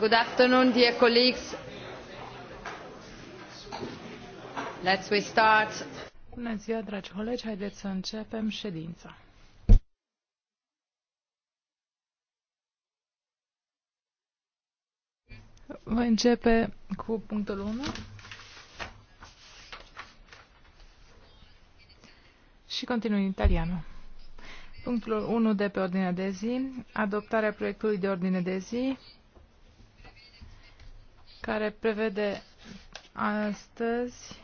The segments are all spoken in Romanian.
Good afternoon, dear colleagues. Let's we start. Bună ziua, dragi colegi, haideți să începem ședința. Voi începe cu punctul 1 și continui în italiană. Punctul 1 de pe ordinea de zi, adoptarea proiectului de ordine de zi, care prevede astăzi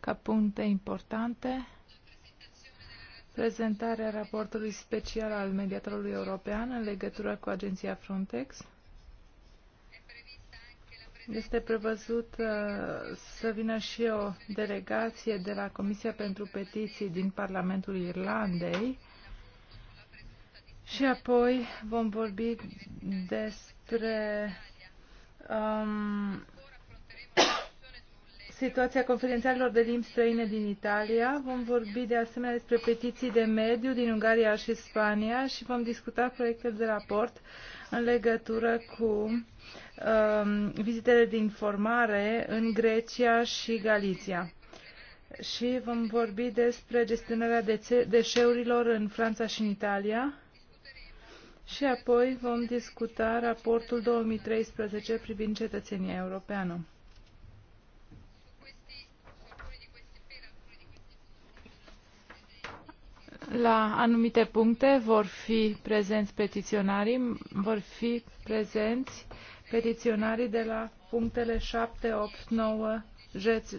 ca puncte importante prezentarea raportului special al mediatorului european în legătură cu agenția Frontex. Este prevăzut uh, să vină și o delegație de la Comisia pentru Petiții din Parlamentul Irlandei și apoi vom vorbi despre um, situația conferințarilor de limbi străine din Italia. Vom vorbi de asemenea despre petiții de mediu din Ungaria și Spania și vom discuta proiectul de raport în legătură cu um, vizitele de informare în Grecia și Galicia. Și vom vorbi despre gestionarea deșeurilor în Franța și în Italia și apoi vom discuta raportul 2013 privind cetățenia europeană. La anumite puncte vor fi prezenți petiționarii, vor fi prezenți petiționarii de la punctele 7, 8, 9,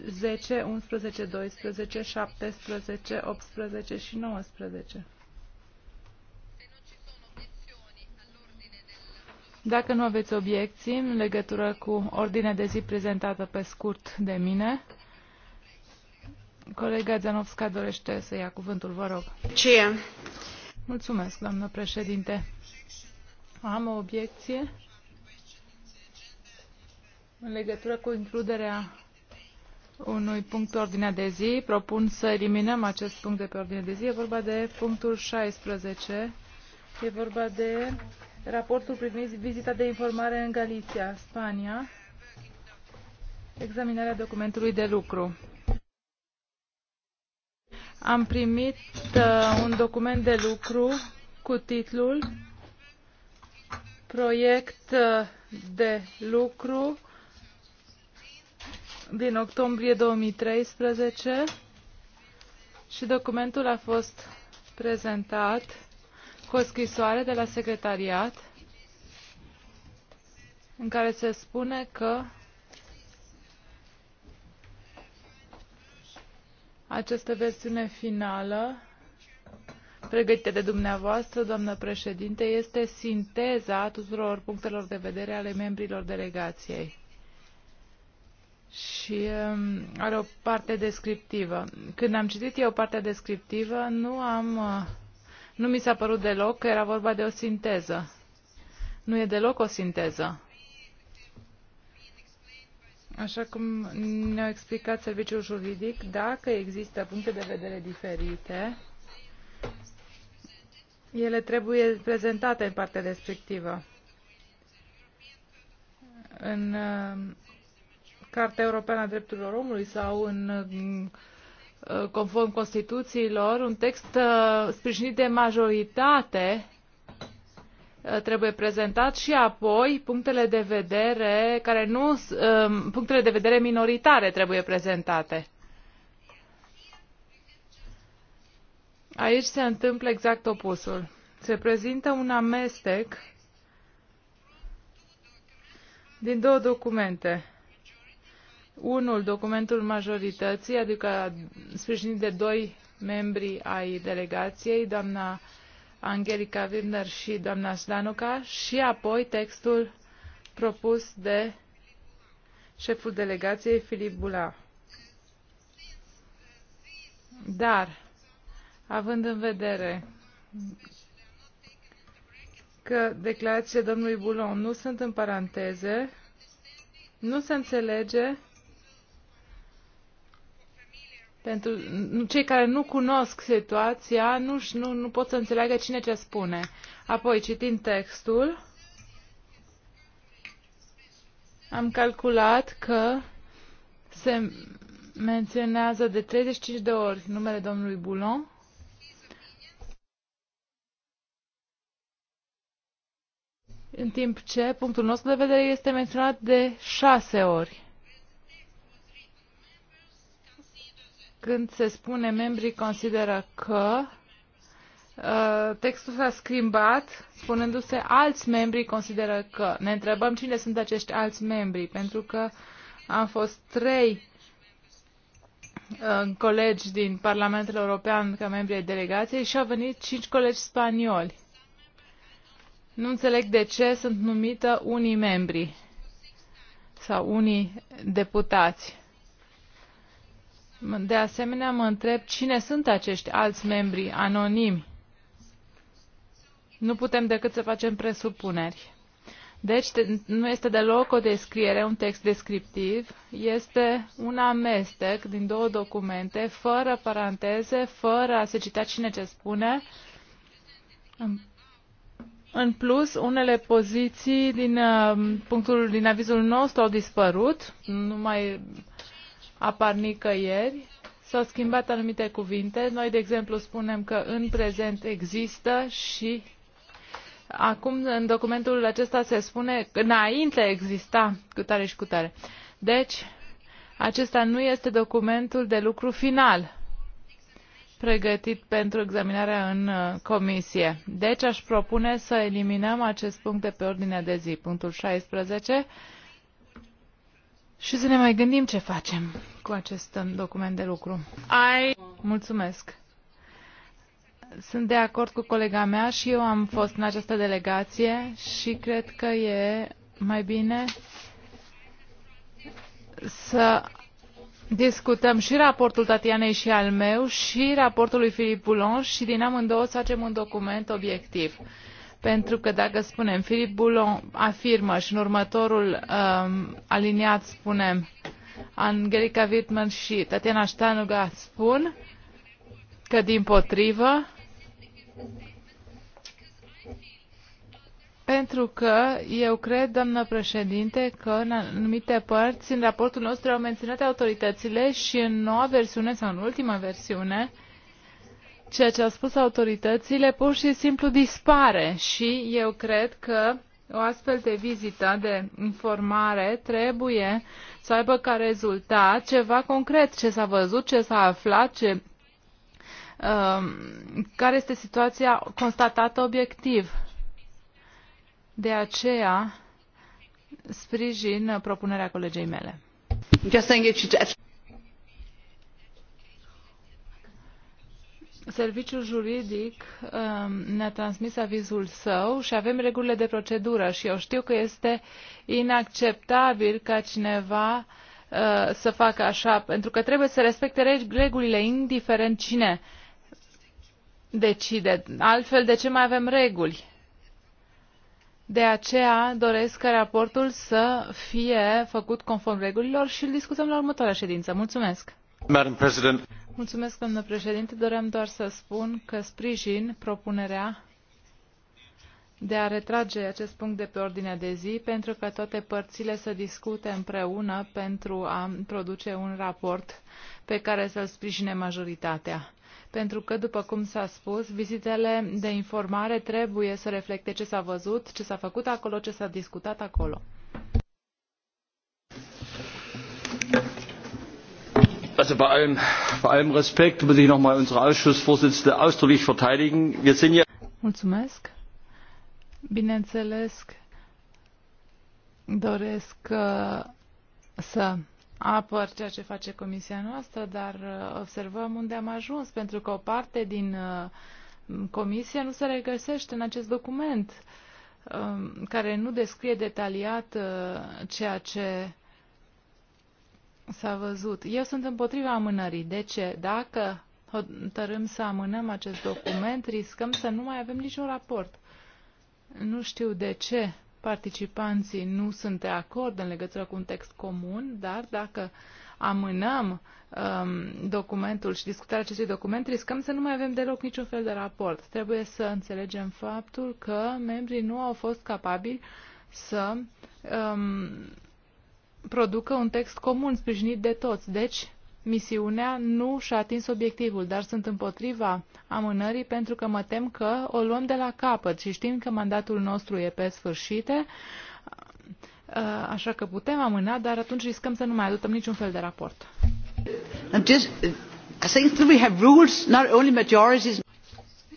10, 11, 12, 17, 18 și 19. Dacă nu aveți obiecții în legătură cu ordinea de zi prezentată pe scurt de mine, colega Zanovska dorește să ia cuvântul, vă rog. Ce? Mulțumesc, doamnă președinte. Am o obiecție în legătură cu includerea unui punct pe ordinea de zi. Propun să eliminăm acest punct de pe ordinea de zi. E vorba de punctul 16. E vorba de raportul privind vizita de informare în Galicia, Spania, examinarea documentului de lucru. Am primit uh, un document de lucru cu titlul Proiect uh, de lucru din octombrie 2013 și documentul a fost prezentat cu o scrisoare de la secretariat în care se spune că această versiune finală pregătită de dumneavoastră, doamnă președinte, este sinteza tuturor punctelor de vedere ale membrilor delegației și um, are o parte descriptivă. Când am citit eu partea descriptivă, nu am uh, nu mi s-a părut deloc că era vorba de o sinteză. Nu e deloc o sinteză. Așa cum ne-a explicat serviciul juridic, dacă există puncte de vedere diferite, ele trebuie prezentate în partea respectivă. În uh, Cartea Europeană a Drepturilor Omului sau în uh, Uh, conform Constituțiilor, un text uh, sprijinit de majoritate uh, trebuie prezentat și apoi punctele de vedere care nu um, punctele de vedere minoritare trebuie prezentate. Aici se întâmplă exact opusul. Se prezintă un amestec din două documente. Unul, documentul majorității, adică sprijinit de doi membri ai delegației, doamna Angelica Wirner și doamna Slanuca, și apoi textul propus de șeful delegației Filip Bula. Dar, având în vedere că declarațiile domnului Bulon nu sunt în paranteze, nu se înțelege pentru cei care nu cunosc situația, nu, nu, nu pot să înțeleagă cine ce spune. Apoi, citind textul, am calculat că se menționează de 35 de ori numele domnului Boulon. În timp ce punctul nostru de vedere este menționat de 6 ori. când se spune membrii consideră că uh, textul s-a schimbat, spunându-se alți membri consideră că. Ne întrebăm cine sunt acești alți membri, pentru că am fost trei uh, colegi din Parlamentul European ca membri ai delegației și au venit cinci colegi spanioli. Nu înțeleg de ce sunt numită unii membri sau unii deputați. De asemenea, mă întreb cine sunt acești alți membri anonimi. Nu putem decât să facem presupuneri. Deci nu este deloc o descriere, un text descriptiv, este un amestec din două documente, fără paranteze, fără a se cita cine ce spune. În plus, unele poziții din uh, punctul din avizul nostru au dispărut, nu mai apar nicăieri. S-au schimbat anumite cuvinte. Noi, de exemplu, spunem că în prezent există și acum în documentul acesta se spune că înainte exista cu tare și cu tare. Deci, acesta nu este documentul de lucru final pregătit pentru examinarea în uh, comisie. Deci aș propune să eliminăm acest punct de pe ordinea de zi, punctul 16, și să ne mai gândim ce facem cu acest document de lucru. Ai... Mulțumesc. Sunt de acord cu colega mea și eu am fost în această delegație și cred că e mai bine să discutăm și raportul Tatianei și al meu și raportul lui Filip Boulon și din amândouă să facem un document obiectiv. Pentru că dacă spunem Filip Boulon afirmă și în următorul um, aliniat spunem Angelica Wittmann și Tatiana Ștanuga spun că din potrivă pentru că eu cred, doamnă președinte, că în anumite părți, în raportul nostru, au menționat autoritățile și în noua versiune sau în ultima versiune, uh, ceea ce au spus autoritățile pur și simplu dispare și eu cred că o astfel de vizită de informare trebuie să aibă ca rezultat ceva concret, ce s-a văzut, ce s-a aflat, ce, uh, care este situația constatată obiectiv. De aceea sprijin propunerea colegei mele. Serviciul juridic um, ne-a transmis avizul său și avem regulile de procedură și eu știu că este inacceptabil ca cineva uh, să facă așa, pentru că trebuie să respecte regulile, indiferent cine decide. Altfel, de ce mai avem reguli? De aceea doresc ca raportul să fie făcut conform regulilor și îl discutăm la următoarea ședință. Mulțumesc! Mulțumesc, doamnă președinte. Doream doar să spun că sprijin propunerea de a retrage acest punct de pe ordinea de zi pentru că toate părțile să discute împreună pentru a produce un raport pe care să-l sprijine majoritatea. Pentru că, după cum s-a spus, vizitele de informare trebuie să reflecte ce s-a văzut, ce s-a făcut acolo, ce s-a discutat acolo. bei allem, Respekt muss ich unsere Ausschussvorsitzende ausdrücklich verteidigen. Mulțumesc. Bineînțeles, doresc uh, să apăr ceea ce face comisia noastră, dar uh, observăm unde am ajuns, pentru că o parte din uh, comisie nu se regăsește în acest document um, care nu descrie detaliat ceea ce s-a văzut. Eu sunt împotriva amânării. De ce? Dacă hotărâm să amânăm acest document, riscăm să nu mai avem niciun raport. Nu știu de ce participanții nu sunt de acord în legătură cu un text comun, dar dacă amânăm um, documentul și discutarea acestui document, riscăm să nu mai avem deloc niciun fel de raport. Trebuie să înțelegem faptul că membrii nu au fost capabili să um, producă un text comun sprijinit de toți. Deci, misiunea nu și-a atins obiectivul, dar sunt împotriva amânării pentru că mă tem că o luăm de la capăt și știm că mandatul nostru e pe sfârșite, uh, așa că putem amâna, dar atunci riscăm să nu mai adoptăm niciun fel de raport. Uh,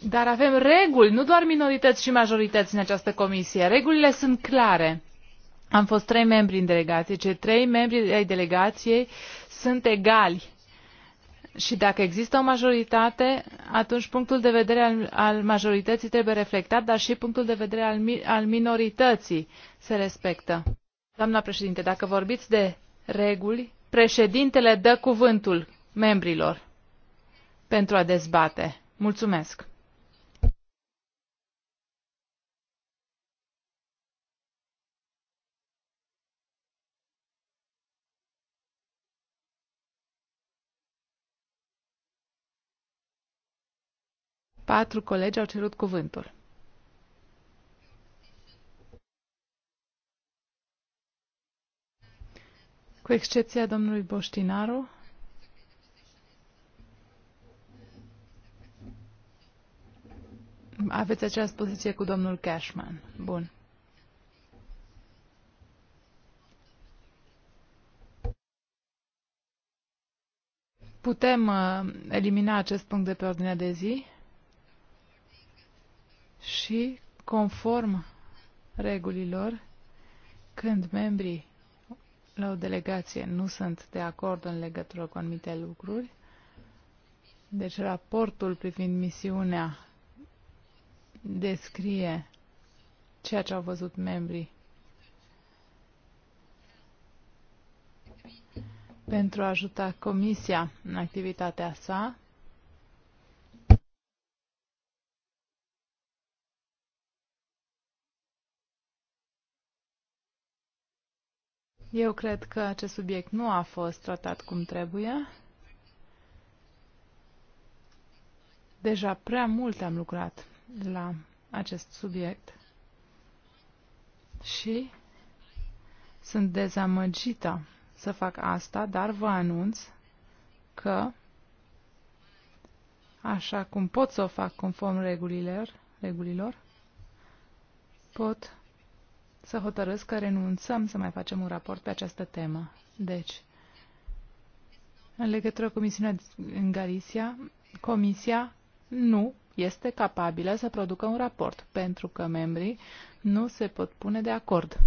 dar avem reguli, nu doar minorități și majorități în această comisie. Regulile sunt clare. Am fost trei membri în delegație. Cei trei membri ai delegației sunt egali. Și dacă există o majoritate, atunci punctul de vedere al, al majorității trebuie reflectat, dar și punctul de vedere al, al minorității se respectă. Doamna președinte, dacă vorbiți de reguli, președintele dă cuvântul membrilor pentru a dezbate. Mulțumesc. Patru colegi au cerut cuvântul. Cu excepția domnului Boștinaru, aveți această poziție cu domnul Cashman. Bun. Putem uh, elimina acest punct de pe ordinea de zi? și conform regulilor, când membrii la o delegație nu sunt de acord în legătură cu anumite lucruri, deci raportul privind misiunea descrie ceea ce au văzut membrii pentru a ajuta Comisia în activitatea sa, Eu cred că acest subiect nu a fost tratat cum trebuie. Deja prea mult am lucrat la acest subiect și sunt dezamăgită să fac asta, dar vă anunț că, așa cum pot să o fac conform regulilor, regulilor pot să hotărăsc că renunțăm să mai facem un raport pe această temă. Deci, în legătură cu misiunea în Galicia, Comisia nu este capabilă să producă un raport, pentru că membrii nu se pot pune de acord.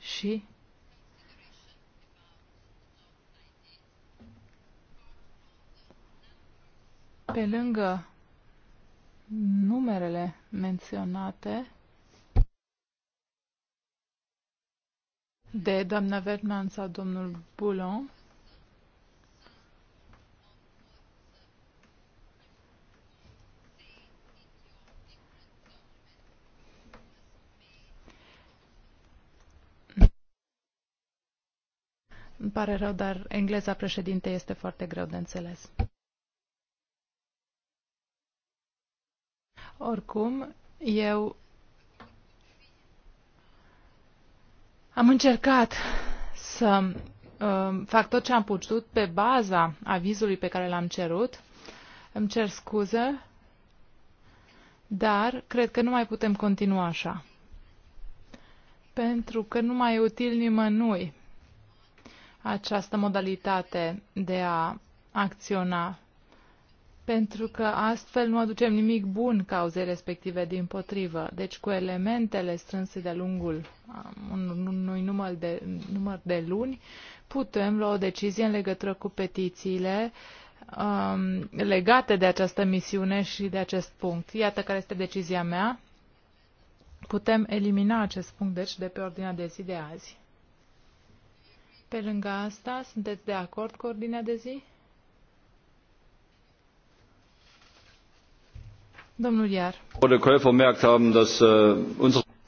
Și pe lângă numerele menționate, de doamna Verman sau domnul Bulon. Îmi pare rău, dar engleza președinte este foarte greu de înțeles. Oricum, eu Am încercat să uh, fac tot ce am putut pe baza avizului pe care l-am cerut. Îmi cer scuze, dar cred că nu mai putem continua așa. Pentru că nu mai e util nimănui această modalitate de a acționa pentru că astfel nu aducem nimic bun cauzei respective din potrivă. Deci cu elementele strânse de-a lungul um, unui număr de, număr de luni, putem lua o decizie în legătură cu petițiile um, legate de această misiune și de acest punct. Iată care este decizia mea. Putem elimina acest punct, deci, de pe ordinea de zi de azi. Pe lângă asta, sunteți de acord cu ordinea de zi? Domnul Iar. Äh,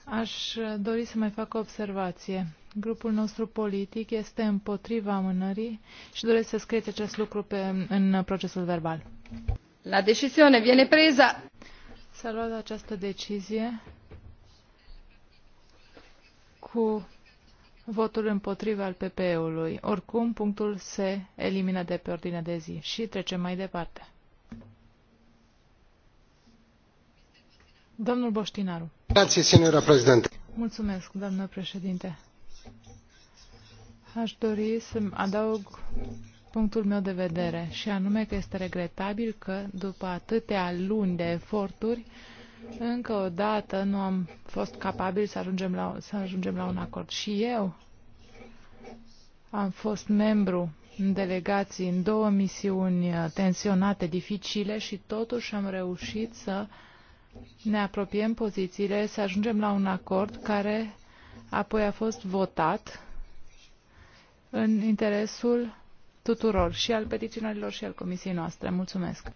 Aș dori să mai fac o observație. Grupul nostru politic este împotriva amânării și doresc să scrieți acest lucru pe, în procesul verbal. La decisiune viene presa. S-a luat această decizie cu votul împotriva al PPE-ului. Oricum, punctul se elimină de pe ordinea de zi și trecem mai departe. Domnul Boștinaru. Mulțumesc, doamnă președinte. Aș dori să adaug punctul meu de vedere și anume că este regretabil că după atâtea luni de eforturi încă o dată nu am fost capabili să ajungem la, să ajungem la un acord. Și eu am fost membru în delegații în două misiuni tensionate, dificile și totuși am reușit să uh, ne apropiem pozițiile, să ajungem la un acord care apoi a fost votat în interesul tuturor și al peticionarilor și al comisiei noastre. Mulțumesc.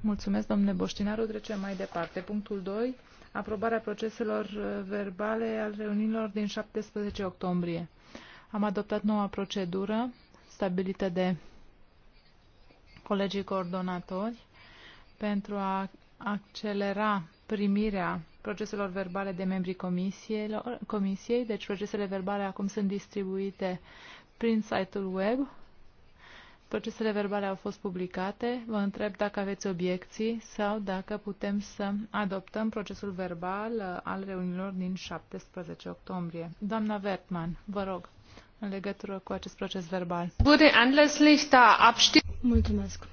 Mulțumesc, domnule Boștinaru. Trecem mai departe. Punctul 2. Aprobarea proceselor uh, verbale al reunilor din 17 octombrie. Am adoptat noua procedură stabilită de colegii coordonatori pentru a accelera primirea proceselor verbale de membrii comisiei, deci procesele verbale acum sunt distribuite prin site-ul web. Procesele verbale au fost publicate. Vă întreb dacă aveți obiecții sau dacă putem să adoptăm procesul verbal uh, al reuniunilor din 17 octombrie. Doamna Wertmann, vă rog, în legătură cu acest proces verbal. Da Mulțumesc.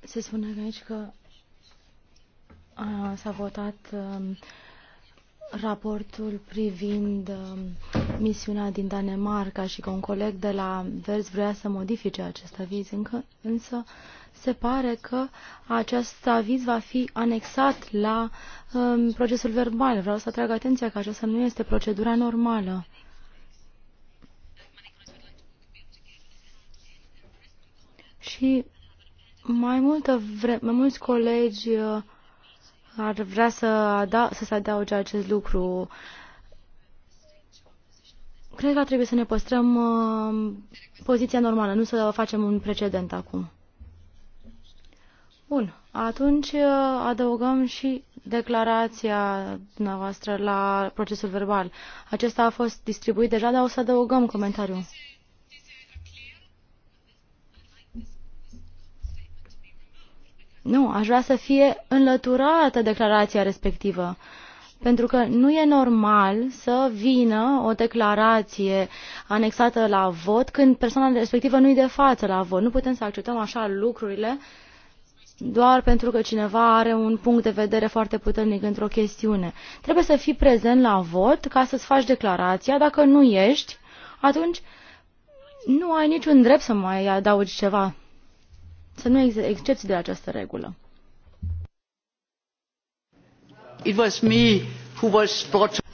Se spune aici că s-a votat um, raportul privind um, misiunea din Danemarca și că un coleg de la Vers vrea să modifice acest aviz, încă, însă se pare că acest aviz va fi anexat la um, procesul verbal. Vreau să atrag atenția că aceasta nu este procedura normală. Și mai, multă vre- mai mulți colegi uh, ar vrea să, ada- să se adauge acest lucru. Cred că trebuie să ne păstrăm uh, poziția normală, nu să facem un precedent acum. Bun, atunci uh, adăugăm și declarația dumneavoastră la procesul verbal. Acesta a fost distribuit deja, dar o să adăugăm comentariul. Nu, aș vrea să fie înlăturată declarația respectivă. Pentru că nu e normal să vină o declarație anexată la vot când persoana respectivă nu e de față la vot. Nu putem să acceptăm așa lucrurile doar pentru că cineva are un punct de vedere foarte puternic într-o chestiune. Trebuie să fii prezent la vot ca să-ți faci declarația. Dacă nu ești, atunci nu ai niciun drept să mai adaugi ceva să nu există excepții de această regulă. It was me who was brought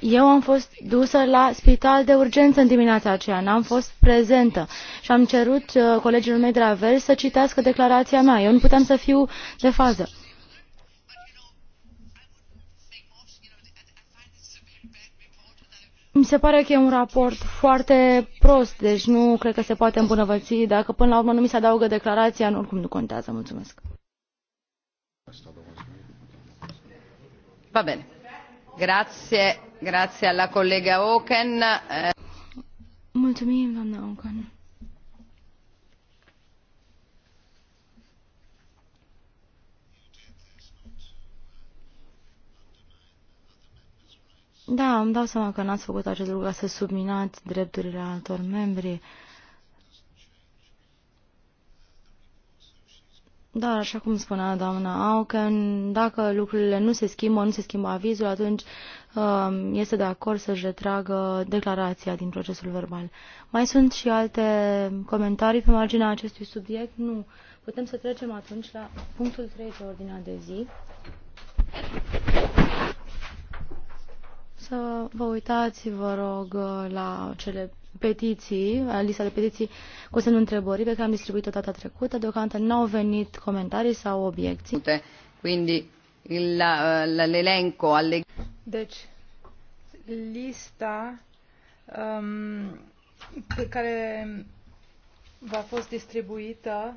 eu am fost dusă la spital de urgență în dimineața aceea, n-am fost prezentă și am cerut uh, colegilor mei de la Vers să citească declarația mea. Eu nu puteam să fiu de fază. mi se pare că e un raport foarte prost, deci nu cred că se poate îmbunătăți. Dacă până la urmă nu mi se adaugă declarația, nu, oricum nu contează. Mulțumesc. Va bene. Grazie, grazie alla collega Oken. Mulțumim, doamna Oken. Da, îmi dau seama că n-ați făcut acest lucru ca să subminați drepturile altor membri. Dar, așa cum spunea doamna Auken, dacă lucrurile nu se schimbă, nu se schimbă avizul, atunci um, este de acord să-și retragă declarația din procesul verbal. Mai sunt și alte comentarii pe marginea acestui subiect? Nu. Putem să trecem atunci la punctul 3 pe ordinea de zi să vă uitați, vă rog, la cele petiții, lista de petiții cu semnul întrebării pe care am distribuit-o data trecută. Deocamdată nu au venit comentarii sau obiecții. Quindi l'elenco alle... Deci, lista um, pe care va fost distribuită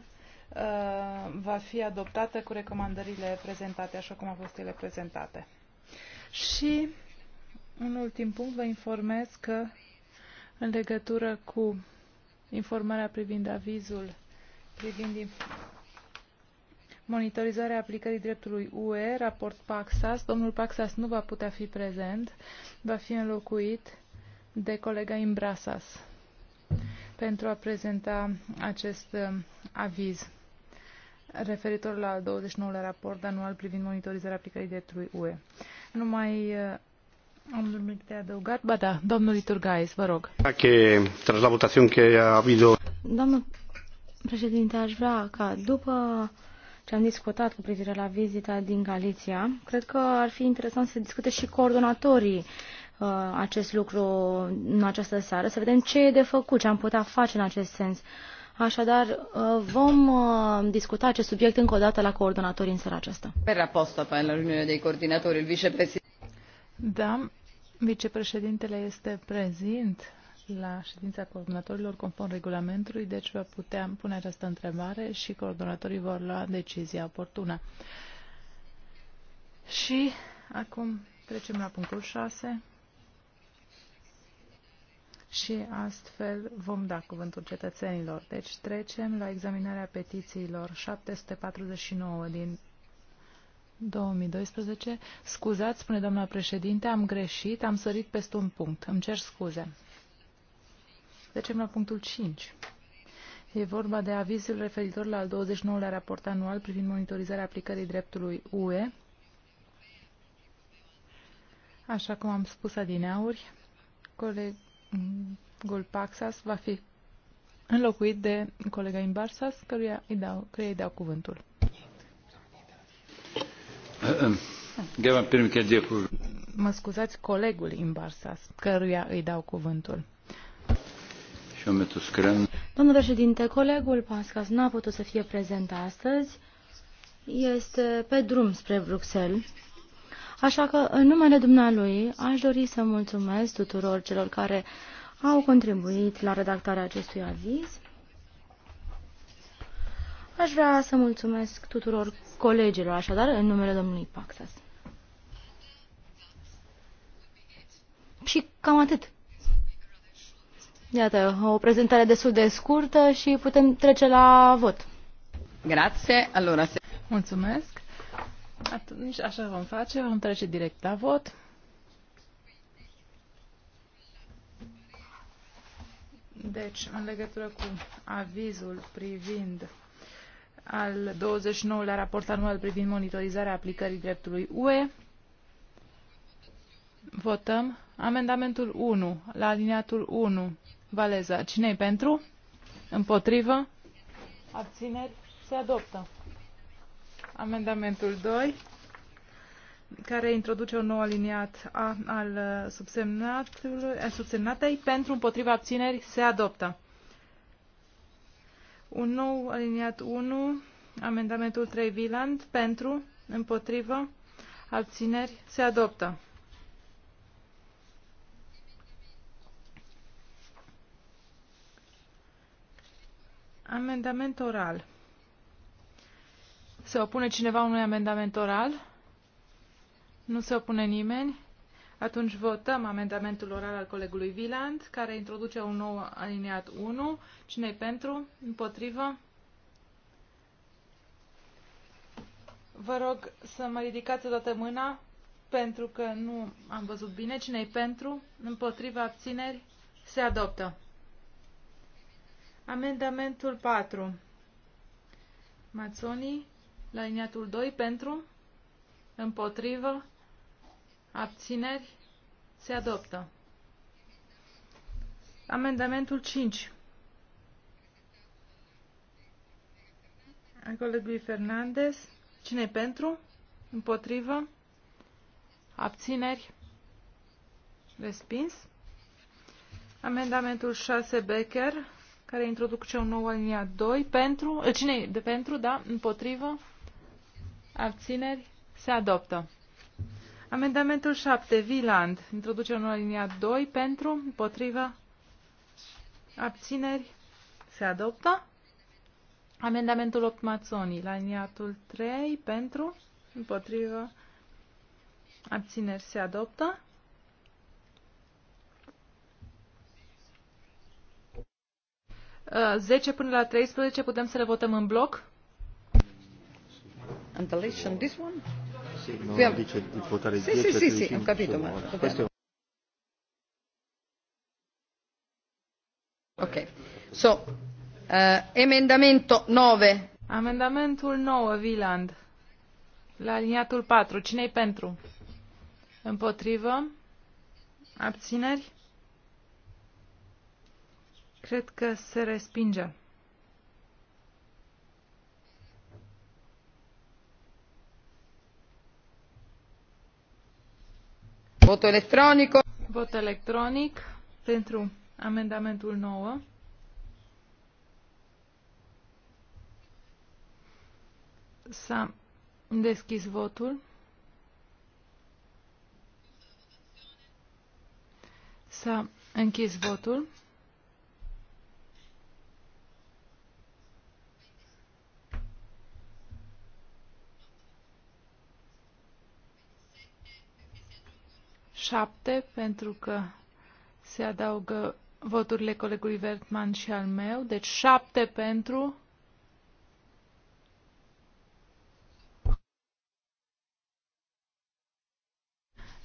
uh, va fi adoptată cu recomandările prezentate, așa cum au fost ele prezentate. Și un ultim punct, vă informez că în legătură cu informarea privind avizul, privind monitorizarea aplicării dreptului UE, raport Paxas, domnul Paxas nu va putea fi prezent, va fi înlocuit de colega Imbrasas pentru a prezenta acest um, aviz referitor la al 29-lea raport anual privind monitorizarea aplicării dreptului UE. Numai uh, am nimic de adăugat. Ba da, domnul Iturgais, vă rog. Que, da, tras la votación que a habido... Domnul președinte, aș vrea ca după ce am discutat cu privire la vizita din Galiția, cred că ar fi interesant să discute și coordonatorii uh, acest lucru în această seară, să vedem ce e de făcut, ce am putea face în acest sens. Așadar, uh, vom uh, discuta acest subiect încă o dată la coordonatorii în seara aceasta. Per rapporto pe la riunione dei coordinatori, il da, vicepreședintele este prezent la ședința coordonatorilor conform regulamentului, deci va putea pune această întrebare și coordonatorii vor lua decizia oportună. Și acum trecem la punctul 6 și astfel vom da cuvântul cetățenilor. Deci trecem la examinarea petițiilor 749 din 2012. Scuzați, spune doamna președinte, am greșit, am sărit peste un punct. Îmi cer scuze. Trecem la punctul 5. E vorba de avizul referitor la al 29-lea raport anual privind monitorizarea aplicării dreptului UE. Așa cum am spus adineauri, colegul Paxas va fi înlocuit de colega Imbarsas, căruia îi dau, căruia îi dau cuvântul. Mă scuzați, colegul Imbarsas, căruia îi dau cuvântul. Domnul președinte, colegul Pascas n-a putut să fie prezent astăzi. Este pe drum spre Bruxelles. Așa că, în numele dumnealui, aș dori să mulțumesc tuturor celor care au contribuit la redactarea acestui aviz. Aș vrea să mulțumesc tuturor colegilor, așadar, în numele domnului Paxas. Și cam atât. Iată, o prezentare destul de scurtă și putem trece la vot. Grație, Allora, se... Mulțumesc. Atunci așa vom face, vom trece direct la vot. Deci, în legătură cu avizul privind al 29-lea raport anual privind monitorizarea aplicării dreptului UE. Votăm amendamentul 1, la alineatul 1. Valeza, cine pentru? Împotrivă? Abțineri? Se adoptă. Amendamentul 2, care introduce un nou aliniat A al subsemnatului, subsemnatei, pentru împotriva abțineri, se adoptă. Un nou aliniat 1, amendamentul 3 Viland, pentru, împotrivă, abțineri, se adoptă. Amendament oral. Se opune cineva unui amendament oral? Nu se opune nimeni? Atunci votăm amendamentul oral al colegului Viland, care introduce un nou aliniat 1. cine pentru? Împotrivă? Vă rog să mă ridicați toată mâna, pentru că nu am văzut bine. cine pentru? Împotriva abțineri? Se adoptă. Amendamentul 4. Mazzoni, la liniatul 2, pentru? Împotrivă? Abțineri? Se adoptă. Amendamentul 5. Al colegului Fernandez. cine pentru? Împotrivă? Abțineri? Respins. Amendamentul 6 Becker, care introduce un nou aliniat 2. Pentru? Cine de pentru? Da? Împotrivă? Abțineri? Se adoptă. Amendamentul 7, Viland, introducerea în linia 2, pentru, împotrivă, abțineri, se adoptă. Amendamentul 8, Mazzoni, la liniatul 3, pentru, împotrivă, abțineri, se adoptă. Uh, 10 până la 13 putem să le votăm în bloc. And the this one? Sì, sì, sì, ho capito, ma questo... Ok. So, uh, emendamento 9. Amendamentul 9, Viland. La liniatul 4. Cine-i pentru? Împotrivă? Abțineri? Cred că se respinge. Vot electronic. Vot electronic pentru amendamentul 9. S-a deschis votul. S-a închis votul. 7 pentru că se adaugă voturile colegului Vertman și al meu. Deci 7 pentru.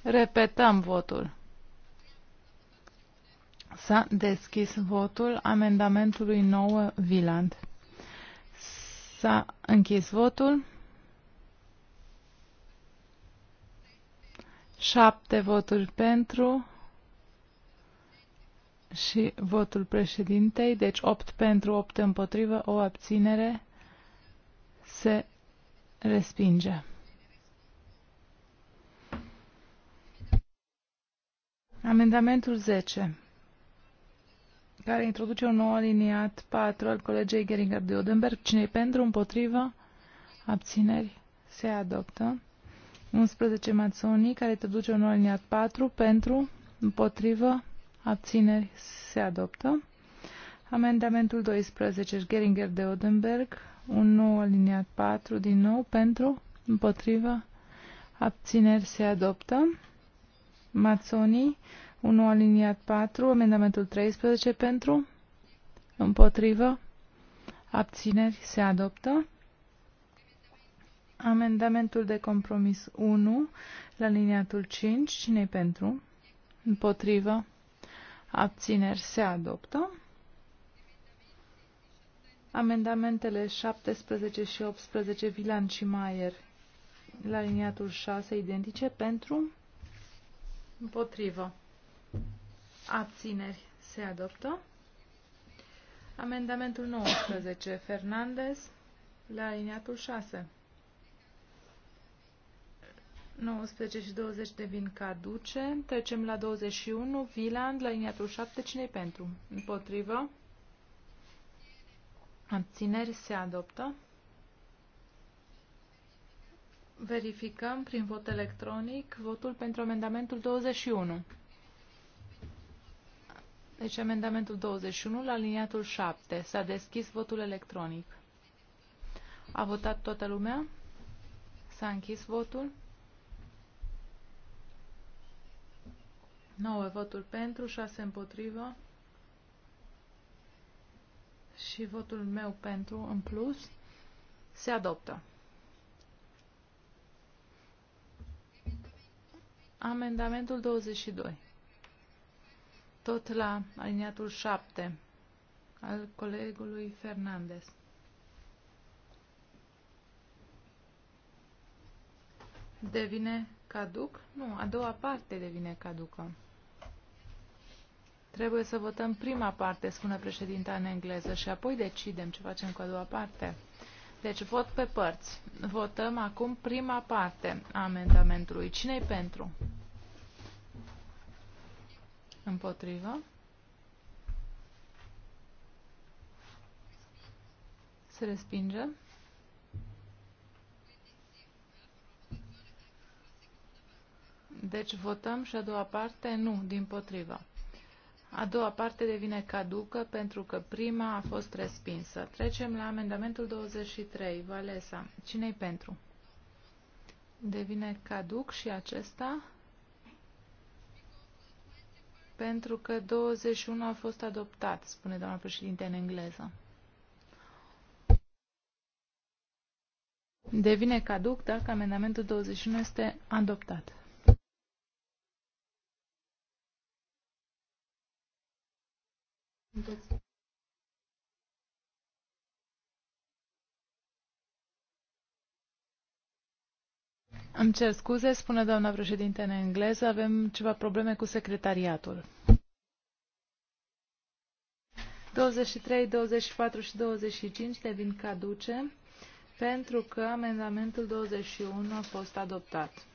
Repetăm votul. S-a deschis votul amendamentului 9 Viland. S-a închis votul. 7 voturi pentru și votul președintei, deci 8 pentru, 8 împotrivă, o abținere se respinge. Amendamentul 10, care introduce un nou aliniat 4 al colegei Geringer de Odenberg. cine pentru, împotrivă, abțineri, se adoptă. 11 mațonii care te duce în aliniat 4 pentru, împotrivă, abțineri, se adoptă. Amendamentul 12, Geringer de Odenberg, un nou aliniat 4, din nou, pentru, împotrivă, abțineri, se adoptă. Mazzoni, un nou aliniat 4, amendamentul 13, pentru, împotrivă, abțineri, se adoptă. Amendamentul de compromis 1 la liniatul 5. cine pentru? Împotrivă. Abțineri se adoptă. Amendamentele 17 și 18, Vilan și Maier, la liniatul 6, identice, pentru, împotrivă, abțineri, se adoptă. Amendamentul 19, Fernandez, la liniatul 6, 19 și 20 devin caduce. Trecem la 21. Viland, la liniatul 7. cine pentru? Împotrivă. Abțineri se adoptă. Verificăm prin vot electronic votul pentru amendamentul 21. Deci amendamentul 21 la liniatul 7. S-a deschis votul electronic. A votat toată lumea? S-a închis votul? 9 voturi pentru, 6 împotrivă și votul meu pentru în plus se adoptă. Amendamentul 22. Tot la aliniatul 7 al colegului Fernandez. Devine caduc? Nu, a doua parte devine caducă. Trebuie să votăm prima parte, spune președinta în engleză, și apoi decidem ce facem cu a doua parte. Deci vot pe părți. Votăm acum prima parte a amendamentului. Cine-i pentru? Împotrivă. Se respinge. Deci votăm și a doua parte nu, din potrivă. A doua parte devine caducă pentru că prima a fost respinsă. Trecem la amendamentul 23, Valesa. Cine-i pentru? Devine caduc și acesta pentru că 21 a fost adoptat, spune doamna președinte în engleză. Devine caduc dacă amendamentul 21 este adoptat. Îmi cer scuze, spune doamna președinte în engleză, avem ceva probleme cu secretariatul. 23, 24 și 25 devin caduce pentru că amendamentul 21 a fost adoptat.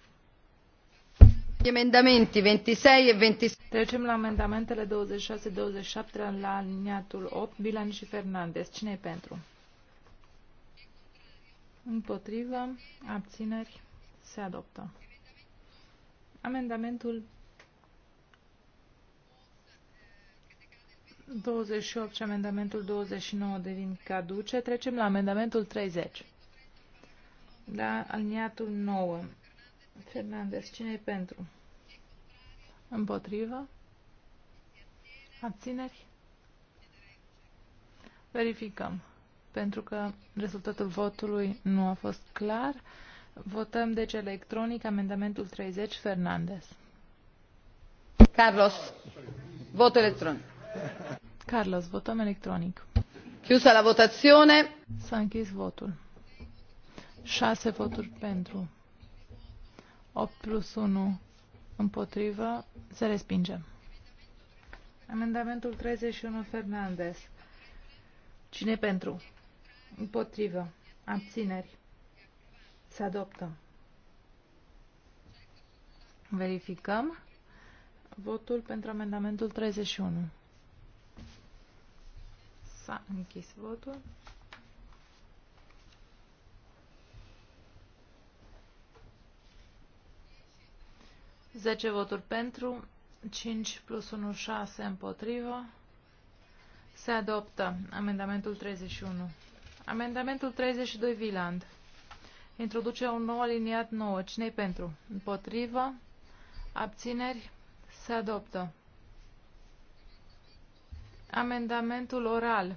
Emendamenti 26 e 27. Trecem la amendamentele 26-27 la aliniatul 8, Bilan și Fernandez. cine e pentru? Împotrivă, abțineri, se adoptă. Amendamentul 28 și amendamentul 29 devin caduce. Trecem la amendamentul 30. Da, aliniatul 9. Fernandez, cine e pentru? Împotrivă. Abțineri. Verificăm. Pentru că rezultatul votului nu a fost clar, votăm deci electronic amendamentul 30 Fernandez. Carlos, vot electronic. Carlos, votăm electronic. Chiusa la votazione. S-a închis votul. 6 voturi pentru. 8 plus 1 Împotrivă. Se respinge. Amendamentul 31 Fernandez. Cine pentru? Împotrivă. Abțineri. Se adoptă. Verificăm votul pentru amendamentul 31. S-a închis votul. 10 voturi pentru, 5 plus 1, 6 împotrivă. Se adoptă amendamentul 31. Amendamentul 32 Viland. Introduce un nou aliniat 9. cine pentru? Împotrivă. Abțineri. Se adoptă. Amendamentul oral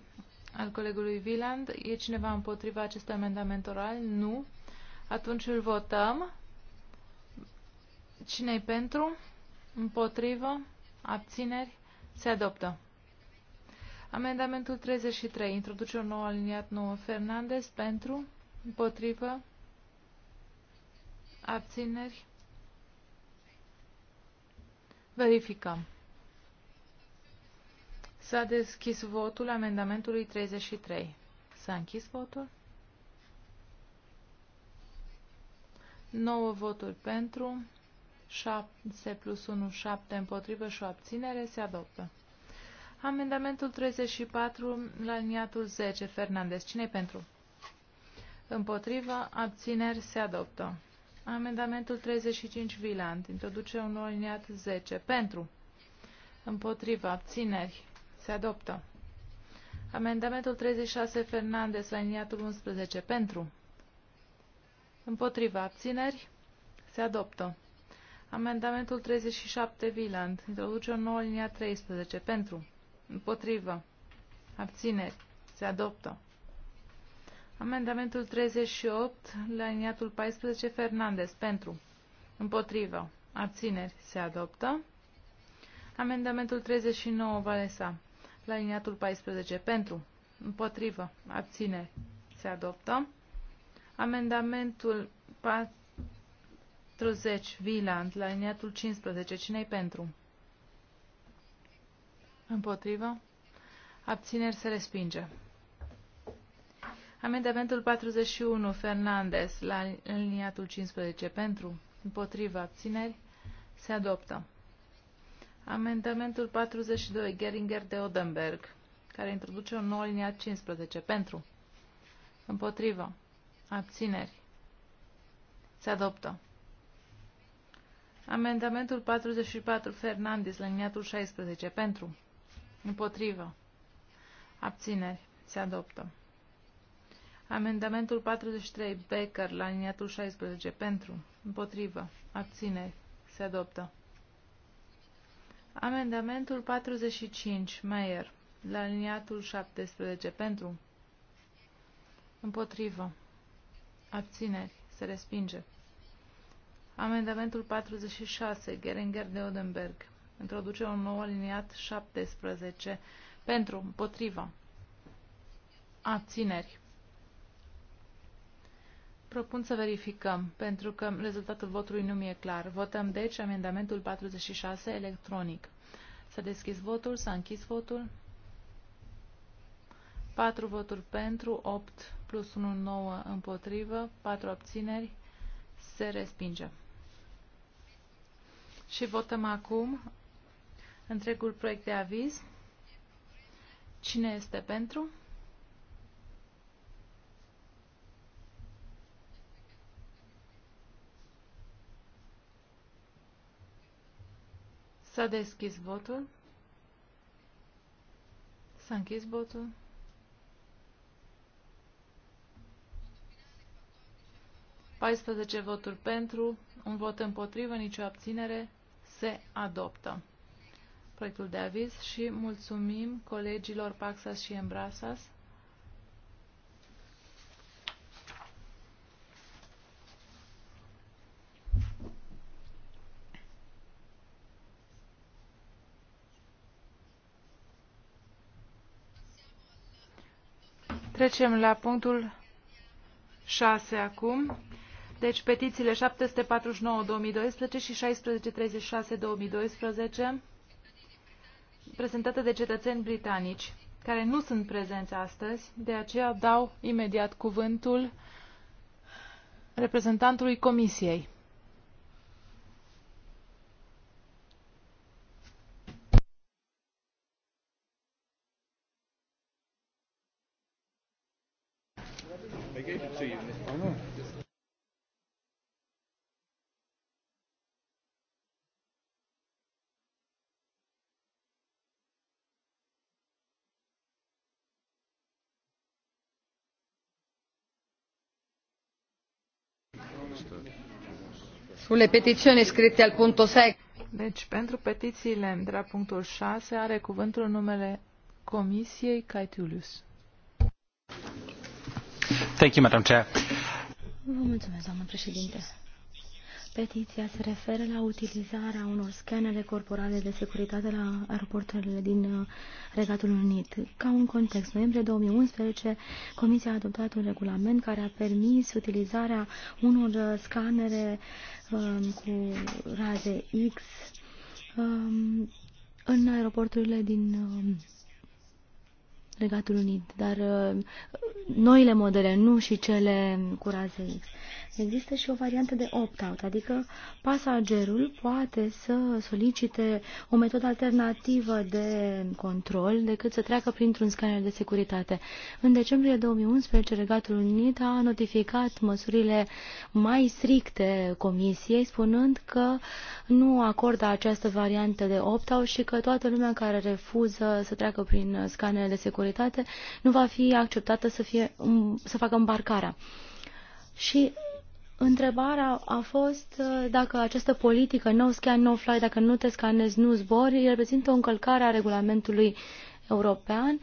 al colegului Viland. E cineva împotriva acestui amendament oral? Nu. Atunci îl votăm. Cine-i pentru? Împotrivă? Abțineri? Se adoptă. Amendamentul 33. Introduce un nou aliniat nouă. Fernandez pentru? Împotrivă? Abțineri? Verificăm. S-a deschis votul amendamentului 33. S-a închis votul. 9 voturi pentru, 7 plus 1, 7 împotrivă și o abținere se adoptă. Amendamentul 34 la liniatul 10. Fernandez. cine pentru? Împotrivă. Abțineri se adoptă. Amendamentul 35 Viland. Introduce un aliniat 10. Pentru. Împotrivă. Abțineri. Se adoptă. Amendamentul 36 Fernandez. Aliniatul 11. Pentru. Împotrivă. Abțineri. Se adoptă. Amendamentul 37, Viland. Introduce o nouă linia 13. Pentru. Împotrivă. Abțineri. Se adoptă. Amendamentul 38, la liniatul 14, Fernandez. Pentru. Împotrivă. Abțineri. Se adoptă. Amendamentul 39, Valesa. La liniatul 14. Pentru. Împotrivă. Abțineri. Se adoptă. Amendamentul 4. 40. Viland, la liniatul 15. cine pentru? Împotrivă. Abțineri se respinge. Amendamentul 41. Fernandez, la liniatul 15. Pentru? Împotrivă. Abțineri se adoptă. Amendamentul 42. Geringer de Odenberg, care introduce un nou liniat 15. Pentru? Împotrivă. Abțineri. Se adoptă. Amendamentul 44, Fernandez, liniatul 16. Pentru. Împotrivă. Abțineri. Se adoptă. Amendamentul 43, Becker, la liniatul 16. Pentru. Împotrivă. Abțineri. Se adoptă. Amendamentul 45, Meyer, la aliniatul 17, pentru, împotrivă, abțineri, se respinge. Amendamentul 46, Geringer de Odenberg. Introduce un nou aliniat 17. Pentru, împotriva. Abțineri. Propun să verificăm, pentru că rezultatul votului nu mi-e clar. Votăm, deci, amendamentul 46 electronic. S-a deschis votul, s-a închis votul. 4 voturi pentru, 8 plus 1, 9 împotrivă, 4 abțineri. Se respinge. Și votăm acum întregul proiect de aviz. Cine este pentru? S-a deschis votul. S-a închis votul. 14 voturi pentru, un vot împotrivă, nicio abținere, se adoptă proiectul de aviz și mulțumim colegilor Paxas și Embrasas. Trecem la punctul 6 acum. Deci petițiile 749-2012 și 1636-2012 prezentate de cetățeni britanici care nu sunt prezenți astăzi, de aceea dau imediat cuvântul reprezentantului Comisiei. Sulle petizioni scritte al punto 6. Deci, pentru petițiile de la punctul 6 are cuvântul numele Comisiei Caetulius. Thank you, Madam Chair. Vă mulțumesc, doamnă președinte. Petiția se referă la utilizarea unor scanere corporale de securitate la aeroporturile din uh, Regatul Unit. Ca un context, noiembrie 2011, Comisia a adoptat un regulament care a permis utilizarea unor uh, scanere um, cu raze X um, în aeroporturile din um, Regatul Unit, dar uh, noile modele, nu și cele cu raze X. Există și o variantă de opt-out, adică pasagerul poate să solicite o metodă alternativă de control decât să treacă printr-un scanner de securitate. În decembrie 2011, Regatul Unit a notificat măsurile mai stricte Comisiei, spunând că nu acordă această variantă de opt-out și că toată lumea care refuză să treacă prin scanele de securitate nu va fi acceptată să, fie, să facă îmbarcarea. Și Întrebarea a fost uh, dacă această politică no scan, no fly, dacă nu te scanezi, nu zbori, reprezintă o încălcare a regulamentului european,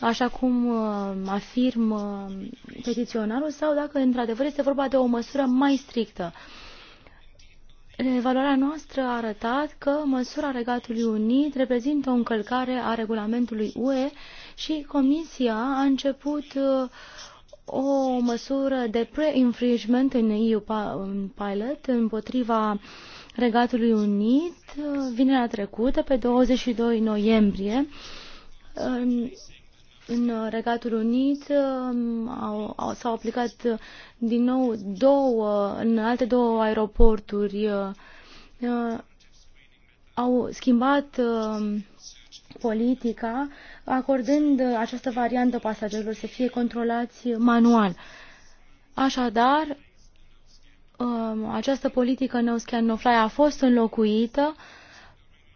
așa cum uh, afirm uh, petiționarul, sau dacă într-adevăr este vorba de o măsură mai strictă. Evaluarea noastră a arătat că măsura Regatului Unit reprezintă o încălcare a regulamentului UE și Comisia a început uh, o măsură de pre-infringement în EU Pilot împotriva Regatului Unit uh, vinerea trecută, pe 22 noiembrie. În Regatul Unit um, au, au, s-au aplicat din nou două, în alte două aeroporturi, uh, uh, au schimbat um, politica, acordând această variantă pasagerilor să fie controlați manual. Așadar, um, această politică no scan no fly a fost înlocuită.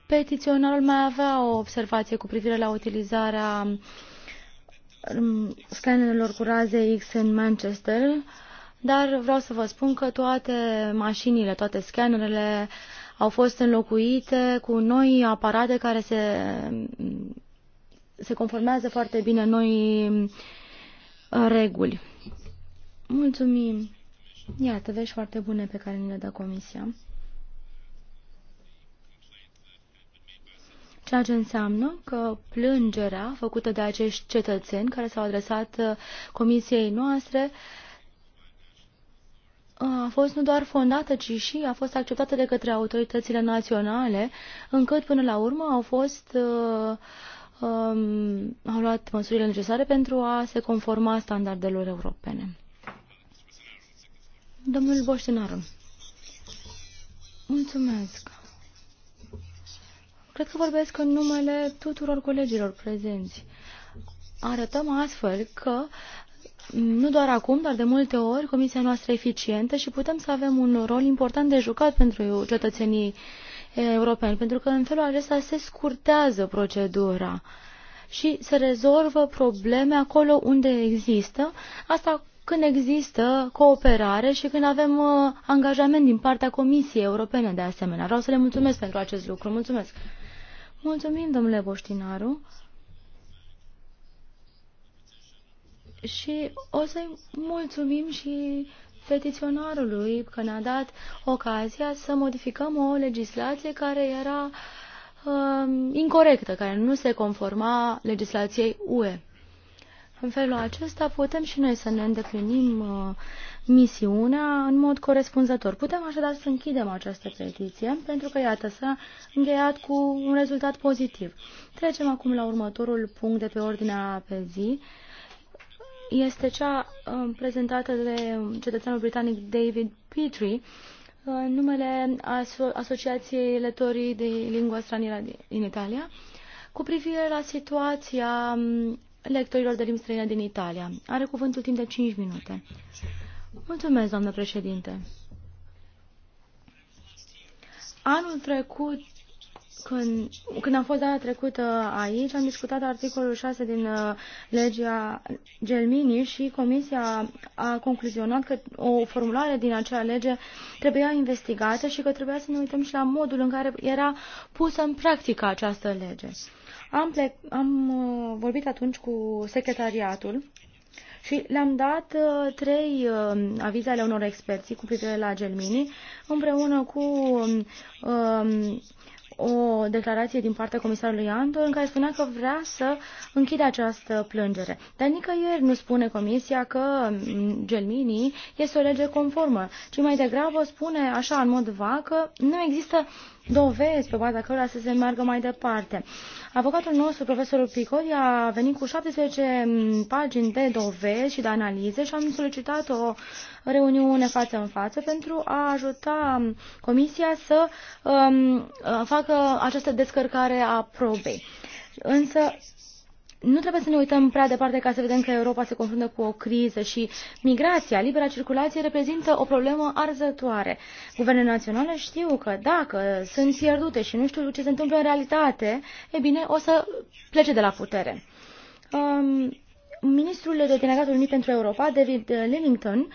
Petiționarul mai avea o observație cu privire la utilizarea um, scanerelor cu raze X în Manchester, dar vreau să vă spun că toate mașinile, toate scanerele uh, au fost înlocuite cu noi aparate care se, se conformează foarte bine noi uh, reguli. Mulțumim! Iată, vești foarte bune pe care ni le dă Comisia. ceea ce înseamnă că plângerea făcută de acești cetățeni care s-au adresat uh, comisiei noastre uh, a fost nu doar fondată, ci și a fost acceptată de către autoritățile naționale, încât până la urmă au fost uh, um, au luat măsurile necesare pentru a se conforma standardelor europene. Domnul Boștinaru, mulțumesc. Cred că vorbesc în numele tuturor colegilor prezenți. Arătăm astfel că nu doar acum, dar de multe ori, comisia noastră eficientă și putem să avem un rol important de jucat pentru cetățenii europeni, pentru că în felul acesta se scurtează procedura și se rezolvă probleme acolo unde există, asta când există cooperare și când avem uh, angajament din partea Comisiei Europene de asemenea. Vreau să le mulțumesc pentru acest lucru. Mulțumesc! Mulțumim, domnule Boștinaru! și o să-i mulțumim și petiționarului că ne-a dat ocazia să modificăm o legislație care era uh, incorrectă, care nu se conforma legislației UE. În felul acesta putem și noi să ne îndeplinim uh, misiunea în mod corespunzător. Putem așadar să închidem această petiție, pentru că, iată, s-a încheiat cu un rezultat pozitiv. Trecem acum la următorul punct de pe ordinea pe zi, uh, este cea um, prezentată de cetățeanul britanic David Petrie, numele Aso- Asociației Letorii de Lingua Stranieră din Italia, cu privire la situația um, lectorilor de limbi străine din Italia. Are cuvântul timp de 5 minute. Mulțumesc, doamnă președinte. Anul trecut când, când am fost data trecută aici, am discutat articolul 6 din uh, legea Gelmini și Comisia a concluzionat că o formulare din acea lege trebuia investigată și că trebuia să ne uităm și la modul în care era pusă în practică această lege. Am, plec, am uh, vorbit atunci cu secretariatul și le-am dat uh, trei avize ale unor experți cu privire la Gelmini, împreună cu um, o declarație din partea comisarului Andor în care spunea că vrea să închide această plângere. Dar nicăieri nu spune comisia că Gelmini este o lege conformă, ci mai degrabă spune așa în mod vag că nu există dovezi pe baza cărora să se meargă mai departe. Avocatul nostru, profesorul Picori, a venit cu 17 mm, pagini de dovezi și de analize și am solicitat o reuniune față în față pentru a ajuta mm, Comisia să um, facă această descărcare a probei. Însă nu trebuie să ne uităm prea departe ca să vedem că Europa se confruntă cu o criză și migrația, libera circulație, reprezintă o problemă arzătoare. Guvernele naționale știu că dacă sunt pierdute și nu știu ce se întâmplă în realitate, e bine, o să plece de la putere. Um, ministrul de Delegatul Unit pentru Europa, David Livington,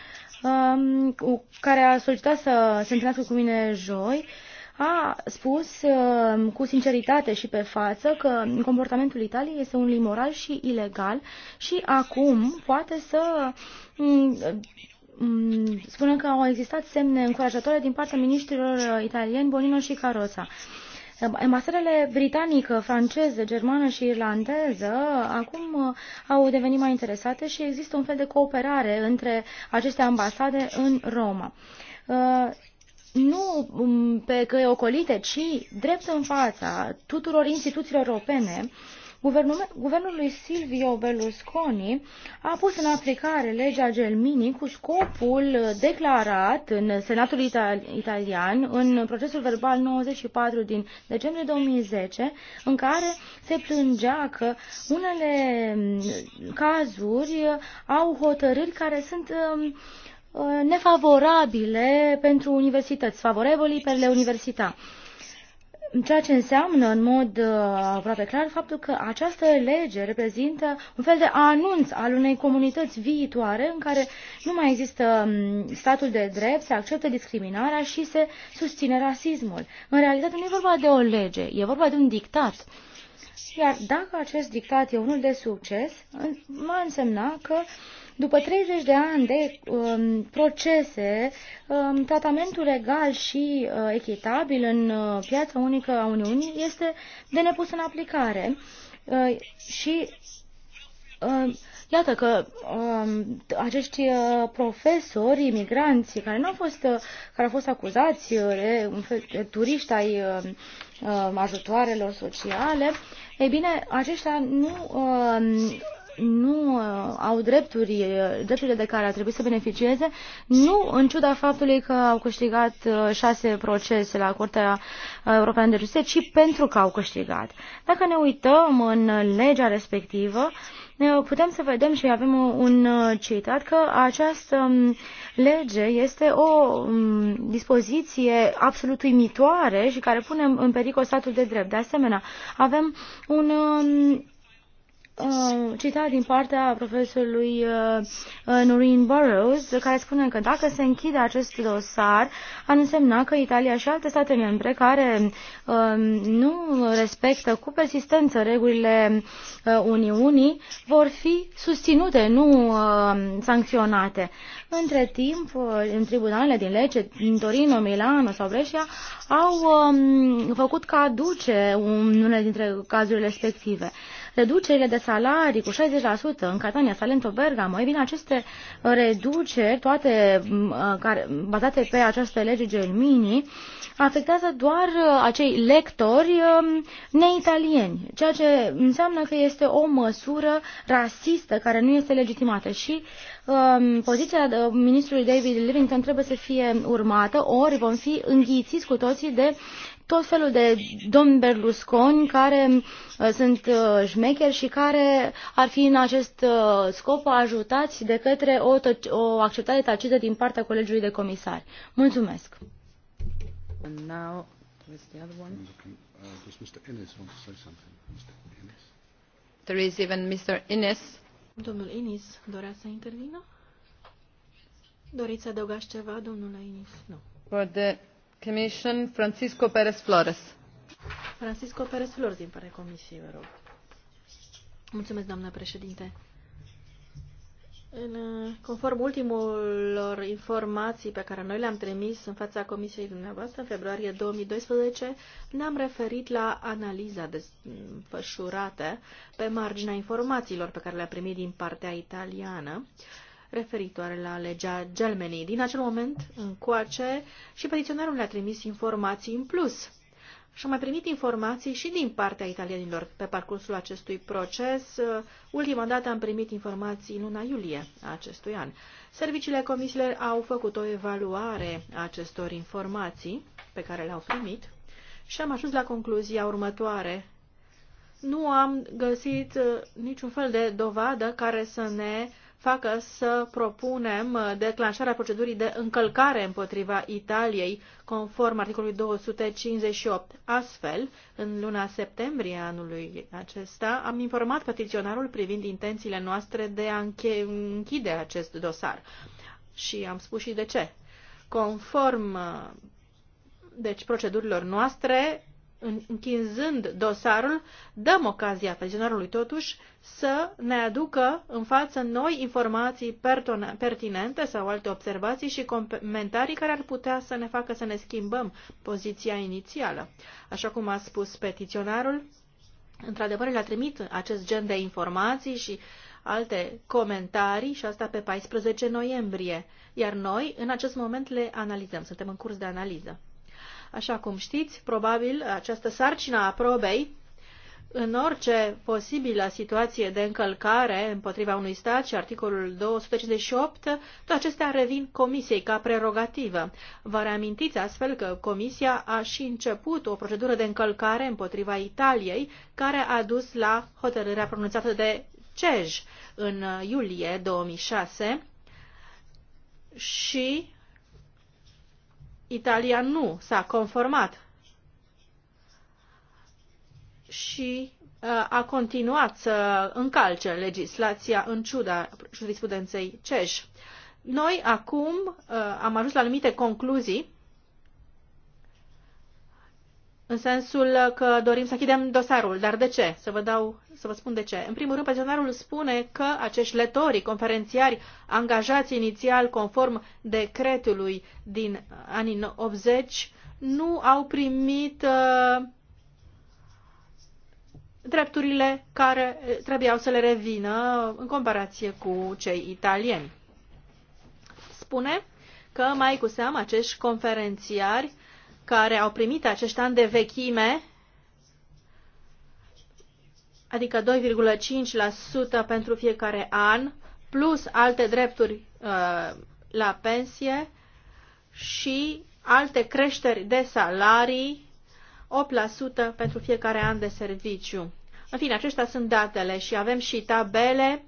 um, care a solicitat să se întâlnească cu mine joi, uh, a spus uh, cu sinceritate și pe față că comportamentul Italiei este un limoral și ilegal și acum poate să mm, mm, spună că au existat semne încurajatoare din partea ministrilor italieni Bonino și Carosa. Ambasadele britanică, franceză, germană și irlandeză acum uh, au devenit mai interesate și există un fel de cooperare între aceste ambasade în Roma. Uh, nu um, pe căi ocolite, ci drept în fața tuturor instituțiilor europene, Guvernul, lui Silvio Berlusconi a pus în aplicare legea Gelmini cu scopul declarat în Senatul Italian în procesul verbal 94 din decembrie 2010 în care se plângea că unele um, cazuri au hotărâri care sunt um, Uh, nefavorabile pentru universități, favorabili pentru le universita. Ceea ce înseamnă în mod uh, aproape clar faptul că această lege reprezintă un fel de anunț al unei comunități viitoare în care nu mai există um, statul de drept, se acceptă discriminarea și se susține rasismul. În realitate nu e vorba de o lege, e vorba de un dictat. Iar dacă acest dictat e unul de succes, va însemna că uh, după 30 de ani de um, procese, um, tratamentul legal și uh, echitabil în uh, piața unică a Uniunii este de nepus în aplicare. Uh, și uh, Iată că uh, acești uh, profesori imigranți care nu au fost, uh, care au fost acuzați uh, de uh, turiști ai um, uh, ajutoarelor sociale, ei bine, aceștia nu uh, nu uh, au drepturi, uh, drepturile de care ar trebui să beneficieze, nu în ciuda faptului că au câștigat uh, șase procese la Curtea Europeană de Justiție, ci pentru că au câștigat. Dacă ne uităm în legea respectivă, putem să vedem și avem un citat că această um, lege este o um, dispoziție absolut uimitoare și care pune în pericol statul de drept. De asemenea, avem un um, Uh, citat din partea profesorului uh, Noreen Burrows, care spune că dacă se închide acest dosar, ar însemna că Italia și alte state membre care uh, nu respectă cu persistență regulile Uniunii vor fi susținute, nu sancționate. Între timp, în tribunalele din lege, în Torino, Milano sau Brescia, au um, făcut ca aduce unele dintre cazurile respective reducerile de salarii cu 60% în Catania, Salento, Bergamo, e bine, aceste reduceri, toate care, bazate pe această lege Gelmini, afectează doar acei lectori neitalieni, ceea ce înseamnă că este o măsură rasistă care nu este legitimată și um, poziția ministrului David Livington trebuie să fie urmată, ori vom fi înghițiți cu toții de tot felul de domni Berlusconi care uh, sunt uh, șmecheri și care ar fi în acest uh, scop ajutați de către o, o acceptare tacită din partea Colegiului de Comisari. Mulțumesc! There is even Mr. Innes. Domnul Innes dorea să intervină? Doriți să adăugați ceva, domnule Innes? Nu. For the Francisco Flores. Francisco Flores din partea Comisiei, Mulțumesc, doamnă președinte. conform ultimelor informații pe care noi le-am trimis în fața Comisiei dumneavoastră în februarie 2012, ne-am referit la analiza desfășurată pe marginea informațiilor pe care le-a primit din partea italiană. Uh, referitoare la legea Gelmenii. Din acel moment încoace și petiționarul le-a trimis informații în plus. Și am mai primit informații și din partea italienilor pe parcursul acestui proces. Ultima dată am primit informații în luna iulie a acestui an. Serviciile comisiilor au făcut o evaluare a acestor informații pe care le-au primit și am ajuns la concluzia următoare. Nu am găsit uh, niciun fel de dovadă care să ne facă să propunem uh, declanșarea procedurii de încălcare împotriva Italiei, conform articolului 258. Astfel, în luna septembrie anului acesta, am informat petiționarul privind intențiile noastre de a închide acest dosar. Și am spus și de ce. Conform uh, deci procedurilor noastre, închinzând dosarul, dăm ocazia pensionarului totuși să ne aducă în față noi informații pertinente sau alte observații și comentarii care ar putea să ne facă să ne schimbăm poziția inițială. Așa cum a spus petiționarul, într-adevăr le-a trimit acest gen de informații și alte comentarii și asta pe 14 noiembrie, iar noi în acest moment le analizăm, suntem în curs de analiză. Așa cum știți, probabil această sarcină a probei în orice posibilă situație de încălcare împotriva unui stat și articolul 258, toate acestea revin Comisiei ca prerogativă. Vă reamintiți astfel că Comisia a și început o procedură de încălcare împotriva Italiei, care a dus la hotărârea pronunțată de CEJ în iulie 2006 și Italia nu s-a conformat și uh, a continuat să încalce legislația în ciuda jurisprudenței CEJ. Noi acum uh, am ajuns la anumite concluzii în sensul că dorim să chidem dosarul. Dar de ce? Să vă, dau, să vă spun de ce. În primul rând, pensionarul spune că acești letorii, conferențiari, angajați inițial conform decretului din anii 80, nu au primit uh, drepturile care trebuiau să le revină în comparație cu cei italieni. Spune că mai cu seamă acești conferențiari uh, care au primit acești ani de vechime, adică 2,5% pentru fiecare an, plus alte drepturi uh, la pensie și alte creșteri de salarii, 8% pentru fiecare an de serviciu. În fine, acestea sunt datele și avem și tabele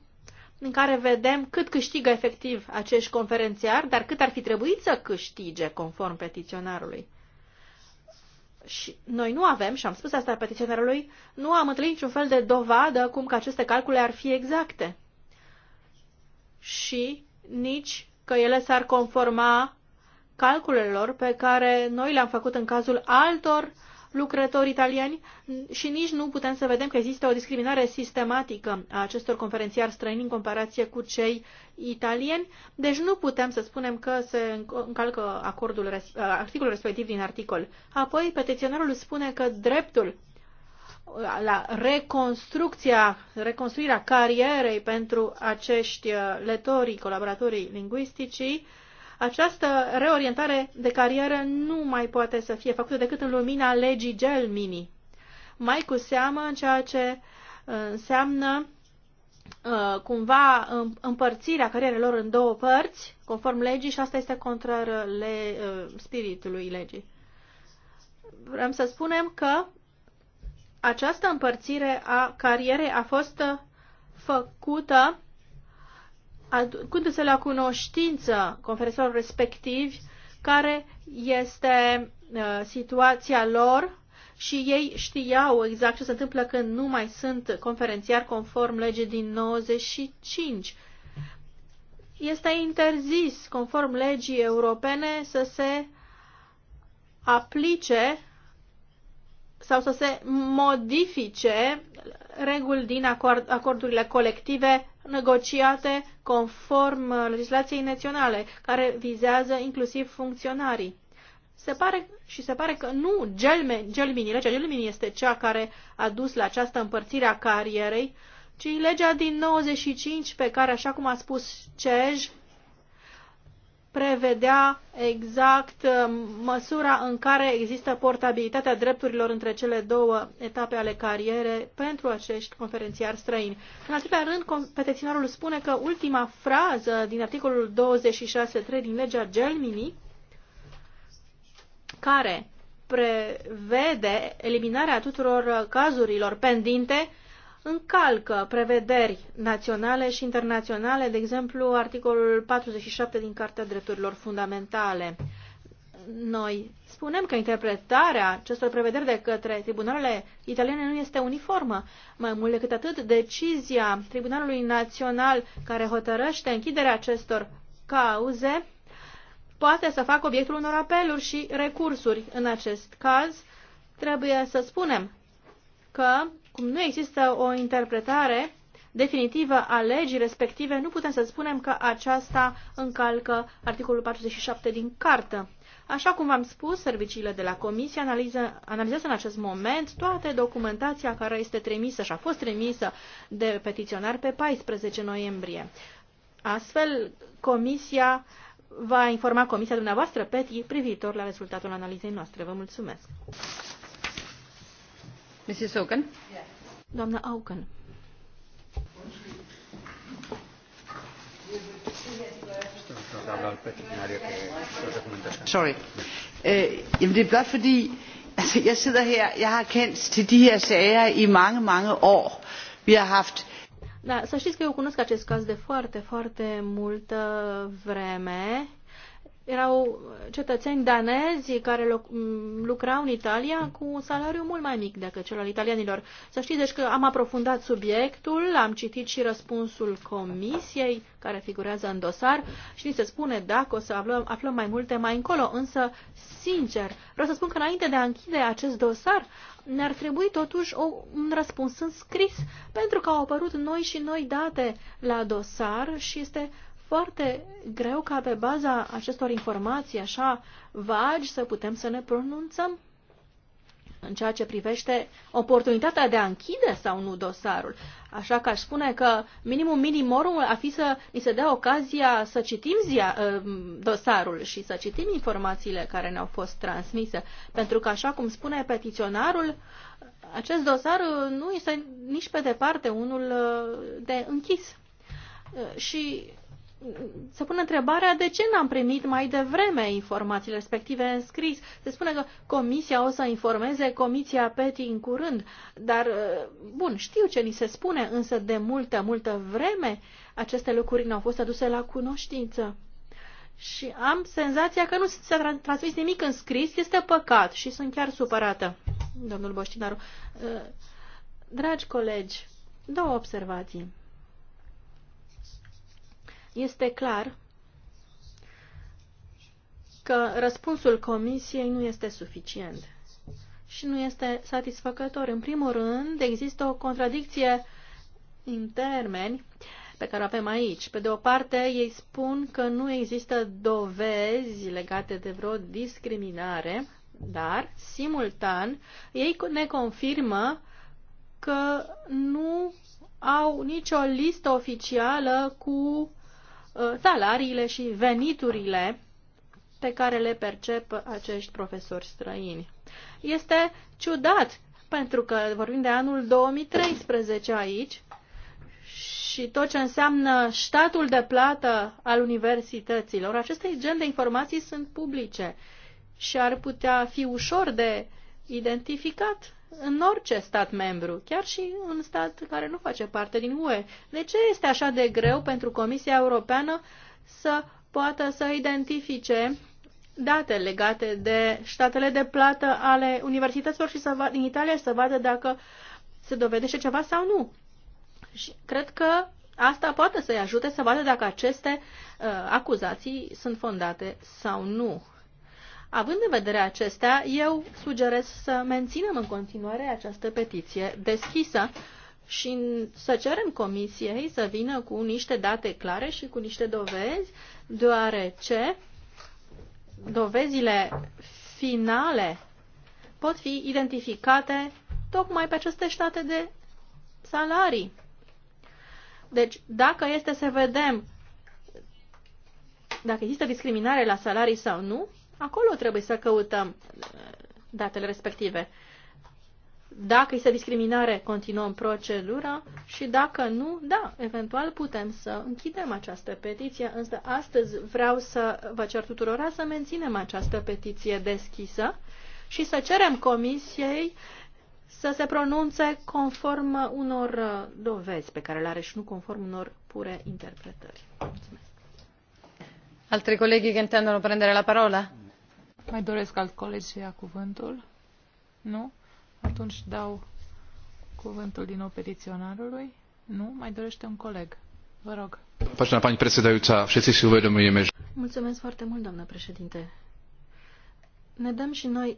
în care vedem cât câștigă efectiv acești conferențiari, dar cât ar fi trebuit să câștige conform petiționarului și noi nu avem, și am spus asta petiționerului, nu am întâlnit niciun fel de dovadă cum că aceste calcule ar fi exacte. Și nici că ele s-ar conforma calculelor pe care noi le-am făcut în cazul altor lucrători italieni și nici nu putem să vedem că există o discriminare sistematică a acestor conferențiari străini în comparație cu cei italieni, deci nu putem să spunem că se încalcă acordul, articolul respectiv din articol. Apoi, petiționarul spune că dreptul la reconstrucția, reconstruirea carierei pentru acești uh, letorii, colaboratorii lingvistici, această reorientare de carieră nu mai poate să fie făcută decât în lumina legii gel mini. Mai cu seamă în ceea ce uh, înseamnă uh, cumva împărțirea carierelor în două părți, conform legii, și asta este contrar uh, le, spiritului legii. Vrem să spunem că această împărțire a carierei a fost făcută aducându-se la cunoștință confesorilor respectivi care este uh, situația lor și ei știau exact ce se întâmplă când nu mai sunt conferențiar conform legii din 95. Este interzis, conform legii europene, să se aplice sau să se modifice reguli din acord, acordurile colective negociate conform uh, legislației naționale, care vizează inclusiv funcționarii. Se pare, și se pare că nu gelmini, legea gelmini este cea care a dus la această împărțire a carierei, ci legea din 95 pe care, așa cum a spus Cej, prevedea exact uh, măsura în care există portabilitatea drepturilor între cele două etape ale cariere pentru acești conferențiari străini. În al treilea rând, petiționarul spune că ultima frază din articolul 26.3 din legea Gelmini, care prevede eliminarea tuturor uh, cazurilor pendinte, încalcă prevederi naționale și internaționale, de exemplu articolul 47 din Cartea Drepturilor Fundamentale. Noi spunem că interpretarea acestor prevederi de către tribunalele italiene nu este uniformă. Mai mult decât atât, decizia Tribunalului Național care hotărăște închiderea acestor cauze poate să facă obiectul unor apeluri și recursuri. În acest caz, trebuie să spunem că cum nu există o interpretare definitivă a legii respective, nu putem să spunem că aceasta încalcă articolul 47 din cartă. Așa cum v-am spus, serviciile de la Comisie analiză, analizează în acest moment toată documentația care este trimisă și a fost trimisă de petiționar pe 14 noiembrie. Astfel, Comisia va informa Comisia dumneavoastră, PETI, privitor la rezultatul analizei noastre. Vă mulțumesc! Mrs. Hogan? Doamna Auken. Sorry. Øh, jamen det er blot fordi, altså jeg sidder her, jeg har kendt til de her sager i mange, mange år. Vi har haft da, să știți că eu cunosc acest caz de foarte, foarte multă vreme erau uh, cetățeni danezi care mm, lucrau în Italia cu un salariu mult mai mic decât cel al italianilor. Să știți, deci că am aprofundat subiectul, am citit și răspunsul comisiei care figurează în dosar și ni se spune dacă o să aflăm, aflăm mai multe mai încolo, însă, sincer, vreau să spun că înainte de a închide acest dosar, ne-ar trebui totuși o, un răspuns în scris, pentru că au apărut noi și noi date la dosar și este foarte greu ca pe baza acestor informații așa vagi să putem să ne pronunțăm în ceea ce privește oportunitatea de a închide sau nu dosarul. Așa că aș spune că minimum minimorul ar fi să ni se dea ocazia să citim zia, ă, dosarul și să citim informațiile care ne-au fost transmise. Pentru că, așa cum spune petiționarul, acest dosar ă, nu este nici pe departe unul ă, de închis. Și se pune întrebarea de ce n-am primit mai devreme informațiile respective în scris. Se spune că comisia o să informeze comisia PETI în curând, dar, uh, bun, știu ce ni se spune, însă de multă, multă vreme aceste lucruri n-au fost aduse la cunoștință. Și am senzația că nu s-a transmis nimic în scris, este păcat și sunt chiar supărată, domnul Boștinaru. Uh, dragi colegi, două observații. Este clar că răspunsul Comisiei nu este suficient și nu este satisfăcător. În primul rând, există o contradicție în termeni pe care o avem aici. Pe de o parte, ei spun că nu există dovezi legate de vreo discriminare, dar, simultan, ei ne confirmă că nu au nicio listă oficială cu Uh, salariile și veniturile pe care le percep acești profesori străini. Este ciudat, pentru că vorbim de anul 2013 aici și tot ce înseamnă statul de plată al universităților, aceste gen de informații sunt publice și ar putea fi ușor de identificat în orice stat membru, chiar și un stat care nu face parte din UE. De ce este așa de greu pentru Comisia Europeană să poată să identifice date legate de statele de plată ale universităților și să va, din Italia să vadă dacă se dovedește ceva sau nu. Și cred că asta poate să-i ajute să vadă dacă aceste uh, acuzații sunt fondate sau nu. Având în vedere acestea, eu sugerez să menținem în continuare această petiție deschisă și să cerem comisiei să vină cu niște date clare și cu niște dovezi, deoarece dovezile finale pot fi identificate tocmai pe aceste state de salarii. Deci, dacă este să vedem dacă există discriminare la salarii sau nu, Acolo trebuie să căutăm uh, datele respective. Dacă este discriminare, continuăm procedura și dacă nu, da, eventual putem să închidem această petiție, însă astăzi vreau să vă cer tuturora să menținem această petiție deschisă și să cerem comisiei să se pronunțe conform unor uh, dovezi pe care le are și nu conform unor pure interpretări. Mulțumesc. Altri colegi che intendono prendere la parola? Mai doresc alt coleg să ia cuvântul? Nu? Atunci dau cuvântul din nou petiționarului. Nu? Mai dorește un coleg. Vă rog. Vážená pani predsedajúca, všetci si uvedomujeme, že... Mulțumesc foarte mult, doamnă președinte. Ne dăm și noi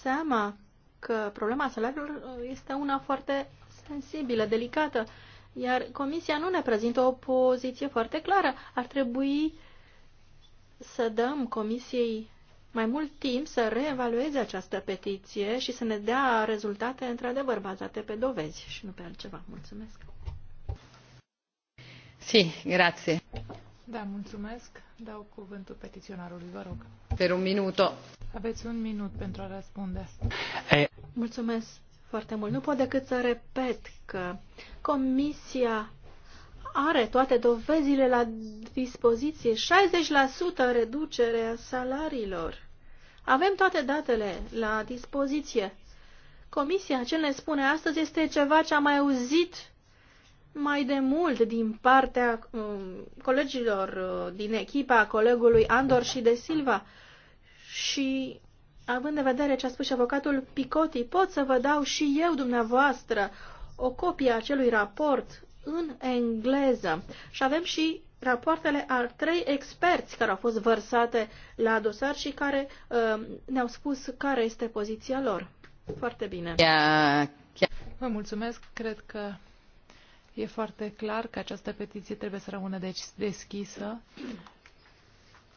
seama că problema salariilor este una foarte sensibilă, delicată, iar Comisia nu ne prezintă o poziție foarte clară. Ar trebui să dăm Comisiei mai mult timp să reevalueze această petiție și să ne dea rezultate într-adevăr bazate pe dovezi și nu pe altceva. Mulțumesc. Si, grazie. Da, mulțumesc. Dau cuvântul petiționarului, vă rog. Per un minut. Aveți un minut pentru a răspunde. Mulțumesc foarte mult. Nu pot decât să repet că Comisia are toate dovezile la dispoziție, 60% reducere a salariilor. Avem toate datele la dispoziție. Comisia, ce ne spune astăzi, este ceva ce am mai auzit mai de mult din partea um, colegilor uh, din echipa colegului Andor și de Silva. Și având de vedere ce a spus și avocatul Picoti, pot să vă dau și eu dumneavoastră o copie a acelui raport în engleză și avem și rapoartele a trei experți care au fost vărsate la dosar și care uh, ne-au spus care este poziția lor. Foarte bine. Vă mulțumesc. Cred că e foarte clar că această petiție trebuie să rămână deschisă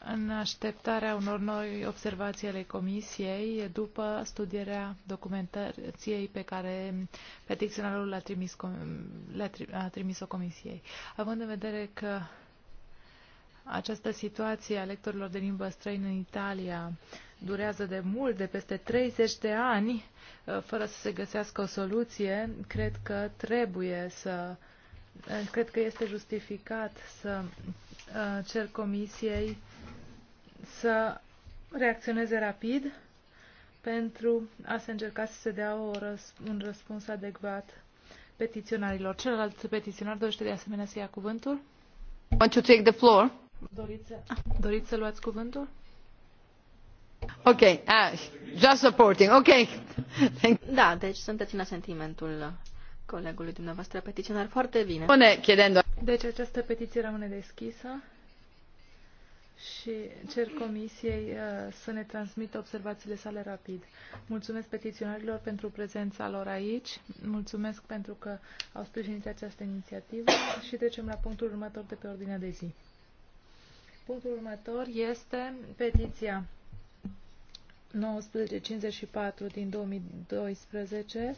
în așteptarea unor noi observații ale Comisiei după studierea documentației pe care petiționarul a trimis, a trimis Comisiei. Având în vedere că această situație a lectorilor de limbă străină în Italia durează de mult, de peste 30 de ani, uh, fără să se găsească o soluție, cred că trebuie să uh, cred că este justificat să uh, cer comisiei să reacționeze rapid pentru a se încerca să se dea o răs un răspuns adecvat petiționarilor. Celălalt petiționar dorește de asemenea să ia cuvântul. Want you take the floor? Doriți, doriți să luați cuvântul? Ok, ah, just supporting, ok. da, deci sunteți în sentimentul colegului dumneavoastră petiționar foarte bine. Bine, chiedendo. Deci această petiție rămâne deschisă și cer comisiei uh, să ne transmită observațiile sale rapid. Mulțumesc petiționarilor pentru prezența lor aici, mulțumesc pentru că au sprijinit această inițiativă și trecem la punctul următor de pe ordinea de zi. Punctul următor este petiția 1954 din 2012,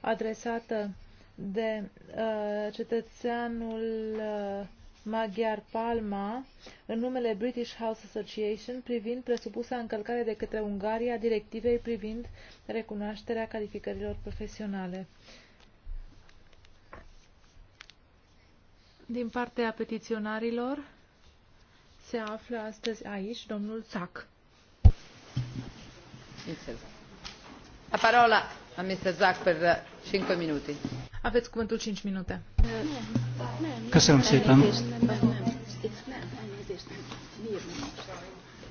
adresată de uh, cetățeanul uh, Maghiar Palma în numele British House Association privind presupusa încălcare de către Ungaria a directivei privind recunoașterea calificărilor profesionale. Din partea petiționarilor se află astăzi aici domnul Zac. La parola a Mr. Zac per 5 minute. Aveți cuvântul 5 minute. Köszönöm szépen.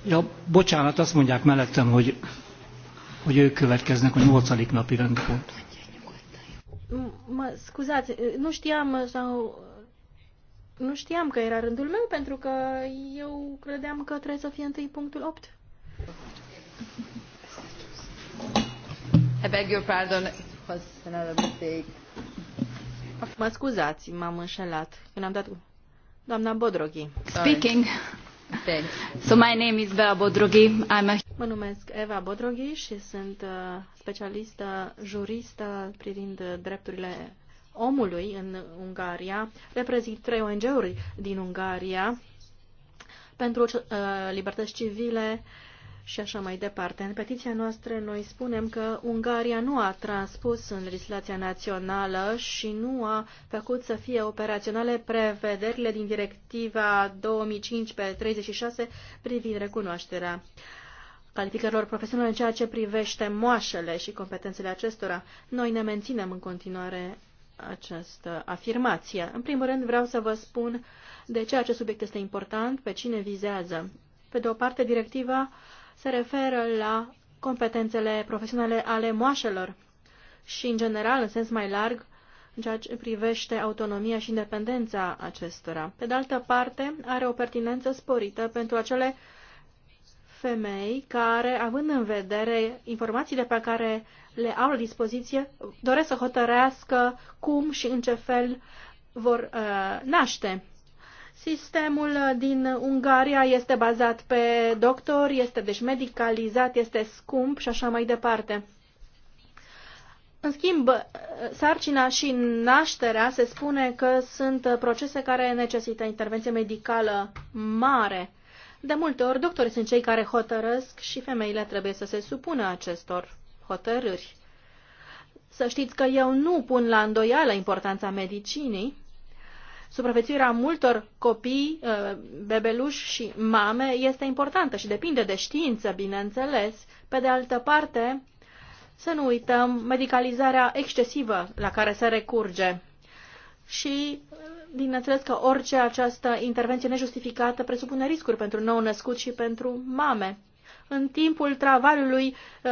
Ja, bocsánat, azt mondják mellettem, hogy, hogy ők következnek a nyolcadik napi rendpont. nu știam că era rândul meu pentru că eu credeam că trebuie să fie întâi punctul 8. I beg your pardon, it was another mistake. Mă scuzați, m-am înșelat. Când am dat... Doamna Bodroghi. Speaking. Thanks. So my name is Eva Bodroghi. I'm a... Mă numesc Eva Bodroghi și sunt uh, specialistă juristă privind drepturile omului în Ungaria. Reprezint trei ONG-uri din Ungaria pentru uh, libertăți civile, uh, și așa mai departe. În petiția noastră noi spunem că Ungaria nu a transpus în legislația națională și nu a făcut să fie operaționale prevederile din directiva 2005-36 privind recunoașterea calificărilor profesionale în ceea ce privește moașele și competențele acestora. Noi ne menținem în continuare această afirmație. În primul rând vreau să vă spun de ce acest subiect este important, pe cine vizează. Pe de o parte, directiva uh, se referă la competențele profesionale ale moașelor și, în general, în sens mai larg, în ceea ce privește autonomia și independența acestora. Pe de altă parte, are o pertinență sporită pentru acele femei care, având în vedere informațiile pe care le au la dispoziție, doresc să hotărească cum și în ce fel vor uh, naște. Sistemul uh, din Ungaria este bazat pe doctor, este deci medicalizat, este scump și așa mai departe. În schimb, uh, sarcina și nașterea se spune că sunt uh, procese care necesită intervenție medicală mare. De multe ori, doctorii sunt cei care hotărăsc și femeile trebuie să se supună acestor hotărâri. Să știți că eu nu pun la îndoială importanța medicinii, supraviețuirea multor copii, uh, bebeluși și mame este importantă și depinde de știință, bineînțeles. Pe de altă parte, să nu uităm medicalizarea excesivă la care se recurge. Și uh, bineînțeles că orice această intervenție nejustificată presupune riscuri pentru nou născut și pentru mame. În timpul travaliului uh,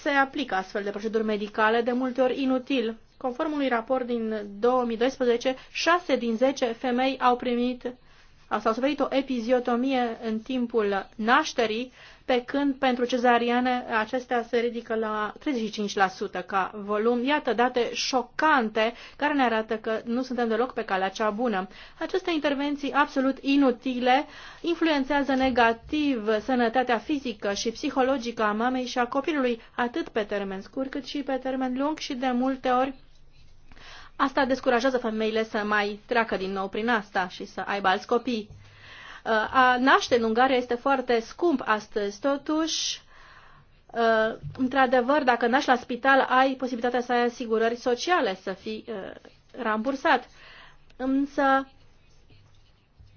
se aplică astfel de proceduri medicale, de multe ori inutil. Conform unui raport din 2012, 6 din 10 femei au primit s-au suferit o epiziotomie în timpul nașterii, pe când pentru cezariane acestea se ridică la 35% ca volum. Iată date șocante care ne arată că nu suntem deloc pe calea cea bună. Aceste intervenții absolut inutile influențează negativ sănătatea fizică și psihologică a mamei și a copilului, atât pe termen scurt cât și pe termen lung și de multe ori Asta descurajează femeile să mai treacă din nou prin asta și să aibă alți copii. Uh, a naște în Ungaria este foarte scump astăzi, totuși, uh, într-adevăr, dacă naști la spital, ai posibilitatea să ai asigurări sociale, să fii uh, rambursat. Însă,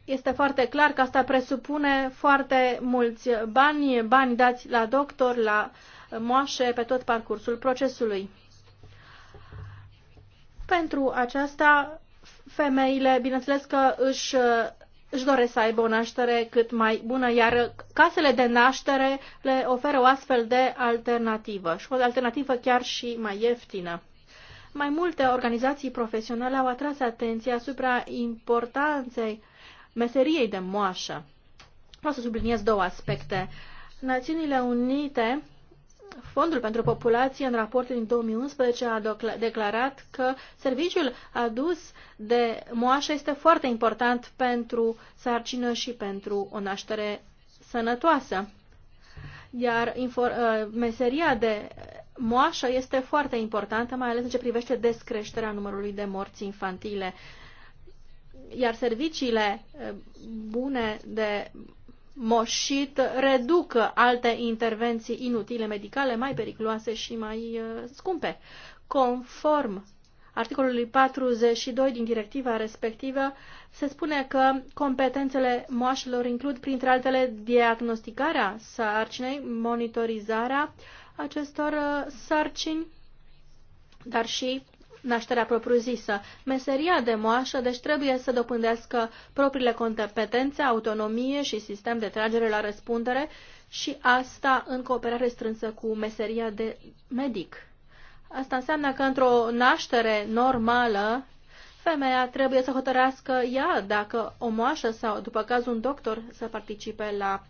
este foarte clar că asta presupune foarte mulți bani, bani dați la doctor, la moașe, pe tot parcursul procesului. Pentru aceasta, femeile, bineînțeles că își, își doresc să aibă o naștere cât mai bună, iar casele de naștere le oferă o astfel de alternativă și o alternativă chiar și mai ieftină. Mai multe organizații profesionale au atras atenția asupra importanței meseriei de moașă. Vreau să subliniez două aspecte. Națiunile Unite Fondul pentru Populație, în raportul din 2011, a declarat că serviciul adus de moașă este foarte important pentru sarcină și pentru o naștere sănătoasă. Iar uh, meseria de moașă este foarte importantă, mai ales în ce privește descreșterea numărului de morți infantile. Iar serviciile uh, bune de moșit reduc alte intervenții inutile medicale, mai periculoase și mai uh, scumpe. Conform articolului 42 din directiva respectivă, se spune că competențele moașilor includ, printre altele, diagnosticarea sarcinei, monitorizarea acestor uh, sarcini, dar și nașterea propriu-zisă. Meseria de moașă, deci trebuie să dopândească propriile competențe, autonomie și sistem de tragere la răspundere și asta în cooperare strânsă cu meseria de medic. Asta înseamnă că într-o naștere normală, femeia trebuie să hotărească ea dacă o moașă sau, după caz, un doctor să participe la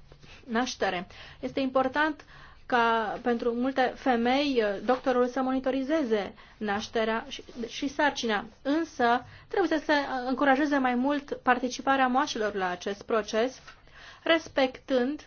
naștere. Este important uh, ca pentru multe femei uh, doctorul să monitorizeze nașterea și, și sarcina. Însă trebuie să se uh, încurajeze mai mult participarea moașilor la acest proces, respectând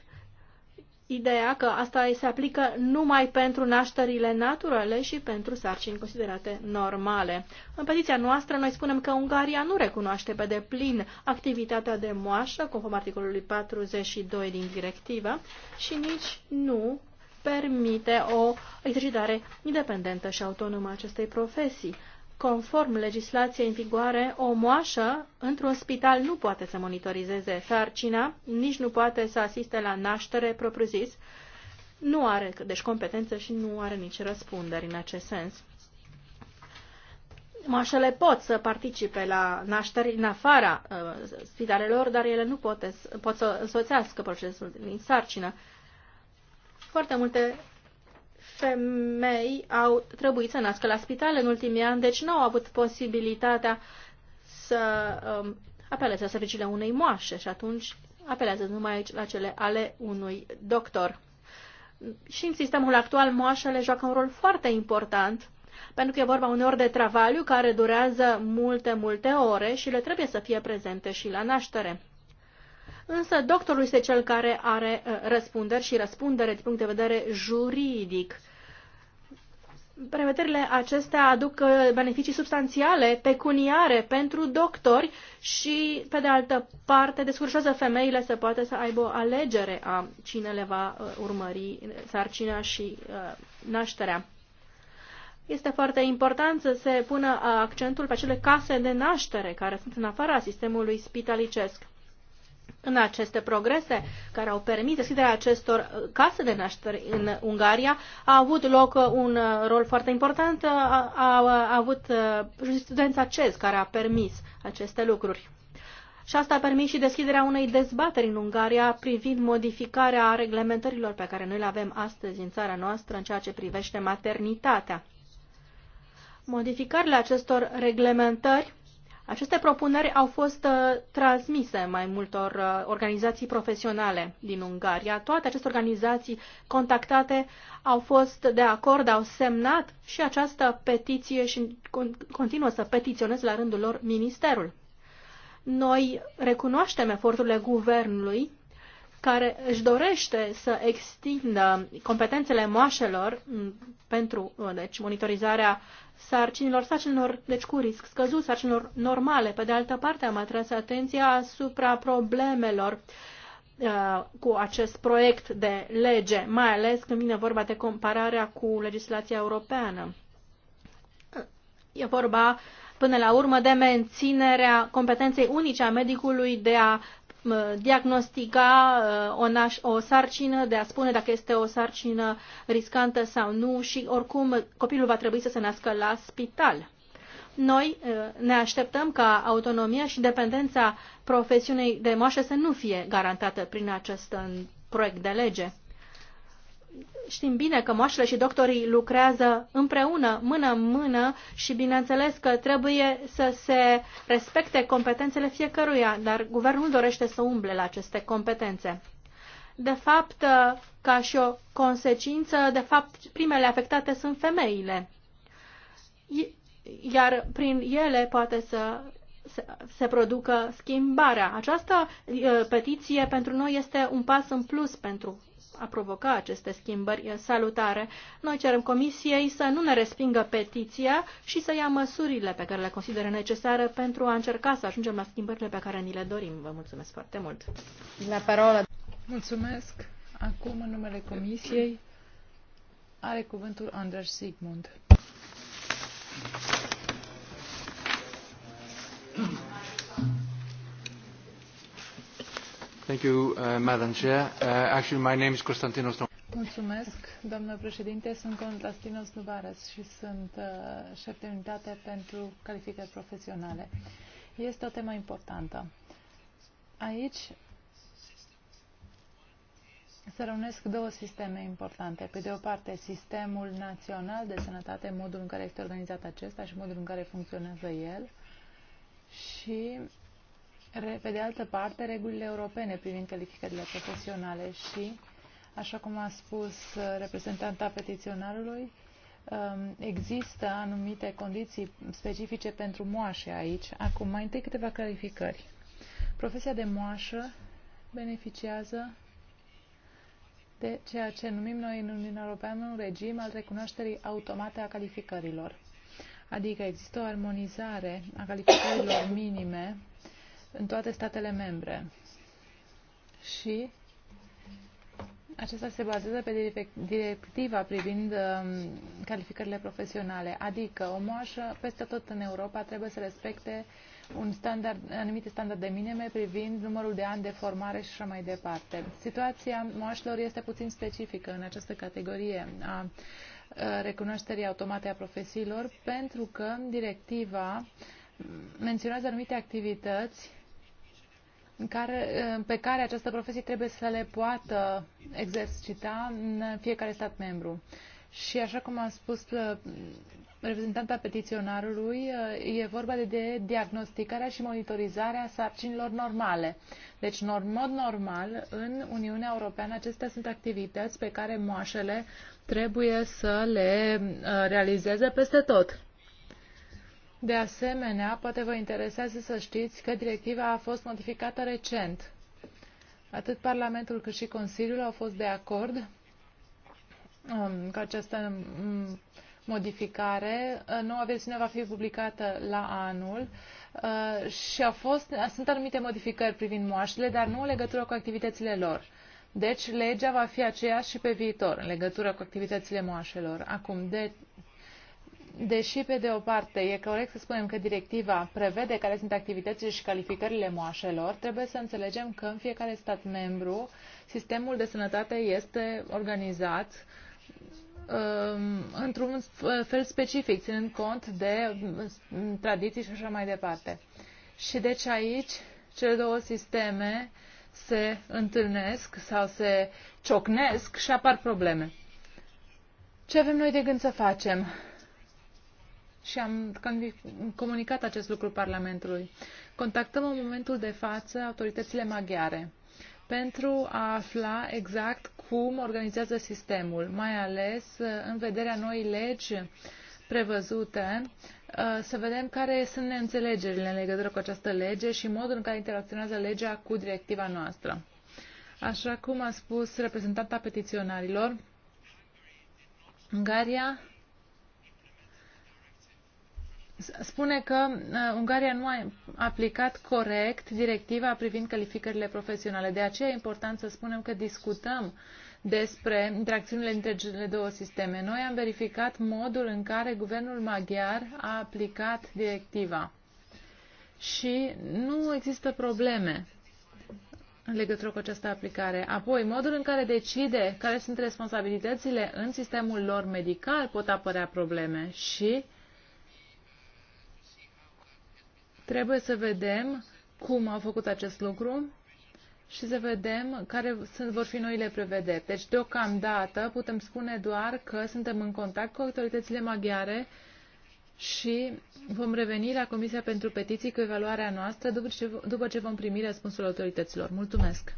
ideea că asta se aplică numai pentru nașterile naturale și pentru sarcini considerate normale. În petiția noastră, noi spunem că Ungaria nu recunoaște pe deplin activitatea de moașă, conform articolului 42 din directivă, și nici nu permite o exercitare independentă și autonomă a acestei profesii. Conform legislației în vigoare, o moașă într-un spital nu poate să monitorizeze sarcina, nici nu poate să asiste la naștere propriu-zis, nu are deci competență și nu are nici răspunderi în acest sens. Moașele pot să participe la nașteri în afara uh, spitalelor, dar ele nu pot, pot să însoțească procesul din sarcină. Foarte multe femei au trebuit să nască la spital în ultimii ani, deci nu au avut posibilitatea să um, apeleze la serviciile unei moașe și atunci apelează numai la cele ale unui doctor. Și în sistemul actual, moașele joacă un rol foarte important, pentru că e vorba uneori de travaliu care durează multe, multe ore și le trebuie să fie prezente și la naștere însă doctorul este cel care are uh, răspunderi și răspundere din punct de vedere juridic. Prevederile acestea aduc uh, beneficii substanțiale, pecuniare pentru doctori și, pe de altă parte, descurșează femeile să poată să aibă o alegere a cine le va uh, urmări sarcina și nașterea. Este foarte important să se pună accentul pe acele case de naștere care sunt în afara sistemului spitalicesc în aceste progrese care au permis deschiderea acestor uh, case de nașteri în Ungaria. A avut loc uh, un uh, rol foarte important, a, a, a avut jurisprudența CEZ care a permis aceste lucruri. Și asta a permis și deschiderea unei dezbateri în Ungaria privind modificarea reglementărilor pe care noi le avem astăzi în țara noastră în ceea ce privește maternitatea. Modificările acestor reglementări aceste propuneri au fost uh, transmise mai multor uh, organizații profesionale din Ungaria. Toate aceste organizații contactate au fost de acord, au semnat și această petiție și continuă să petiționeze la rândul lor ministerul. Noi recunoaștem eforturile guvernului care își dorește să extindă competențele moașelor mm, pentru uh, deci, monitorizarea sarcinilor, sarcinilor, deci cu risc scăzut, sarcinilor normale. Pe de altă parte, am atras atenția asupra problemelor uh, cu acest proiect de lege, mai ales când vine vorba de compararea cu legislația europeană. E vorba până la urmă de menținerea competenței unice a medicului de a Uh, diagnostica uh, o, naș, o sarcină, de a spune dacă este o sarcină riscantă sau nu și oricum copilul va trebui să se nască la spital. Noi uh, ne așteptăm ca autonomia și dependența profesiunii de moașă să nu fie garantată prin acest proiect de lege. Știm bine că moașele și doctorii lucrează împreună, mână-mână și bineînțeles că trebuie să se respecte competențele fiecăruia, dar guvernul dorește să umble la aceste competențe. De fapt, ca și o consecință, de fapt, primele afectate sunt femeile. Iar prin ele poate să se producă schimbarea. Această uh, petiție pentru noi este un pas în plus pentru a provoca aceste schimbări salutare. Noi cerem Comisiei să nu ne respingă petiția și să ia măsurile pe care le consideră necesare pentru a încerca să ajungem la schimbările pe care ni le dorim. Vă mulțumesc foarte mult. La parola. Mulțumesc. Acum, în numele Comisiei, are cuvântul Anders Sigmund. Uh, uh, Mulțumesc, doamnă președinte. Sunt Constantinos Nuvares și sunt uh, șef de unitate pentru calificări profesionale. Este o temă importantă. Aici se reunesc două sisteme importante. Pe de o parte, sistemul național de sănătate, modul în care este organizat acesta și modul în care funcționează el și pe de altă parte, regulile europene privind calificările profesionale și, așa cum a spus uh, reprezentanta petiționarului, um, există anumite condiții specifice pentru moașe aici. Acum, mai întâi câteva clarificări. Profesia de moașă beneficiază de ceea ce numim noi în Uniunea Europeană un regim al recunoașterii automate a calificărilor. Adică există o armonizare a calificărilor minime în toate statele membre. Și acesta se bazează pe directiva privind um, calificările profesionale, adică o moașă peste tot în Europa trebuie să respecte un standard, anumite standarde minime privind numărul de ani de formare și așa mai departe. Situația moașilor este puțin specifică în această categorie a uh, recunoașterii automate a profesiilor pentru că directiva menționează anumite activități care, pe care această profesie trebuie să le poată exercita în fiecare stat membru. Și așa cum a spus uh, reprezentanta petiționarului, uh, e vorba de diagnosticarea și monitorizarea sarcinilor normale. Deci, în mod normal, în Uniunea Europeană, acestea sunt activități pe care moașele trebuie să le uh, realizeze peste tot. De asemenea, poate vă interesează să știți că directiva a fost modificată recent. Atât Parlamentul cât și Consiliul au fost de acord um, că această um, modificare. Uh, noua versiune va fi publicată la anul uh, și a fost, sunt anumite modificări privind moașele, dar nu în legătură cu activitățile lor. Deci, legea va fi aceeași și pe viitor, în legătură cu activitățile moașelor. Acum, de deși, pe de o parte, e corect să spunem că directiva prevede care sunt activitățile și calificările moașelor, trebuie să înțelegem că în fiecare stat membru sistemul de sănătate este organizat um, într-un fel specific, ținând cont de um, tradiții și așa mai departe. Și deci aici cele două sisteme se întâlnesc sau se ciocnesc și apar probleme. Ce avem noi de gând să facem? și am comunicat acest lucru Parlamentului. Contactăm în momentul de față autoritățile maghiare pentru a afla exact cum organizează sistemul, mai ales uh, în vederea noii legi prevăzute, uh, să vedem care sunt neînțelegerile în legătură cu această lege și modul în care interacționează legea cu directiva noastră. Așa cum a spus reprezentanta petiționarilor, Ungaria spune că uh, Ungaria nu a aplicat corect directiva privind calificările profesionale. De aceea e important să spunem că discutăm despre interacțiunile între cele două sisteme. Noi am verificat modul în care guvernul maghiar a aplicat directiva și nu există probleme în legătură cu această aplicare. Apoi, modul în care decide care sunt responsabilitățile în sistemul lor medical pot apărea probleme și uh, Trebuie să vedem cum au făcut acest lucru și să vedem care sunt, vor fi noile prevederi. Deci, deocamdată, putem spune doar că suntem în contact cu autoritățile maghiare și vom reveni la Comisia pentru Petiții cu evaluarea noastră după ce, după ce vom primi răspunsul autorităților. Mulțumesc!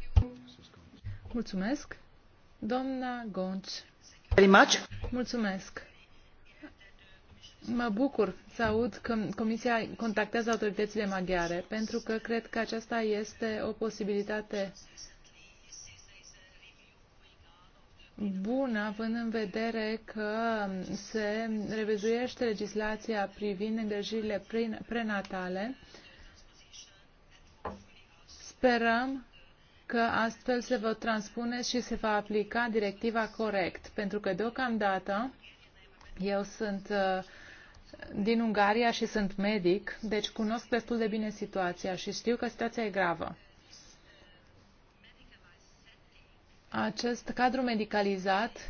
Mulțumesc! Doamna Gonci. Mulțumesc! Mă bucur să aud că Comisia contactează autoritățile maghiare, pentru că cred că aceasta este o posibilitate bună, având în vedere că se revizuiește legislația privind îngrijirile prenatale. Sperăm că astfel se va transpune și se va aplica directiva corect, pentru că deocamdată eu sunt uh, din Ungaria și sunt medic, deci cunosc destul de bine situația și știu că situația e gravă. Acest cadru medicalizat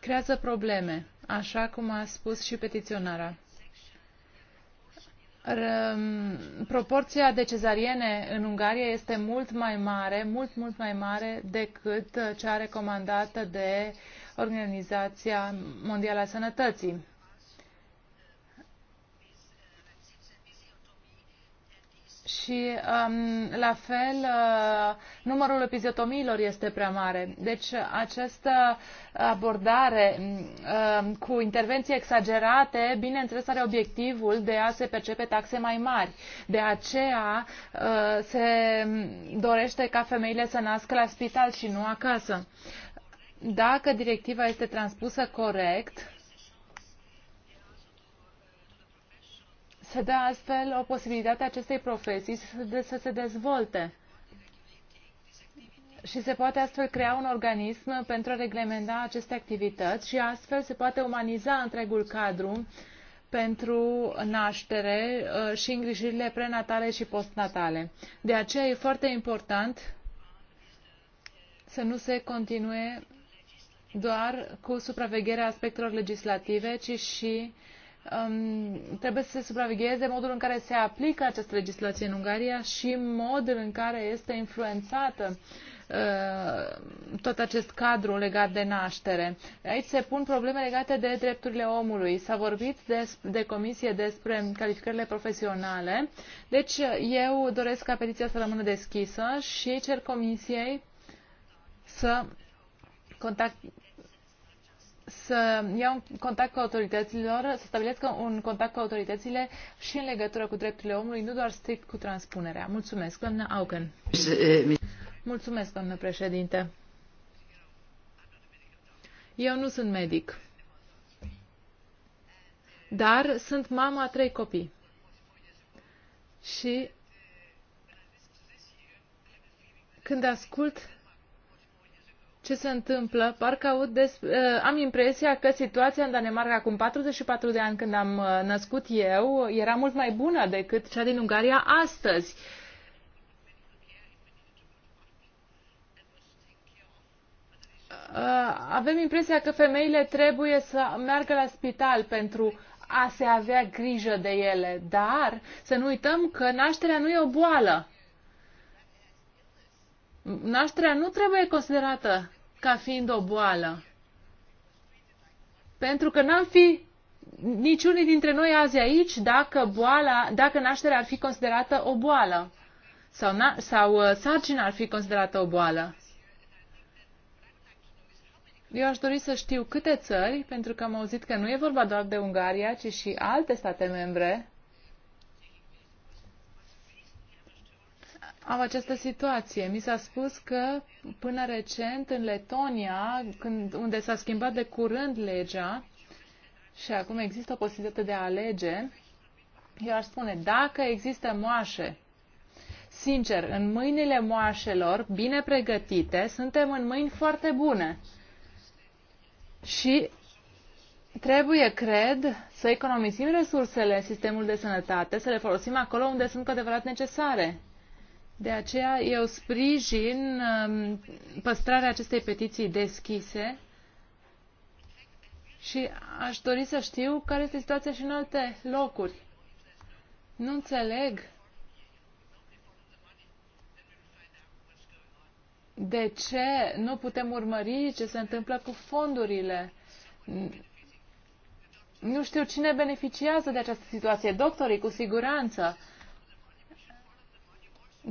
creează probleme, așa cum a spus și petiționara. Proporția de cezariene în Ungaria este mult mai mare, mult, mult mai mare decât cea recomandată de uh, Organizația Mondială a Sănătății. Și um, la fel, uh, numărul epizotomiilor este prea mare. Deci această abordare uh, cu intervenții exagerate, bineînțeles, are obiectivul de a se percepe taxe mai mari. De aceea uh, se dorește ca femeile să nască la spital și nu acasă dacă directiva este transpusă corect, se dă astfel o posibilitate acestei profesii să se dezvolte și se poate astfel crea un organism pentru a reglementa aceste activități și astfel se poate umaniza întregul cadru pentru naștere uh, și îngrijirile prenatale și postnatale. De aceea e foarte important să nu se continue doar cu supravegherea aspectelor legislative, ci și um, trebuie să se supravegheze modul în care se aplică această legislație în Ungaria și modul în care este influențată uh, tot acest cadru legat de naștere. Aici se pun probleme legate de drepturile omului. S-a vorbit de, de comisie despre calificările profesionale, deci eu doresc ca petiția să rămână deschisă și cer comisiei să contact, să iau contact cu autorităților, să stabilească un contact cu autoritățile și în legătură cu drepturile omului, nu doar strict cu transpunerea. Mulțumesc, doamnă Auken. Mulțumesc, doamnă președinte. Eu nu sunt medic, dar sunt mama a trei copii. Și când ascult ce se întâmplă, parcă aud des, uh, am impresia că situația în Danemarca acum 44 de ani când am uh, născut eu era mult mai bună decât cea din Ungaria astăzi. Uh, avem impresia că femeile trebuie să meargă la spital pentru a se avea grijă de ele, dar să nu uităm că nașterea nu e o boală nașterea nu trebuie considerată ca fiind o boală. Pentru că n-am fi niciunii dintre noi azi aici dacă, boala, dacă nașterea ar fi considerată o boală sau, na, sau uh, sarcina ar fi considerată o boală. Eu aș dori să știu câte țări, pentru că am auzit că nu e vorba doar de Ungaria, ci și alte state membre, am această situație. Mi s-a spus că până recent în Letonia, când, unde s-a schimbat de curând legea și acum există o posibilitate de a alege, eu aș spune, dacă există moașe, sincer, în mâinile moașelor, bine pregătite, suntem în mâini foarte bune. Și Trebuie, cred, să economisim resursele în sistemul de sănătate, să le folosim acolo unde sunt cu adevărat necesare. De aceea eu sprijin um, păstrarea acestei petiții deschise și aș dori să știu care este situația și în alte locuri. Nu înțeleg de ce nu putem urmări ce se întâmplă cu fondurile. Nu știu cine beneficiază de această situație. Doctorii, cu siguranță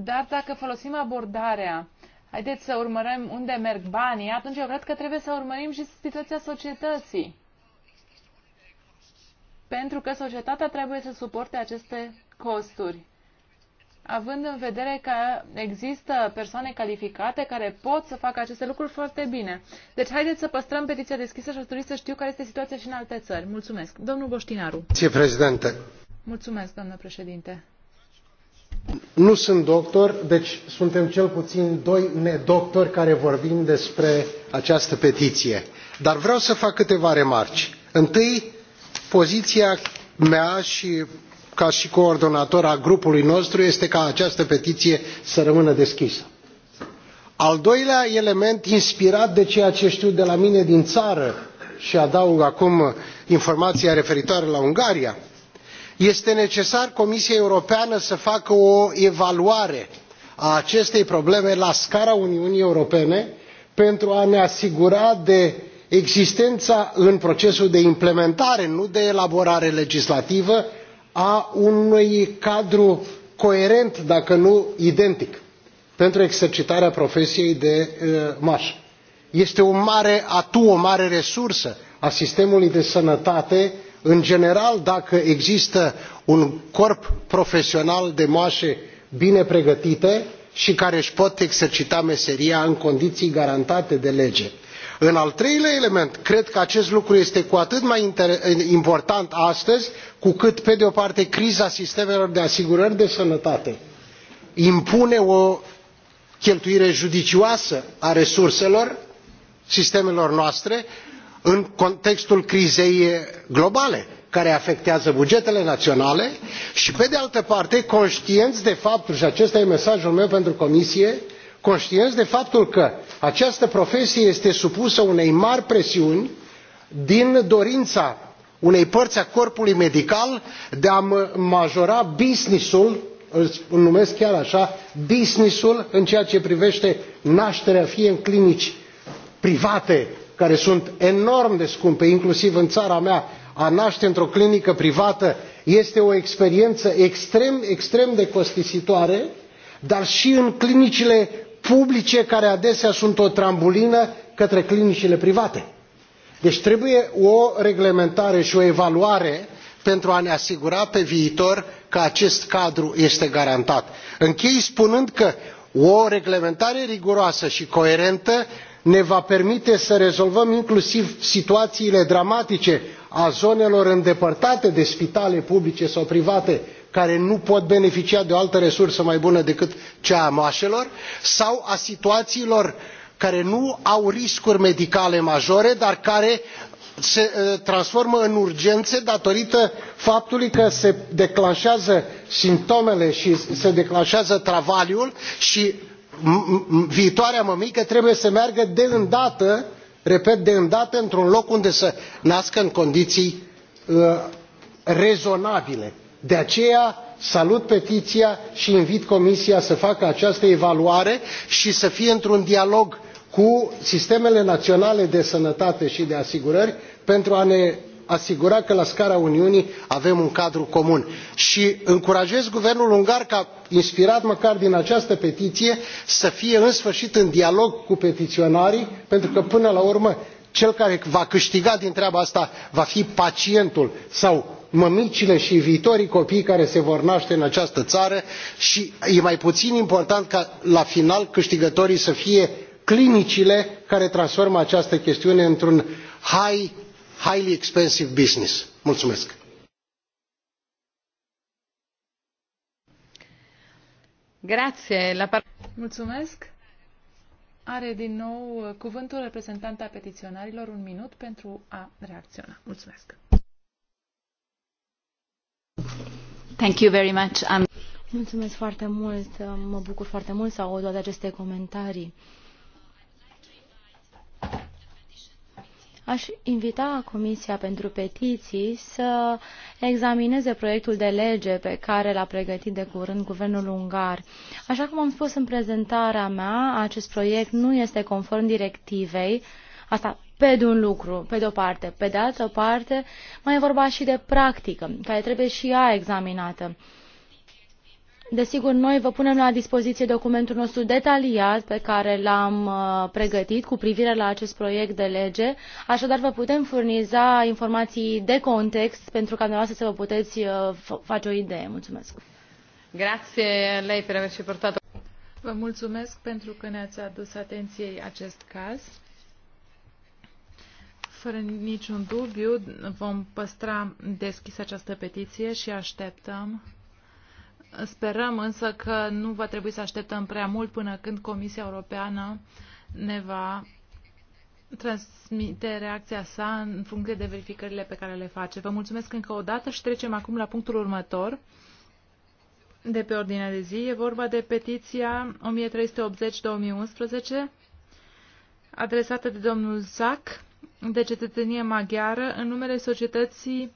dar dacă folosim abordarea, haideți să urmărim unde merg banii, atunci eu cred că trebuie să urmărim și situația societății. Pentru că societatea trebuie să suporte aceste costuri având în vedere că există persoane calificate care pot să facă aceste lucruri foarte bine. Deci haideți să păstrăm petiția deschisă și aș dori să știu care este situația și în alte țări. Mulțumesc. Domnul Boștinaru. Mulțumesc, președinte. Mulțumesc, doamnă președinte. Nu sunt doctor, deci suntem cel puțin doi nedoctori care vorbim despre această petiție. Dar vreau să fac câteva remarci. Întâi, poziția mea și ca și coordonator al grupului nostru este ca această petiție să rămână deschisă. Al doilea element, inspirat de ceea ce știu de la mine din țară și adaug acum informația referitoare la Ungaria, este necesar comisiei europene să facă o evaluare a acestei probleme la scara uniunii europene pentru a ne asigura de existența în procesul de implementare nu de elaborare legislativă a unui cadru coerent dacă nu identic pentru exercitarea profesiei de maș. este un mare atu o mare resursă a sistemului de sănătate în general dacă există un corp profesional de moașe bine pregătite și care își pot exercita meseria în condiții garantate de lege. în al treilea element cred că acest lucru este cu atât mai important astăzi cu cât pe de o parte criza sistemelor de asigurări de sănătate impune o cheltuire judicioasă a resurselor sistemelor noastre în contextul crizei globale care afectează bugetele naționale și pe de altă parte conștienți de faptul și acesta e mesajul meu pentru comisie conștienți de faptul că această profesie este supusă unei mari presiuni din dorința unei părți a corpului medical de a majora business ul îl numesc chiar așa business ul în ceea ce privește nașterea fie în clinici private care sunt enorm de scumpe inclusiv în țara mea a naște într o clinică privată este o experiență extrem extrem de costisitoare dar și în clinicile publice care adesea sunt o trambulină către clinicile private. deci trebuie o reglementare și o evaluare pentru a ne asigura pe viitor că acest cadru este garantat. închei spunând că o reglementare riguroasă și coerentă ne va permite să rezolvăm inclusiv situațiile dramatice ale zonelor îndepărtate de spitale publice sau private care nu pot beneficia de o altă resursă mai bună decât cea a moașelor sau ale situațiilor care nu au riscuri medicale majore dar care se ă, transformă în urgențe datorită faptului că se declanșează simptomele și se declanșează travaliul și viitoarea mămică trebuie să meargă de îndată repet de îndată într un loc unde să nască în condiții uh, rezonabile. de aceea salut petiția și invit comisia să facă această evaluare și să fie într un dialog cu sistemele naționale de sănătate și de asigurări pentru a ne asigura că la scara uniunii avem un cadru comun și încurajez guvernul ungar ca inspirat măcar din această petiție să fie în sfârșit în dialog cu petiționarii pentru că până la urmă cel care va câștiga din treaba asta va fi pacientul sau mămicile și viitorii copii care se vor naște în această țară și e mai puțin important ca la final câștigătorii să fie clinicile care transformă această chestiune într un hai highly expensive business. Mulțumesc! Grazie, la Mulțumesc! Are din nou cuvântul reprezentanta petiționarilor un minut pentru a reacționa. Mulțumesc! Thank you very much. I'm... Mulțumesc foarte mult, mă bucur foarte mult să aud toate aceste comentarii. Aș invita Comisia pentru Petiții să examineze proiectul de lege pe care l-a pregătit de curând guvernul ungar. Așa cum am spus în prezentarea mea, acest proiect nu este conform directivei, asta pe de un lucru, pe de o parte. Pe de altă parte, mai e vorba și de practică, care trebuie și ea examinată. Desigur, noi vă punem la dispoziție documentul nostru detaliat pe care l-am uh, pregătit cu privire la acest proiect de lege. Așadar, vă putem furniza informații de context pentru ca dumneavoastră să vă puteți uh, face o idee. Mulțumesc. Grazie lei per averci portato. Vă mulțumesc pentru că ne-ați adus atenției acest caz. Fără niciun dubiu, vom păstra deschis această petiție și așteptăm Sperăm însă că nu va trebui să așteptăm prea mult până când Comisia Europeană ne va transmite reacția sa în funcție de verificările pe care le face. Vă mulțumesc încă o dată și trecem acum la punctul următor de pe ordinea de zi. E vorba de petiția 1380-2011 adresată de domnul Zac de cetățenie maghiară în numele societății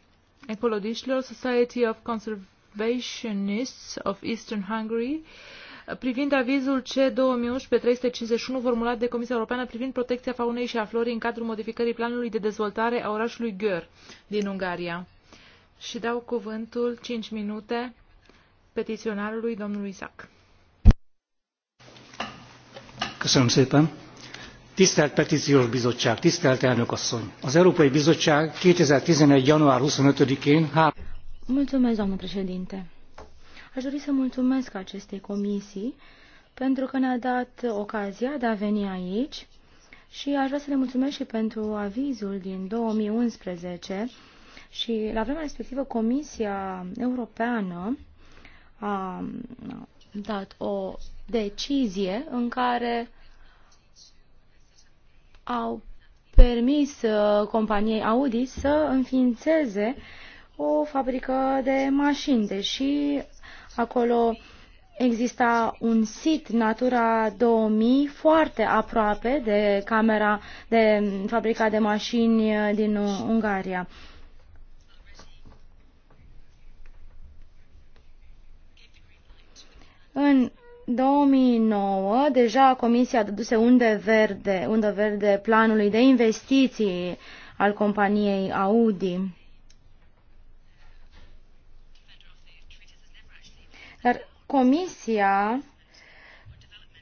ecologiștilor Society of Conservation Conservationists of Eastern Hungary privind avizul C2011-351 formulat de Comisia Europeană privind protecția faunei și a florii în cadrul modificării planului de dezvoltare a orașului Gör din Ungaria. Și dau cuvântul 5 minute petiționarului domnului Isaac. Köszönöm szépen! Tisztelt Petíciós Bizottság, tisztelt elnök asszony! Az Európai Bizottság 2011. január 25-én három Mulțumesc, doamnă președinte. Aș dori să mulțumesc acestei comisii pentru că ne-a dat ocazia de a veni aici și aș vrea să le mulțumesc și pentru avizul din 2011 și la vremea respectivă Comisia Europeană a dat o decizie în care au permis uh, companiei Audi să înființeze uh, o fabrică de mașini, deși acolo exista un sit Natura 2000 foarte aproape de camera de fabrica de mașini din Ungaria. În 2009 deja Comisia dăduse unde verde, unde verde planului de investiții al companiei Audi. Dar Comisia,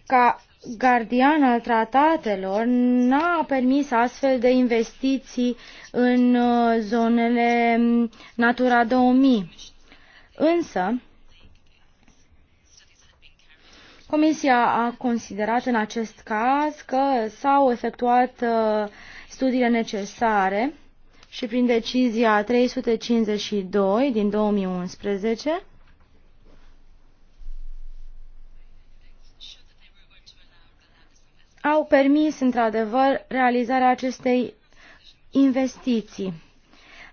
ca gardian al tratatelor, n-a permis astfel de investiții în uh, zonele Natura 2000. Însă, Comisia a considerat în acest caz că s-au efectuat uh, studiile necesare și prin decizia 352 din 2011 au permis, într-adevăr, realizarea acestei investiții.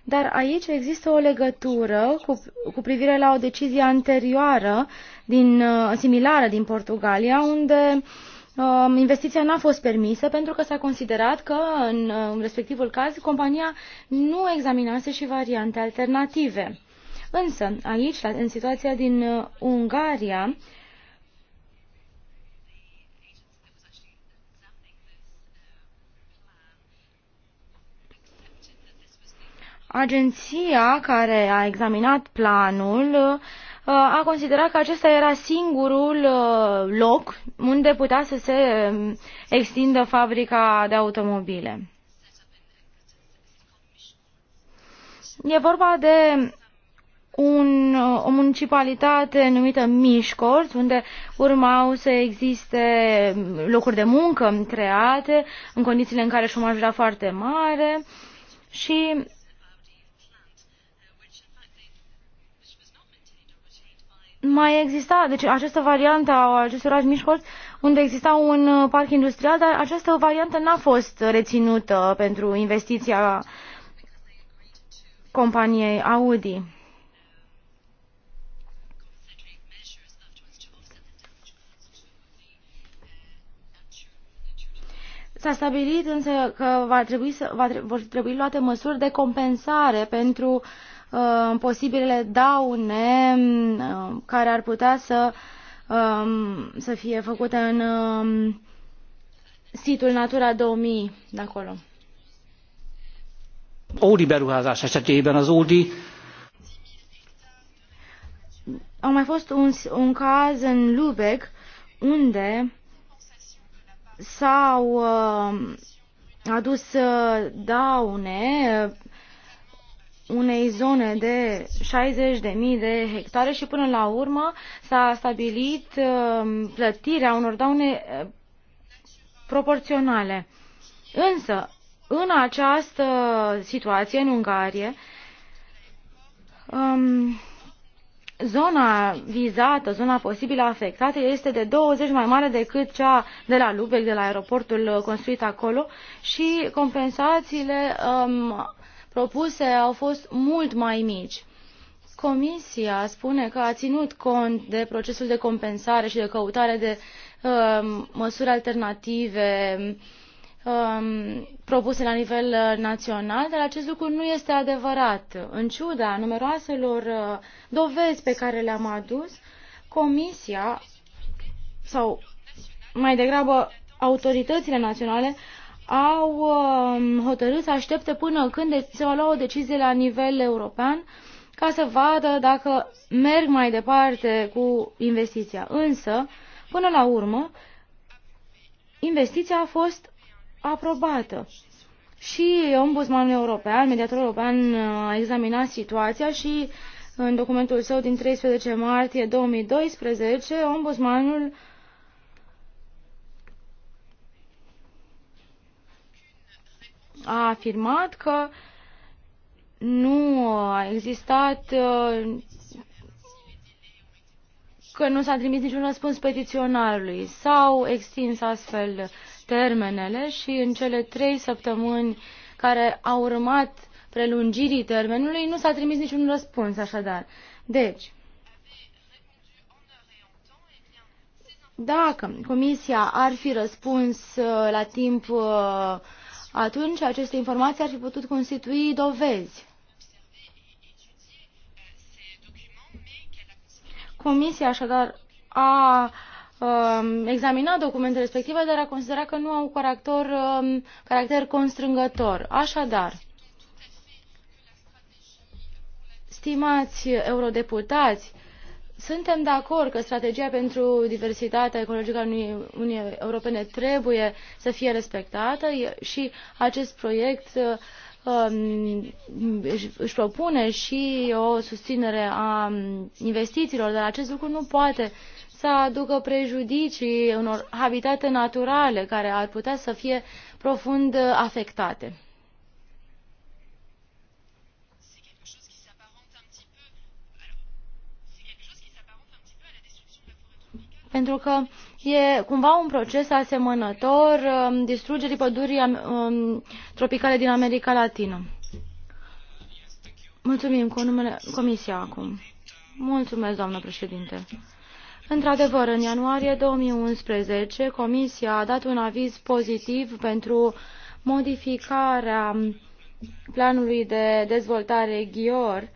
Dar aici există o legătură cu, cu privire la o decizie anterioară, din, uh, similară din Portugalia, unde uh, investiția n-a fost permisă pentru că s-a considerat că, în, uh, în respectivul caz, compania nu examinase și variante alternative. Însă, aici, în situația din uh, Ungaria, Agenția care a examinat planul uh, a considerat că acesta era singurul uh, loc unde putea să se um, extindă fabrica de automobile. E vorba de un, o municipalitate numită Mișcorț, unde urmau să existe locuri de muncă create în condițiile în care șomajul era foarte mare și mai exista, deci această variantă a acestui oraș Mișcolț, unde exista un uh, parc industrial, dar această variantă n-a fost reținută pentru investiția companiei Audi. S-a stabilit însă că va trebui să, va, vor trebui luate măsuri de compensare pentru uh, uh, posibile daune um, uh, care ar putea să, uh, să fie făcute în uh, situl Natura 2000 de acolo. Ódi beruházás esetében az Ódi Au mai fost un, un caz în Lubeck unde s-au uh, adus uh, daune uh, unei zone de 60.000 de hectare și până la urmă s-a stabilit uh, plătirea unor daune uh, proporționale. Însă, în această situație, în Ungarie, um, zona vizată, zona posibilă afectată este de 20 mai mare decât cea de la Lubec, de la aeroportul construit acolo și compensațiile um, propuse au fost mult mai mici. Comisia spune că a ținut cont de procesul de compensare și de căutare de uh, măsuri alternative um, propuse la nivel uh, național, dar acest lucru nu este adevărat. În ciuda numeroaselor uh, dovezi pe care le-am adus, Comisia sau mai degrabă autoritățile naționale au um, hotărât să aștepte până când se va lua o decizie la nivel european ca să vadă dacă merg mai departe cu investiția. Însă, până la urmă, investiția a fost aprobată. Și ombudsmanul european, mediatorul european, uh, a examinat situația și în documentul său din 13 martie 2012, ombudsmanul a afirmat că nu a existat că nu s-a trimis niciun răspuns petiționarului. S-au extins astfel termenele și în cele trei săptămâni care au urmat prelungirii termenului nu s-a trimis niciun răspuns, așadar. Deci, dacă Comisia ar fi răspuns uh, la timp uh, atunci aceste informații ar fi putut constitui dovezi. Comisia așadar a um, examinat documentele respective, dar a considerat că nu au caracter, um, caracter constrângător. Așadar, stimați eurodeputați, suntem de acord că strategia pentru diversitatea ecologică a Uniunii Europene trebuie să fie respectată și acest proiect um, își propune și o susținere a um, investițiilor, dar acest lucru nu poate să aducă prejudicii unor habitate naturale care ar putea să fie profund afectate. pentru că e cumva un proces asemănător um, distrugerii pădurii um, tropicale din America Latină. Mulțumim cu numele Comisia acum. Mulțumesc, doamnă președinte. Într-adevăr, în ianuarie 2011, Comisia a dat un aviz pozitiv pentru modificarea planului de dezvoltare GIOR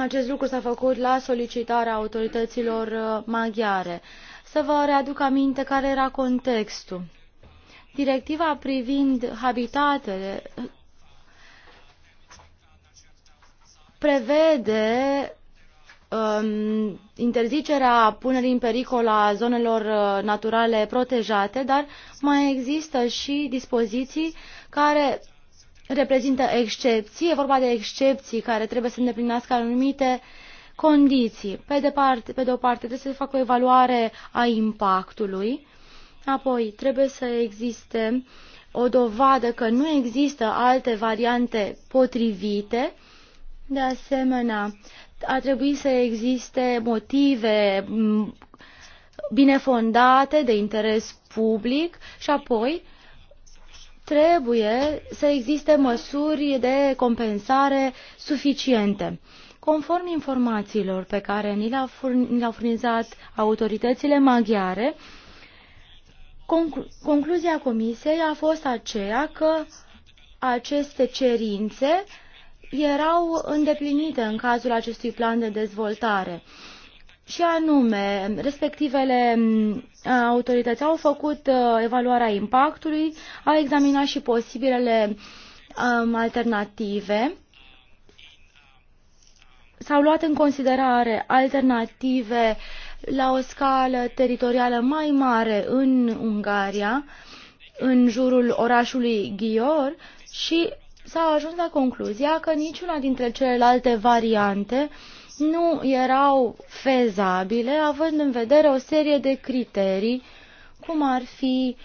acest lucru s-a făcut la solicitarea autorităților uh, maghiare. Să vă readuc aminte care era contextul. Directiva privind habitatele uh, prevede um, interzicerea punerii în pericol a zonelor uh, naturale protejate, dar mai există și dispoziții care reprezintă excepții, e vorba de excepții care trebuie să îndeplinească anumite condiții. Pe de, parte, pe de o parte trebuie să se facă o evaluare a impactului, apoi trebuie să existe o dovadă că nu există alte variante potrivite, de asemenea, ar trebui să existe motive mm, bine fondate de interes public și apoi trebuie să existe măsuri de compensare suficiente. Conform informațiilor pe care ni le-au furn furnizat autoritățile maghiare, conclu concluzia Comisiei a fost aceea că aceste cerințe erau îndeplinite în cazul acestui plan de dezvoltare și anume, respectivele mm, autorități au făcut uh, evaluarea impactului, au examinat și posibilele um, alternative, s-au luat în considerare alternative la o scală teritorială mai mare în Ungaria, în jurul orașului Ghior și s-a ajuns la concluzia că niciuna dintre celelalte variante uh, nu erau fezabile, având în vedere o serie de criterii, cum ar fi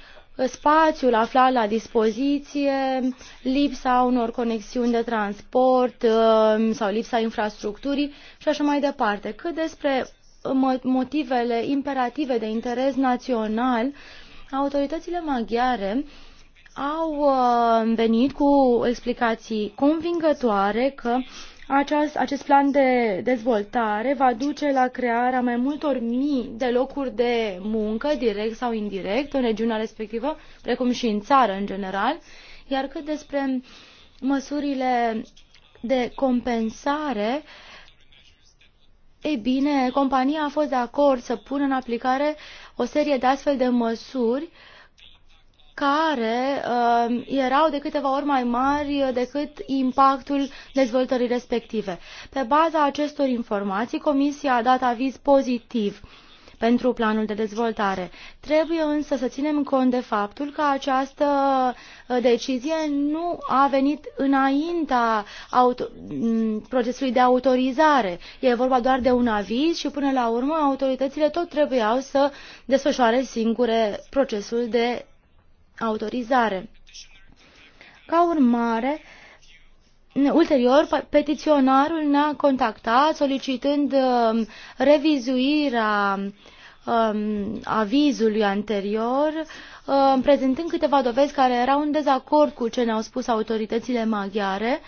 spațiul aflat la dispoziție, lipsa unor conexiuni de transport um, sau lipsa infrastructurii și așa mai departe. Cât despre motivele imperative de interes național, autoritățile maghiare au uh, venit cu explicații convingătoare că Aceast, acest plan de dezvoltare va duce la crearea mai multor mii de locuri de muncă, direct sau indirect, în regiunea respectivă, precum și în țară în general. Iar cât despre măsurile de compensare, ei bine, compania a fost de acord să pună în aplicare o serie de astfel de măsuri uh, care uh, erau de câteva ori mai mari decât impactul dezvoltării respective. Pe baza acestor informații, Comisia a dat aviz pozitiv pentru planul de dezvoltare. Trebuie însă să ținem cont de faptul că această uh, decizie nu a venit înaintea mm, procesului de autorizare. E vorba doar de un aviz și până la urmă autoritățile tot trebuiau să desfășoare singure procesul de autorizare. Ca urmare, Ulterior, petiționarul ne-a contactat solicitând um, revizuirea um, avizului anterior, um, prezentând câteva dovezi care erau în dezacord cu ce ne-au spus autoritățile maghiare.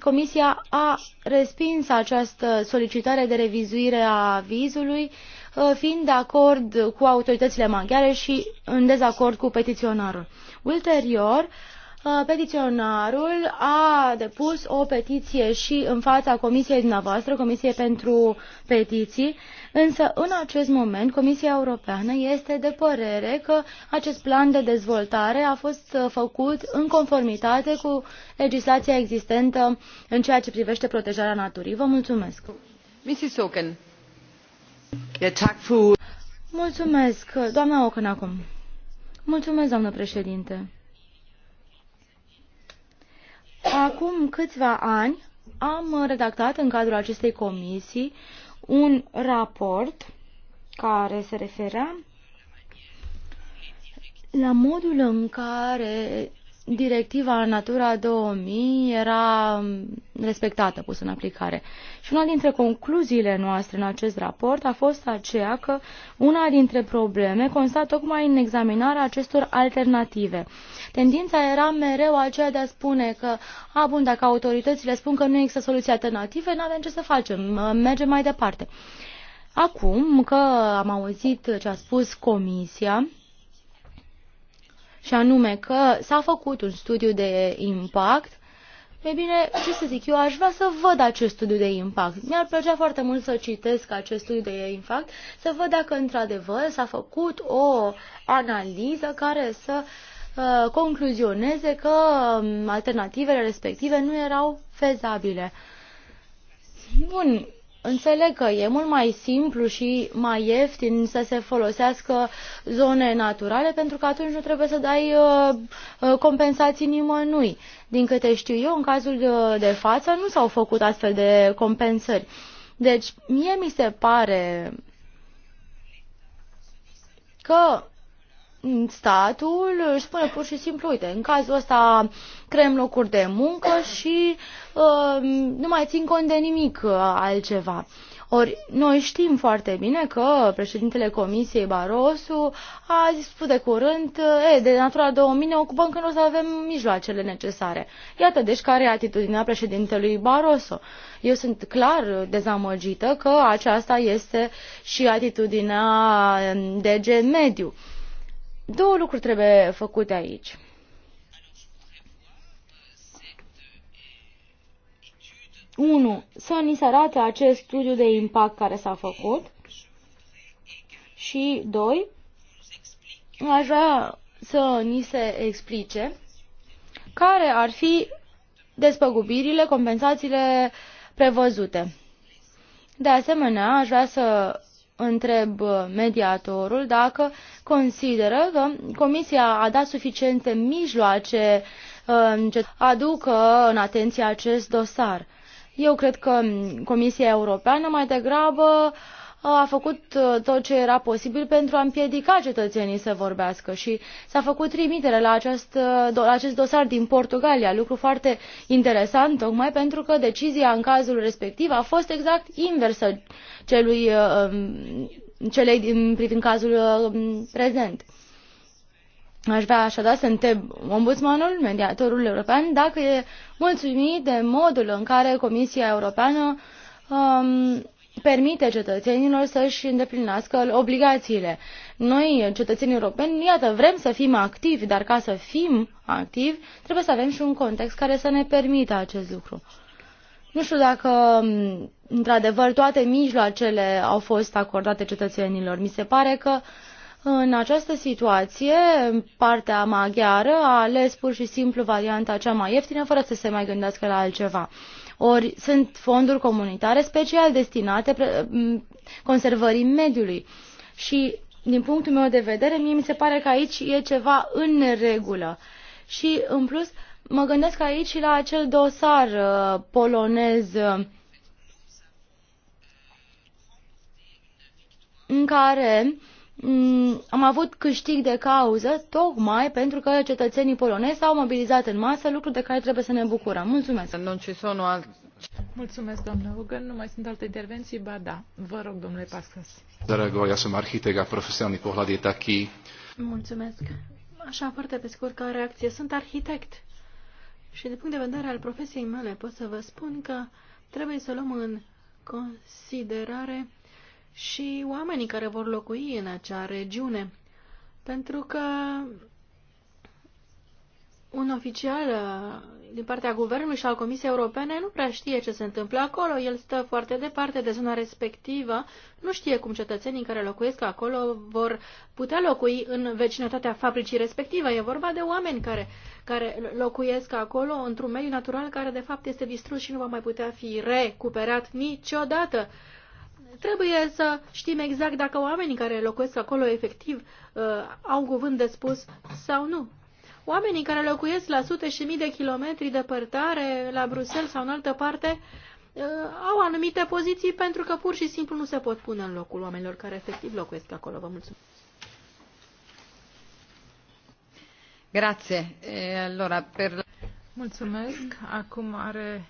comisia a respins această solicitare de revizuire a avizului Uh, fiind de acord cu autoritățile maghiare și în dezacord cu petiționarul. Ulterior, uh, petiționarul a depus o petiție și în fața Comisiei dumneavoastră, Comisiei pentru Petiții, însă în acest moment Comisia Europeană este de părere că acest plan de dezvoltare a fost uh, făcut în conformitate cu legislația existentă în ceea ce privește protejarea naturii. Vă mulțumesc! Mrs. Oken. Mulțumesc, doamna Ocan Mulțumesc, doamnă președinte. Acum câțiva ani am redactat în cadrul acestei comisii un raport care se referea la modul în care directiva Natura 2000 era mm, respectată, pusă în aplicare. Și una dintre concluziile noastre în acest raport a fost aceea că una dintre probleme consta tocmai în examinarea acestor alternative. Tendința era mereu aceea de a spune că, a, bun, dacă autoritățile spun că nu există soluții alternative, nu avem ce să facem, mergem mai departe. Acum că am auzit ce a spus Comisia, și anume că s-a făcut un studiu de impact E bine, ce să zic, eu aș vrea să văd acest studiu de impact. Mi-ar plăcea foarte mult să citesc acest studiu de impact, să văd dacă într-adevăr s-a făcut o analiză care să uh, concluzioneze că um, alternativele respective nu erau fezabile. Bun, Înțeleg că e mult mai simplu și mai ieftin să se folosească zone naturale pentru că atunci nu trebuie să dai uh, uh, compensații nimănui. Din câte știu eu, în cazul uh, de, față nu s-au făcut astfel de compensări. Deci, mie mi se pare că statul își spune pur și simplu, uite, în cazul ăsta creăm locuri de muncă și uh, nu mai țin cont de nimic uh, altceva. Ori noi știm foarte bine că președintele Comisiei Barosu a zis de curând, e, de natura 2000 ne ocupăm când o să avem mijloacele necesare. Iată deci care e atitudinea președintelui Barosu. Eu sunt clar dezamăgită că aceasta este și atitudinea DG Mediu. Două lucruri trebuie făcute aici. 1. Să ni se arate acest studiu de impact care s-a făcut și 2. Aș vrea să ni se explice care ar fi despăgubirile, compensațiile prevăzute. De asemenea, aș vrea să întreb mediatorul dacă consideră că Comisia a dat suficiente mijloace uh, ce aducă în atenție acest dosar. Eu cred că Comisia Europeană mai degrabă uh, a făcut uh, tot ce era posibil pentru a împiedica cetățenii să vorbească și s-a făcut trimitere la acest, uh, la acest dosar din Portugalia, lucru foarte interesant, tocmai pentru că decizia în cazul respectiv a fost exact inversă celui, um, celei privind cazul prezent. Aș vrea așadar să întreb ombudsmanul, mediatorul european, dacă e mulțumit de modul în care Comisia Europeană um, permite cetățenilor să-și îndeplinească obligațiile. Noi, cetățenii europeni, iată, vrem să fim activi, dar ca să fim activi, trebuie să avem și un context care să ne permită acest lucru. Nu știu dacă, um, într-adevăr, toate mijloacele au fost acordate cetățenilor. Mi se pare că uh, în această situație, partea maghiară a ales pur și simplu varianta cea mai ieftină, fără să se mai gândească la altceva. Ori sunt fonduri comunitare special destinate conservării mediului. Și, din punctul meu de vedere, mie mi se pare că aici e ceva în regulă. Și, în plus, mă gândesc aici și la acel dosar uh, polonez uh, în care uh, Mm, am avut câștig de cauză tocmai pentru că cetățenii polonezi s-au mobilizat în masă, lucru de care trebuie să ne bucurăm. Mulțumesc! Nu alt... Mulțumesc, domnule Hogan. Nu mai sunt alte intervenții? Ba da. Vă rog, domnule Pascas. Dragă ja sunt arhitect, a profesionalni pohlad taki. Mulțumesc. Așa, foarte pe scurt, ca reacție, sunt arhitect. Și de punct de vedere al profesiei mele pot să vă spun că trebuie să luăm în considerare și oamenii care vor locui în acea regiune. Pentru că un oficial uh, din partea Guvernului și al Comisiei Europene nu prea știe ce se întâmplă acolo. El stă foarte departe de zona respectivă, nu știe cum cetățenii care locuiesc acolo vor putea locui în vecinătatea fabricii respective. E vorba de oameni care, care locuiesc acolo într-un mediu natural care de fapt este distrus și nu va mai putea fi recuperat niciodată. Uh, trebuie să știm exact dacă oamenii care locuiesc acolo efectiv uh, au cuvânt de spus sau nu. Oamenii care locuiesc la sute și mii de kilometri de părtare, la Bruxelles sau în altă parte, uh, au anumite poziții pentru că pur și simplu nu se pot pune în locul oamenilor care efectiv locuiesc acolo. Vă mulțumesc. Grazie. E, allora, per... Mulțumesc. Acum are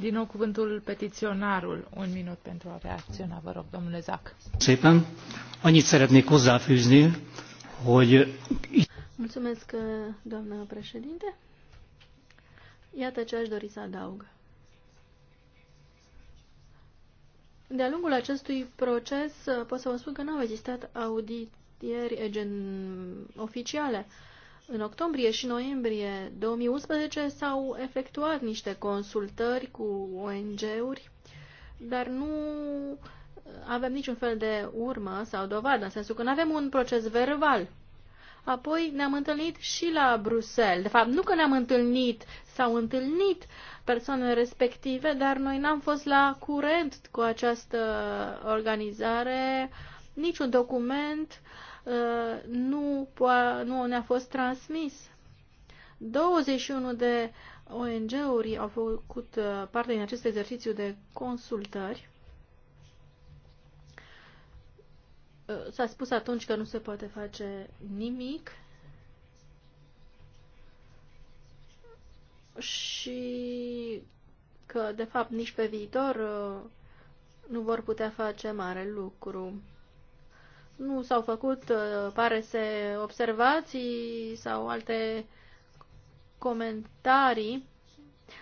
din nou cuvântul petiționarul. Un minut pentru a reacționa, vă rog, domnule Zac. Szépen. Annyit szeretnék hozzáfűzni, hogy... Mulțumesc, doamnă președinte. Iată ce aș dori să adaug. De-a lungul acestui proces pot să vă spun că nu au existat audieri oficiale în octombrie și noiembrie 2011 s-au efectuat niște consultări cu ONG-uri, dar nu avem niciun fel de urmă sau dovadă, în sensul că nu avem un proces verbal. Apoi ne-am întâlnit și la Bruxelles. De fapt, nu că ne-am întâlnit, s-au întâlnit persoanele respective, dar noi n-am fost la curent cu această organizare, niciun document uh, Uh, nu, nu ne-a fost transmis. 21 de ONG-uri au făcut uh, parte din acest exercițiu de consultări. Uh, s-a spus atunci că nu se poate face nimic și că, de fapt, nici pe viitor nu vor putea face mare lucru nu s-au făcut, uh, pare să, observații sau alte comentarii,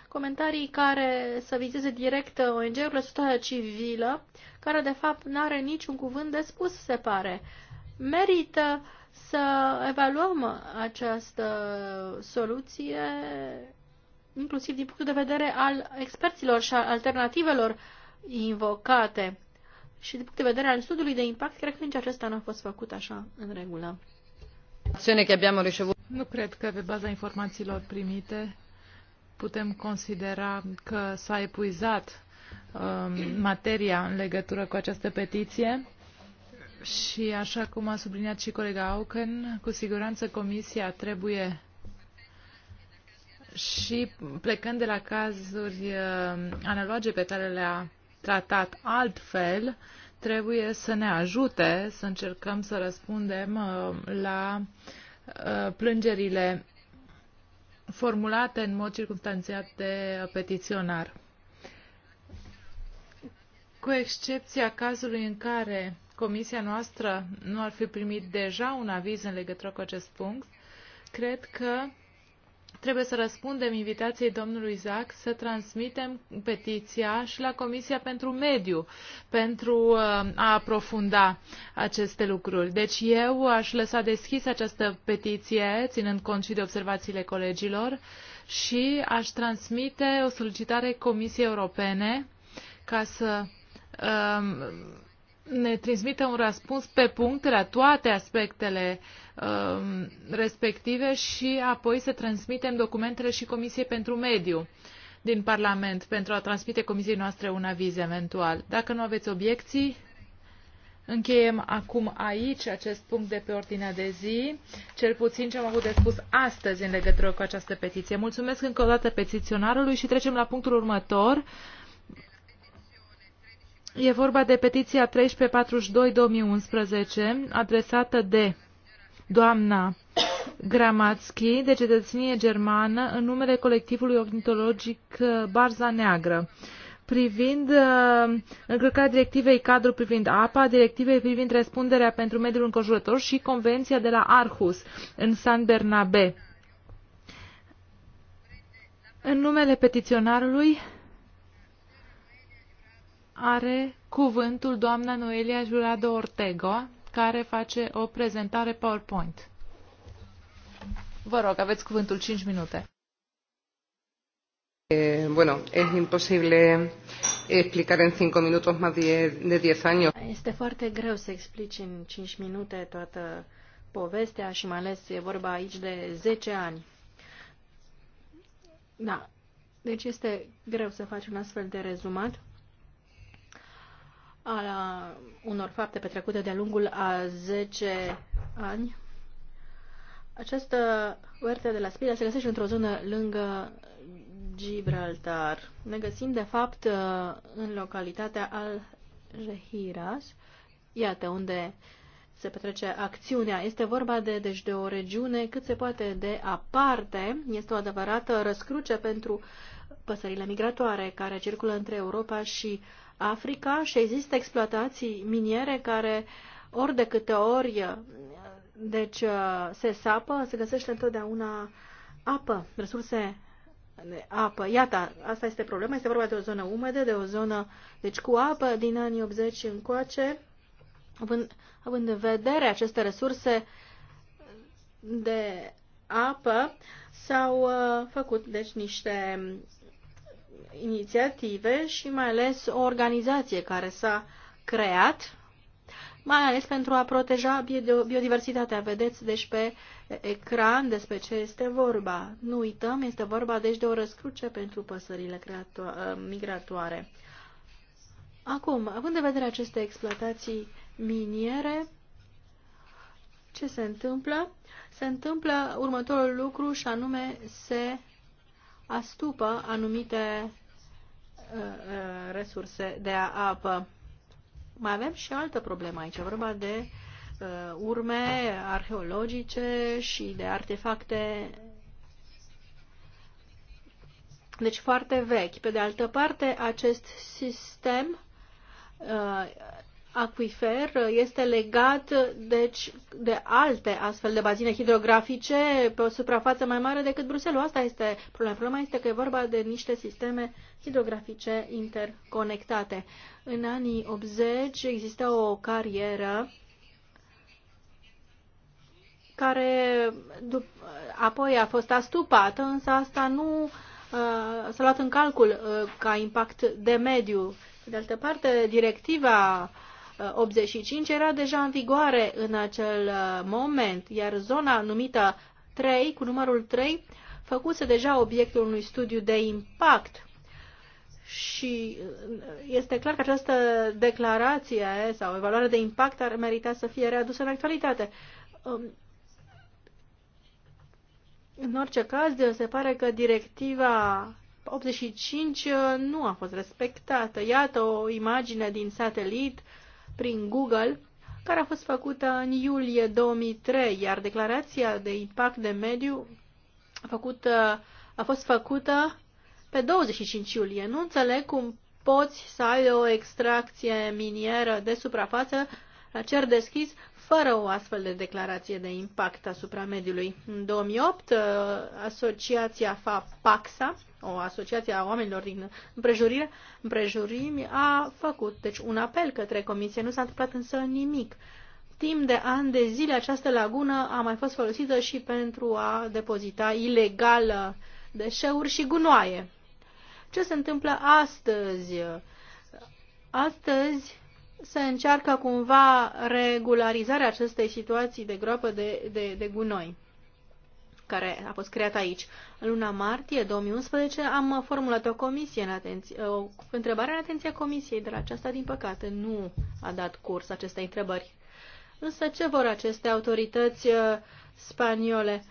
comentarii care să vizeze direct ONG-urile, societatea civilă, care de fapt nu are niciun cuvânt de spus, se pare. Merită să evaluăm această soluție inclusiv din punctul de vedere al experților și al alternativelor invocate și din punct de vedere al studiului de impact, cred că nici acesta nu a fost făcut așa în regulă. Nu cred că pe baza informațiilor primite putem considera că s-a epuizat uh, materia în legătură cu această petiție și așa cum a subliniat și colega Auken, cu siguranță Comisia trebuie și plecând de la cazuri um, analoge pe care le-a tratat altfel, trebuie să ne ajute să încercăm să răspundem uh, la uh, plângerile formulate în mod circunstanțiat de petiționar. Cu excepția cazului în care comisia noastră nu ar fi primit deja un aviz în legătură cu acest punct, cred că trebuie să răspundem invitației domnului Zac să transmitem petiția și la Comisia pentru Mediu pentru uh, a aprofunda aceste lucruri. Deci eu aș lăsa deschis această petiție, ținând cont și de observațiile colegilor, și aș transmite o solicitare Comisiei Europene ca să um, ne transmită un răspuns pe punct la toate aspectele um, respective și apoi să transmitem documentele și Comisiei pentru Mediu din Parlament pentru a transmite Comisiei noastre un aviz eventual. Dacă nu aveți obiecții, încheiem acum aici acest punct de pe ordinea de zi, cel puțin ce am avut de spus astăzi în legătură cu această petiție. Mulțumesc încă o dată petiționarului și trecem la punctul următor. E vorba de petiția 1342-2011, adresată de doamna Gramatski, de cetățenie germană, în numele colectivului ornitologic uh, Barza Neagră, privind uh, încălcarea directivei cadru privind apa, directivei privind răspunderea pentru mediul înconjurător și convenția de la Arhus, în San Bernabe. În numele petiționarului, are cuvântul doamna Noelia Jurado Ortega, care face o prezentare PowerPoint. Vă rog, aveți cuvântul 5 minute. Eh, bueno, es imposible explicar en cinco minutos más de diez años. Este foarte greu să explici în 5 minute toată povestea și mai ales e vorba aici de 10 ani. Da, deci este greu să faci un astfel de rezumat a unor fapte petrecute de-a lungul a 10 ani. Această uerte de la Spira se găsește într-o zonă lângă Gibraltar. Ne găsim, de fapt, în localitatea al Rehiras, iată unde se petrece acțiunea. Este vorba de, deci, de o regiune cât se poate de aparte. Este o adevărată răscruce pentru păsările migratoare care circulă între Europa și Africa și există exploatații miniere care ori de câte ori deci, se sapă, se găsește întotdeauna apă, resurse de apă. Iată, asta este problema. Este vorba de o zonă umedă, de o zonă deci cu apă din anii 80 încoace, având, având în vedere aceste resurse de apă, s-au uh, făcut deci niște inițiative și mai ales o organizație care s-a creat, mai ales pentru a proteja biodiversitatea. Vedeți, deci, pe ecran despre ce este vorba. Nu uităm, este vorba, deci, de o răscruce pentru păsările migratoare. Acum, având în vedere aceste exploatații miniere, ce se întâmplă? Se întâmplă următorul lucru și anume se astupă anumite uh, uh, resurse de apă. Mai avem și altă problemă aici, vorba de uh, urme arheologice și de artefacte deci foarte vechi. Pe de altă parte, acest sistem acuifer este legat deci, de alte astfel de bazine hidrografice pe o suprafață mai mare decât Bruselul. Asta este problema. Problema este că e vorba de niște sisteme hidrografice interconectate. În anii 80 exista o carieră care apoi a fost astupată, însă asta nu uh, s-a luat în calcul uh, ca impact de mediu. De altă parte, directiva uh, 85 era deja în vigoare în acel uh, moment, iar zona numită 3, cu numărul 3, făcuse deja obiectul unui studiu de impact. Și uh, este clar că această declarație sau evaluare de impact ar merita să fie readusă în actualitate. Um, în orice caz, se pare că directiva 85 uh, nu a fost respectată. Iată o imagine din satelit prin Google, care a fost făcută în iulie 2003, iar declarația de impact de mediu a, făcută, uh, a fost făcută pe 25 iulie. Nu înțeleg cum poți să ai o extracție minieră de suprafață la cer deschis fără o astfel de declarație de impact asupra mediului. În 2008, uh, asociația FAPAXA o asociație a oamenilor din împrejurire, împrejurimi, a făcut deci un apel către comisie. Nu s-a întâmplat însă nimic. Timp de ani de zile această lagună a mai fost folosită și pentru a depozita ilegal deșeuri și gunoaie. Ce se întâmplă astăzi? Astăzi se încearcă cumva regularizarea acestei situații de groapă de, de, de gunoi care a fost creat aici. În luna martie 2011 am formulat o, comisie în atenție, o întrebare în atenția comisiei, dar aceasta, din păcate, nu a dat curs acestei întrebări. Însă ce vor aceste autorități uh, spaniole?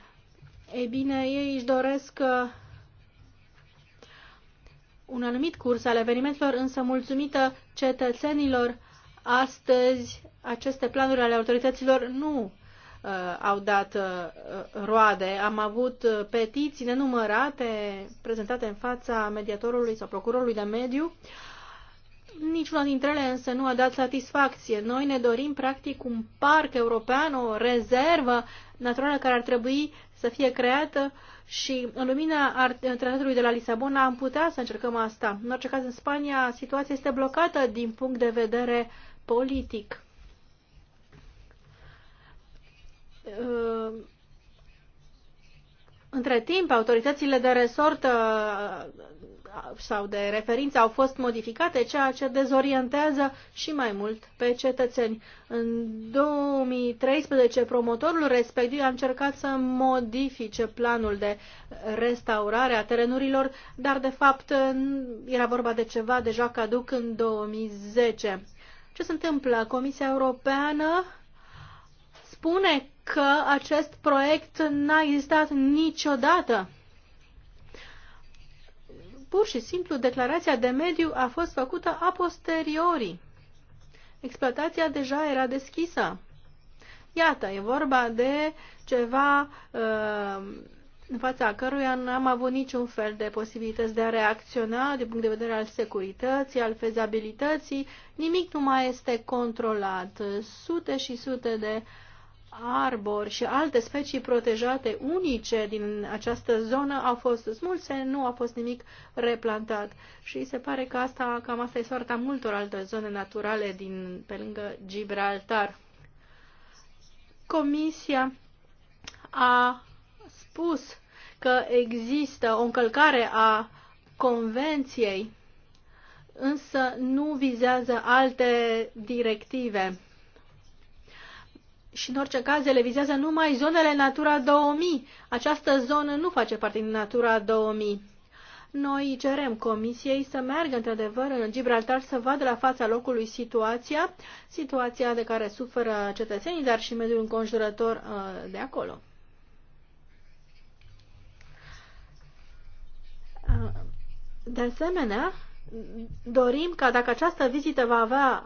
Ei bine, ei își doresc uh, un anumit curs al evenimentelor, însă mulțumită cetățenilor, astăzi aceste planuri ale autorităților nu uh, au dat uh, uh roade. Am avut uh, petiții nenumărate prezentate în fața mediatorului sau procurorului de mediu. Niciuna dintre ele însă nu a dat satisfacție. Noi ne dorim practic un parc european, o rezervă naturală care ar trebui să fie creată și în lumina tratatului de la Lisabona am putea să încercăm asta. În orice caz, în Spania situația este blocată din punct de vedere politic. Uh, între timp, autoritățile de resort uh, sau de referință au fost modificate, ceea ce dezorientează și mai mult pe cetățeni. În 2013, promotorul respectiv a încercat să modifice planul de restaurare a terenurilor, dar de fapt era vorba de ceva deja caduc în 2010. Ce se întâmplă? Comisia Europeană spune că acest proiect n-a existat niciodată. Pur și simplu, declarația de mediu a fost făcută a posteriori. Exploatația deja era deschisă. Iată, e vorba de ceva uh, în fața căruia n-am avut niciun fel de posibilități de a reacționa din punct de vedere al securității, al fezabilității, nimic nu mai este controlat. Sute și sute de arbor și alte specii protejate unice din această zonă au fost smulse, nu a fost nimic replantat. Și se pare că asta, cam asta e soarta multor alte zone naturale din pe lângă Gibraltar. Comisia a spus că există o încălcare a convenției, însă nu vizează alte directive și în orice caz ele vizează numai zonele Natura 2000. Această zonă nu face parte din Natura 2000. Noi cerem comisiei să meargă într-adevăr în Gibraltar să vadă la fața locului situația, situația de care suferă cetățenii, dar și mediul înconjurător uh, de acolo. Uh, de asemenea, dorim ca dacă această vizită va avea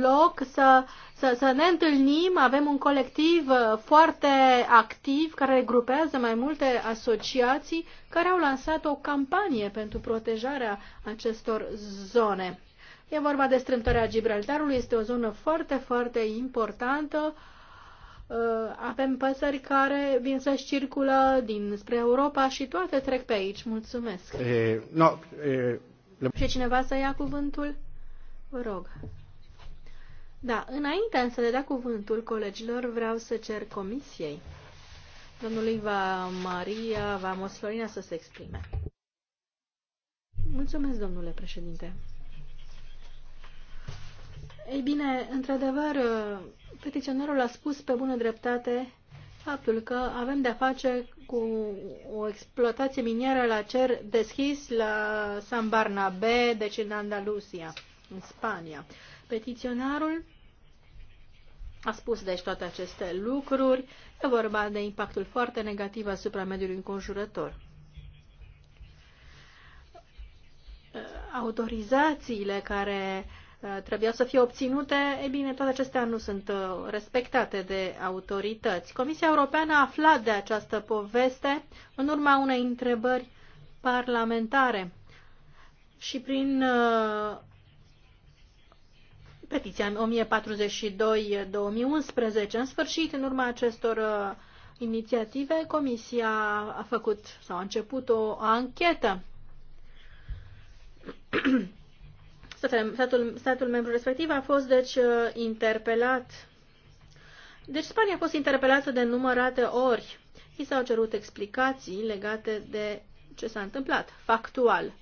loc să, să, să ne întâlnim. Avem un colectiv uh, foarte activ care grupează mai multe asociații care au lansat o campanie pentru protejarea acestor zone. E vorba de strâmtarea Gibraltarului, este o zonă foarte, foarte importantă. Uh, avem păsări care vin să circulă dinspre Europa și toate trec pe aici. Mulțumesc. E, eh, no, e eh, și cineva să ia cuvântul? Vă rog. Da, înainte să le dea da cuvântul colegilor, vreau să cer comisiei domnului Va Maria Vamos Florina să se exprime. Mulțumesc, domnule președinte. Ei bine, într-adevăr, petiționarul a spus pe bună dreptate faptul că avem de-a face cu o exploatație minieră la cer deschis la San Barnabé, deci în Andalusia, în Spania. Petiționarul a spus deci toate aceste lucruri. E vorba de impactul foarte negativ asupra mediului înconjurător. Autorizațiile care uh, Uh, trebuiau să fie obținute, e bine, toate acestea nu sunt uh, respectate de autorități. Comisia Europeană a aflat de această poveste în urma unei întrebări parlamentare și prin uh, petiția 1042-2011. În sfârșit, în urma acestor inițiative, Comisia a făcut sau a început o anchetă statul, statul membru respectiv a fost, deci, uh, interpelat. Deci Spania a fost interpelată de numărate ori. I s-au cerut explicații legate de ce s-a întâmplat, factual.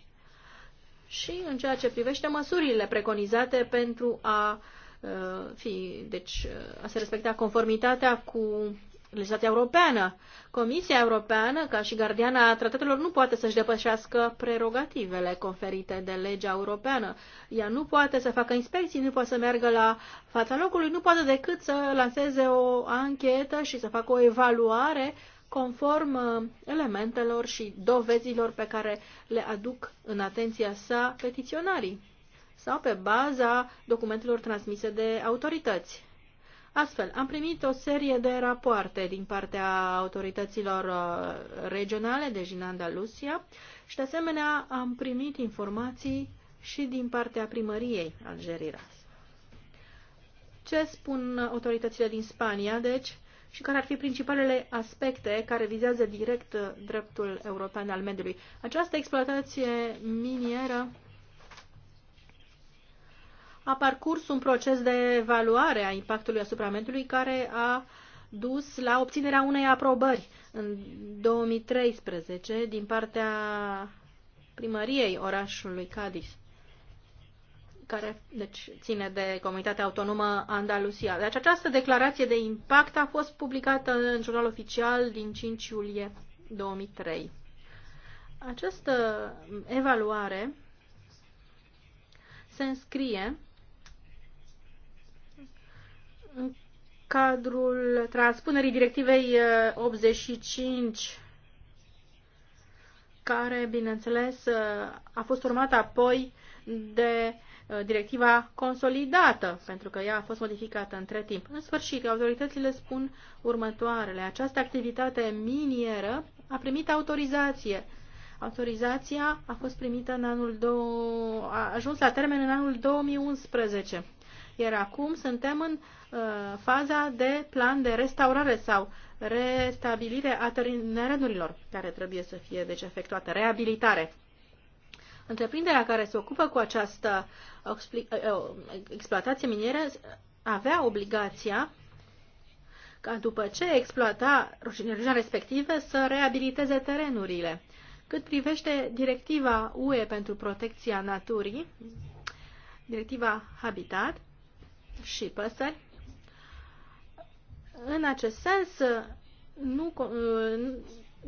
Și în ceea ce privește măsurile preconizate pentru a uh, fi, deci, uh, a se respecta conformitatea cu legislația europeană. Comisia Europeană, ca și gardiana tratatelor, nu poate să-și depășească prerogativele conferite de legea europeană. Ea nu poate să facă inspecții, nu poate să meargă la fața locului, nu poate decât să lanseze o anchetă și să facă o evaluare conform uh, elementelor și dovezilor pe care le aduc în atenția sa petiționarii sau pe baza documentelor transmise de autorități. Astfel, am primit o serie de rapoarte din partea autorităților uh, regionale, de din Andalusia, și de asemenea am primit informații și din partea primăriei Algeriras. Ce spun autoritățile din Spania, deci, și care ar fi principalele aspecte care vizează direct dreptul european al mediului? Această exploatație minieră a parcurs un proces de evaluare a impactului asupra mediului care a dus la obținerea unei aprobări în 2013 din partea primăriei orașului Cadiz, care deci, ține de Comunitatea Autonomă Andalusia. Deci această declarație de impact a fost publicată în jurnal oficial din 5 iulie 2003. Această evaluare se înscrie în cadrul transpunerii directivei 85, uh, care, bineînțeles, uh, a fost urmată apoi de uh, directiva consolidată, pentru că ea a fost modificată între timp. În sfârșit, autoritățile spun următoarele. Această activitate minieră a primit autorizație. Autorizația a fost primită în anul 2, a ajuns la termen în anul 2011. Iar acum suntem în uh, Uh, faza de plan de restaurare sau restabilire a terenurilor care trebuie să fie deci efectuată, reabilitare. Întreprinderea care se ocupă cu această uh, uh, exploatație minieră avea obligația ca după ce exploata rușinerea respectivă să reabiliteze terenurile. Cât privește directiva UE pentru protecția naturii, directiva Habitat și păsări, în acest sens, nu, uh,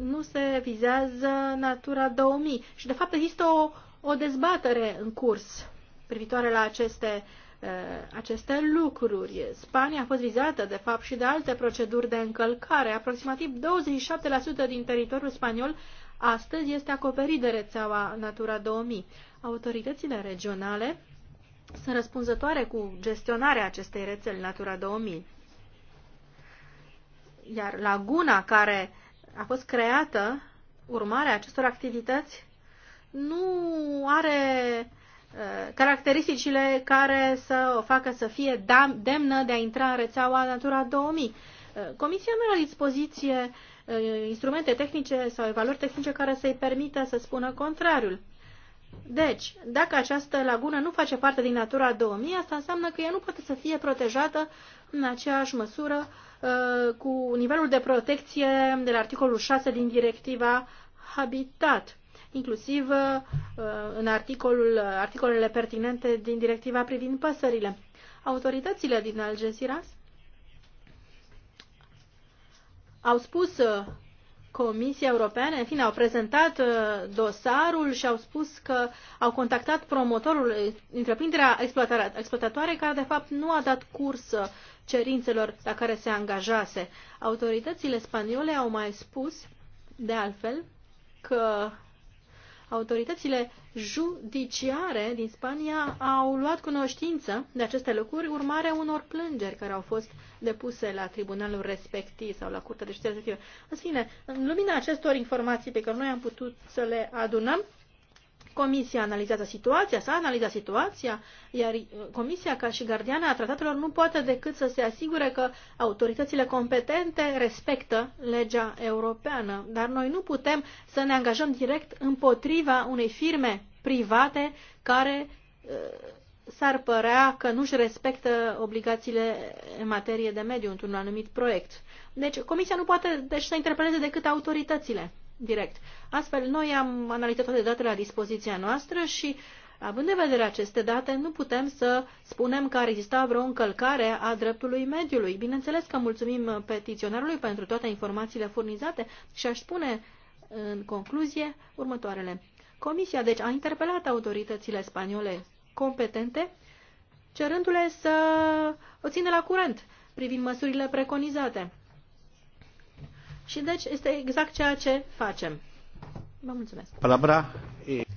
nu se vizează Natura 2000 și, de fapt, există o, o dezbatere în curs privitoare la aceste, uh, aceste lucruri. Spania a fost vizată, de fapt, și de alte proceduri de încălcare. Aproximativ 27% din teritoriul spaniol astăzi este acoperit de rețeaua Natura 2000. Autoritățile regionale sunt răspunzătoare cu gestionarea acestei rețele Natura 2000. Iar laguna care a fost creată, urmarea acestor activități, nu are uh, caracteristicile care să o facă să fie demnă de a intra în rețeaua Natura 2000. Uh, Comisia are la dispoziție uh, instrumente tehnice sau evaluări tehnice care să-i permită să spună contrariul. Deci, dacă această lagună nu face parte din Natura 2000, asta înseamnă că ea nu poate să fie protejată în aceeași măsură uh, cu nivelul de protecție de la articolul 6 din directiva Habitat, inclusiv uh, în articolul, uh, articolele pertinente din directiva privind păsările. Autoritățile din Algeciras au spus Comisia Europeană, în fine, au prezentat uh, dosarul și au spus că au contactat promotorul, uh, întreprinderea exploatatoare, care de fapt nu a dat curs uh, cerințelor la care se angajase. Autoritățile spaniole au mai spus, de altfel, că autoritățile judiciare din Spania au luat cunoștință de aceste lucruri urmare unor plângeri care au fost depuse la tribunalul respectiv sau la curtea de justiție respectivă. În fine, în lumina acestor informații pe care noi am putut să le adunăm, Comisia analizează situația, s-a analizat situația, iar uh, Comisia, ca și gardiana a tratatelor, nu poate decât să se asigure că autoritățile competente respectă legea europeană. Dar noi nu putem să ne angajăm direct împotriva unei firme private care uh, s-ar părea că nu-și respectă obligațiile în materie de mediu într-un anumit proiect. Deci Comisia nu poate deci, să interpeleze decât autoritățile direct. Astfel, noi am analizat toate datele la dispoziția noastră și, având în vedere aceste date, nu putem să spunem că ar exista vreo încălcare a dreptului mediului. Bineînțeles că mulțumim petiționarului pentru toate informațiile furnizate și aș spune, în concluzie, următoarele. Comisia, deci, a interpelat autoritățile spaniole competente, cerându-le să o țină la curent privind măsurile preconizate. Și deci este exact ceea ce facem. Vă mulțumesc. Palabra.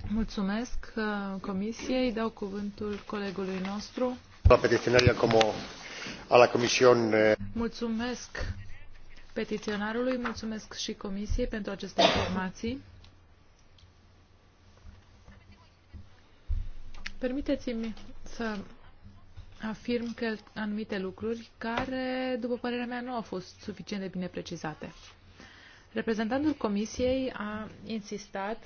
Mulțumesc uh, Comisiei. Dau cuvântul colegului nostru. La petiționaria como a la comision. Eh, mulțumesc petiționarului, mulțumesc și Comisiei pentru aceste informații. Permiteți-mi să afirm că anumite lucruri care, după părerea mea, nu au fost suficient de bine precizate. Reprezentantul Comisiei a insistat,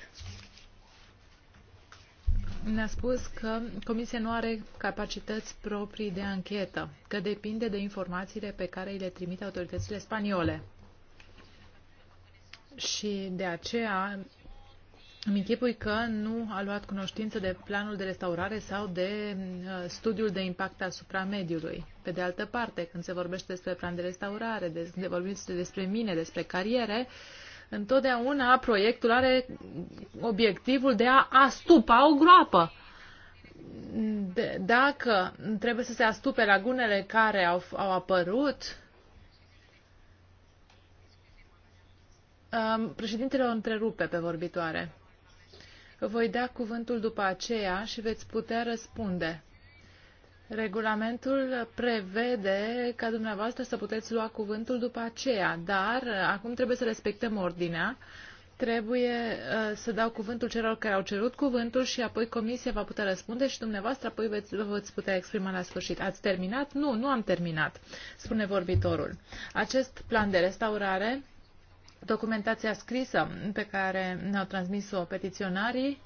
ne-a spus că Comisia nu are capacități proprii de anchetă, că depinde de informațiile pe care îi le trimite autoritățile spaniole. Și de aceea îmi închipui că nu a luat cunoștință de planul de restaurare sau de uh, studiul de impact asupra mediului. Pe de altă parte, când se vorbește despre plan de restaurare, de, de vorbește despre mine, despre cariere, întotdeauna proiectul are obiectivul de a astupa o groapă. De, dacă trebuie să se astupe lagunele care au, au apărut, um, președintele o întrerupe pe vorbitoare. Voi da cuvântul după aceea și veți putea răspunde. Regulamentul prevede ca dumneavoastră să puteți lua cuvântul după aceea, dar acum trebuie să respectăm ordinea. Trebuie uh, să dau cuvântul celor care au cerut cuvântul și apoi comisia va putea răspunde și dumneavoastră apoi veți, veți putea exprima la sfârșit. Ați terminat? Nu, nu am terminat, spune vorbitorul. Acest plan de restaurare documentația scrisă pe care ne-au transmis-o petiționarii.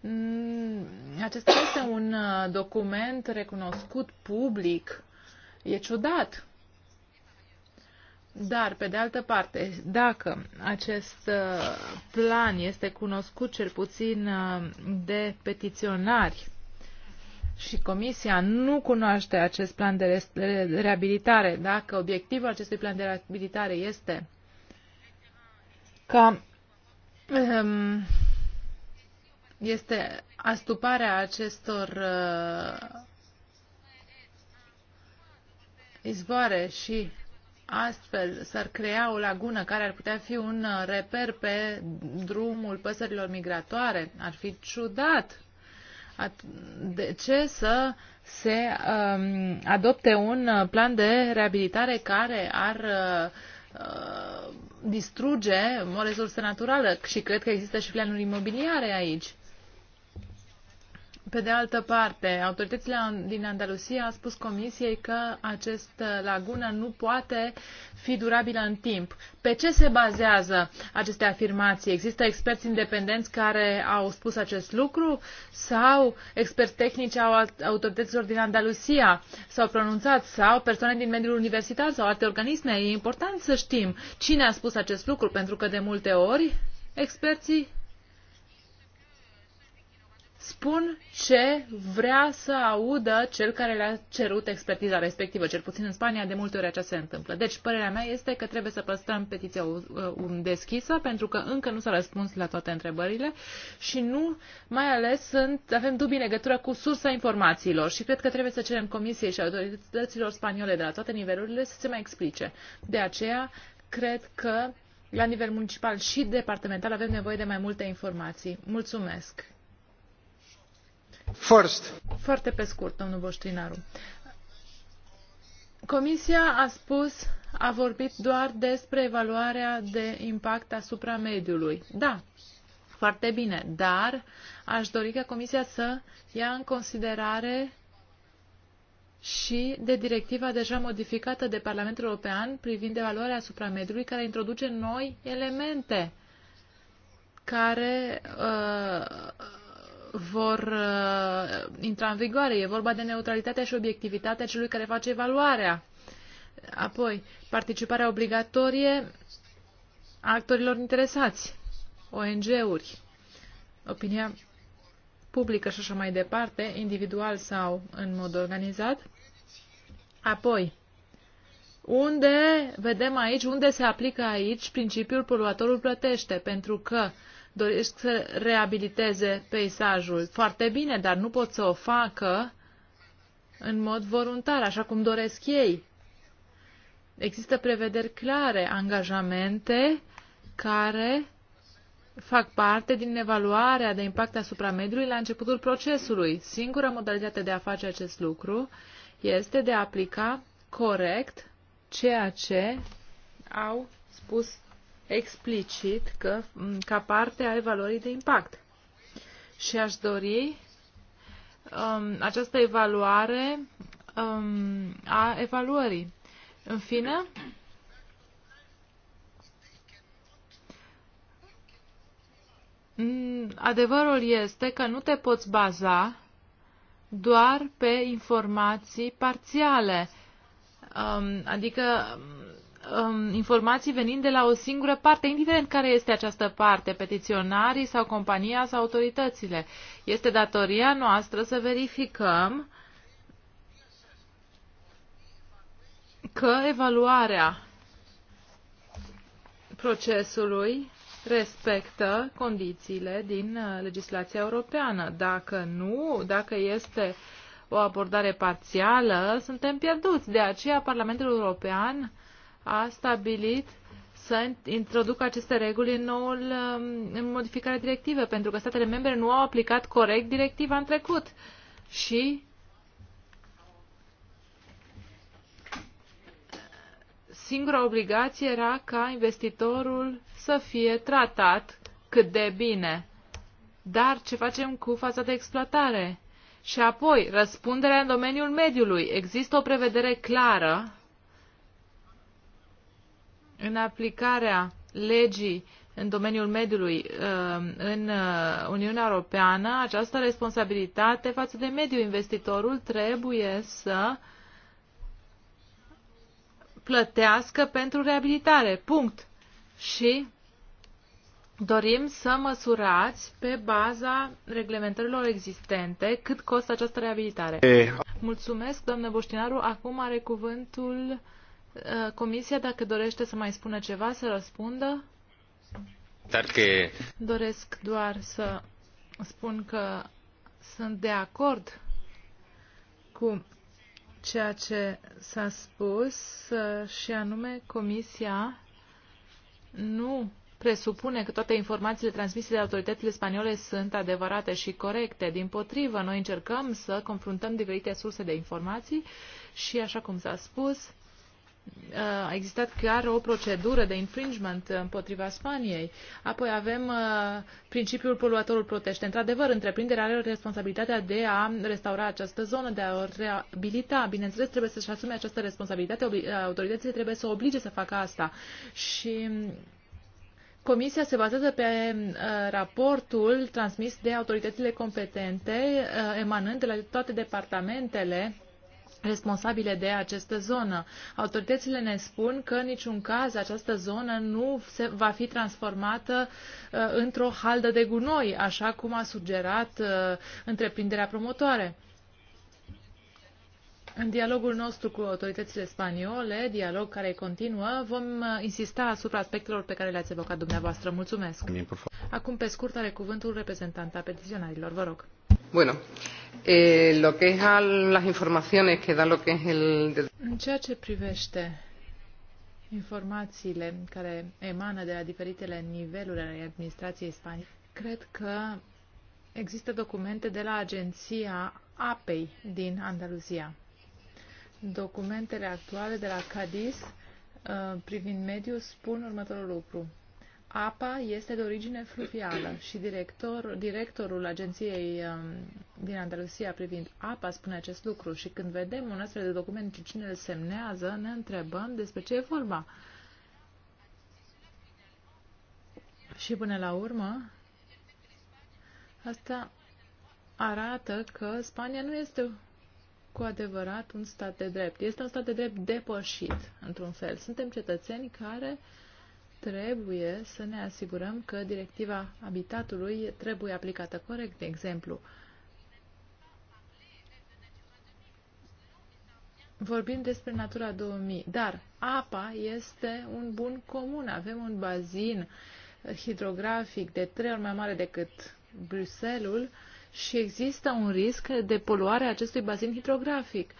Mm, acesta este un uh, document recunoscut public. E ciudat. Dar, pe de altă parte, dacă acest uh, plan este cunoscut cel puțin uh, de petiționari și Comisia nu cunoaște acest plan de reabilitare, dacă obiectivul acestui plan de reabilitare este că ehm, este astuparea acestor uh, izvoare și astfel s-ar crea o lagună care ar putea fi un uh, reper pe drumul păsărilor migratoare. Ar fi ciudat de ce să se um, adopte un uh, plan de reabilitare care ar uh, distruge o resursă naturală și cred că există și planuri imobiliare aici. Pe de altă parte, autoritățile din Andalusia au spus comisiei că acest uh, lagună nu poate fi durabilă în timp. Pe ce se bazează aceste afirmații? Există experți independenți care au spus acest lucru sau experți tehnici au autorităților din Andalusia s-au pronunțat sau persoane din mediul universitar sau alte organisme? E important să știm cine a spus acest lucru pentru că de multe ori experții spun ce vrea să audă cel care le-a cerut expertiza respectivă. Cel puțin în Spania de multe ori aceasta se întâmplă. Deci, părerea mea este că trebuie să păstrăm petiția deschisă pentru că încă nu s-a răspuns la toate întrebările și nu, mai ales, sunt, avem dubii în legătură cu sursa informațiilor și cred că trebuie să cerem comisiei și autorităților spaniole de la toate nivelurile să se mai explice. De aceea, cred că la nivel municipal și departamental avem nevoie de mai multe informații. Mulțumesc! First. Foarte pe scurt, domnul Boștinaru. Comisia a spus, a vorbit doar despre evaluarea de impact asupra mediului. Da, foarte bine, dar aș dori ca Comisia să ia în considerare și de directiva deja modificată de Parlamentul European privind evaluarea asupra mediului, care introduce noi elemente care uh, vor uh, intra în vigoare. E vorba de neutralitatea și obiectivitatea celui care face evaluarea. Apoi, participarea obligatorie a actorilor interesați, ONG-uri, opinia publică și așa mai departe, individual sau în mod organizat. Apoi, unde, vedem aici, unde se aplică aici principiul poluatorul plătește, pentru că uh, doresc să reabiliteze peisajul. Foarte bine, dar nu pot să o facă în mod voluntar, așa cum doresc ei. Există prevederi clare, angajamente care fac parte din evaluarea de impact asupra mediului la începutul procesului. Singura modalitate de a face acest lucru este de a aplica corect ceea ce au spus explicit că, ca parte a evaluării de impact. Și aș dori um, această evaluare um, a evaluării. În fine, adevărul este că nu te poți baza doar pe informații parțiale, um, adică um, informații venind de la o singură parte, indiferent care este această parte, petiționarii sau compania sau autoritățile. Este datoria noastră să verificăm că evaluarea procesului respectă condițiile din uh, legislația europeană. Dacă nu, dacă este o abordare parțială, suntem pierduți. De aceea Parlamentul European a stabilit să introducă aceste reguli în, noul, um, în modificarea directivă, pentru că statele membre nu au aplicat corect directiva în trecut. Și singura obligație era ca investitorul să fie tratat cât de bine. Dar ce facem cu fața de exploatare? Și apoi, răspunderea în domeniul mediului. Există o prevedere clară în aplicarea legii în domeniul mediului um, în uh, Uniunea Europeană, această responsabilitate față de mediu. Investitorul trebuie să plătească pentru reabilitare. Punct. Și dorim să măsurați pe baza reglementărilor existente cât costă această reabilitare. Mulțumesc, doamnă Boștinaru. Acum are cuvântul Uh, comisia, dacă dorește să mai spună ceva, să răspundă. Dar că... Doresc doar să spun că sunt de acord cu ceea ce s-a spus uh, și anume Comisia nu presupune că toate informațiile transmise de autoritățile spaniole sunt adevărate și corecte. Din potrivă, noi încercăm să confruntăm diferite surse de informații și, așa cum s-a spus, Uh, a existat chiar o procedură de infringement împotriva Spaniei. Apoi avem uh, principiul poluatorul protește. Într-adevăr, întreprinderea are responsabilitatea de a restaura această zonă, de a o reabilita. Bineînțeles, trebuie să-și asume această responsabilitate, uh, autoritățile trebuie să oblige să facă asta. Și Comisia se bazează pe uh, raportul transmis de autoritățile competente, uh, emanând de la toate departamentele responsabile de această zonă. Autoritățile ne spun că în niciun caz această zonă nu se, va fi transformată uh, într-o haldă de gunoi, așa cum a sugerat uh, întreprinderea promotoare. În dialogul nostru cu autoritățile spaniole, dialog care continuă, vom uh, insista asupra aspectelor pe care le-ați evocat dumneavoastră. Mulțumesc. Acum, pe scurt, are cuvântul reprezentanta petiționarilor. Vă rog. În ceea ce privește informațiile care emană de la diferitele niveluri ale administrației spaniole, cred că există documente de la Agenția Apei din Andaluzia. Documentele actuale de la Cadiz eh, privind mediul spun următorul lucru apa este de origine fluvială și director, directorul agenției um, din Andalusia privind apa spune acest lucru și când vedem un astfel de document și cine îl semnează, ne întrebăm despre ce e vorba. Și până la urmă, asta arată că Spania nu este cu adevărat un stat de drept. Este un stat de drept depășit, într-un fel. Suntem cetățeni care uh, trebuie să ne asigurăm că directiva habitatului trebuie aplicată corect, de exemplu. Vorbim despre Natura 2000, dar apa este un bun comun. Avem un bazin hidrografic de trei ori mai mare decât Bruselul, și există un risc de poluare a acestui bazin hidrografic.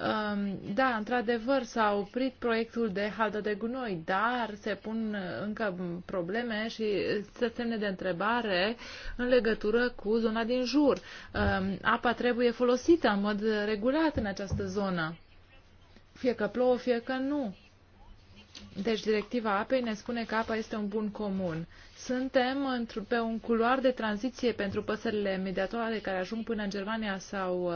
Um, da, într-adevăr, s-a oprit proiectul de haldă de gunoi, dar se pun uh, încă probleme și uh, se semne de întrebare în legătură cu zona din jur. Um, apa trebuie folosită în mod regulat în această zonă. Fie că plouă, fie că nu. Deci directiva apei ne spune că apa este un bun comun. Suntem pe un culoar de tranziție pentru păsările mediatoare care ajung până în Germania sau uh,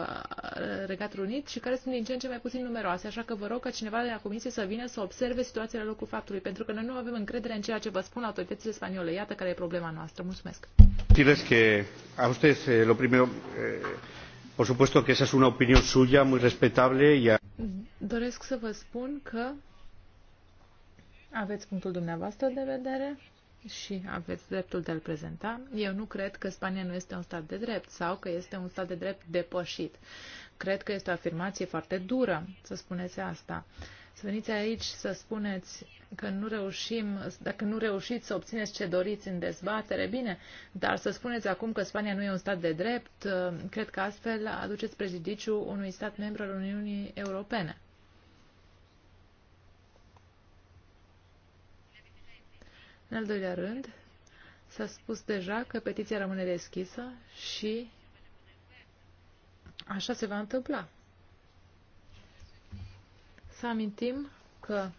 Regatul Unit și care sunt din ce în ce mai puțin numeroase, așa că vă rog ca cineva de la Comisie să vină să observe situația la locul faptului, pentru că noi nu avem încredere în ceea ce vă spun autoritățile spaniole. Iată care e problema noastră. Mulțumesc. Eh, eh, Doresc să vă spun că aveți punctul dumneavoastră de vedere și aveți dreptul de a-l prezenta. Eu nu cred că Spania nu este un stat de drept sau că este un stat de drept depășit. Cred că este o afirmație foarte dură să spuneți asta. Să veniți aici să spuneți că nu reușim, dacă nu reușiți să obțineți ce doriți în dezbatere, bine, dar să spuneți acum că Spania nu e un stat de drept, cred că astfel aduceți prejudiciu unui stat membru al Uniunii Europene. În al doilea rând, s-a spus deja că petiția rămâne deschisă și așa se va întâmpla. Să amintim că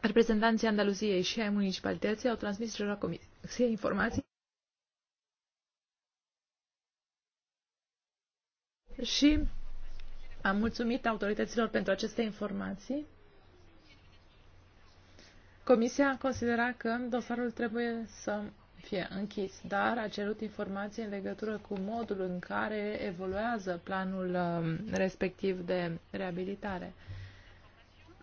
reprezentanții Andaluziei și ai municipalității au transmis la comisiei informații și am mulțumit autorităților pentru aceste informații. Comisia a considerat că dosarul trebuie să fie închis, dar a cerut informații în legătură cu modul în care evoluează planul um, respectiv de reabilitare.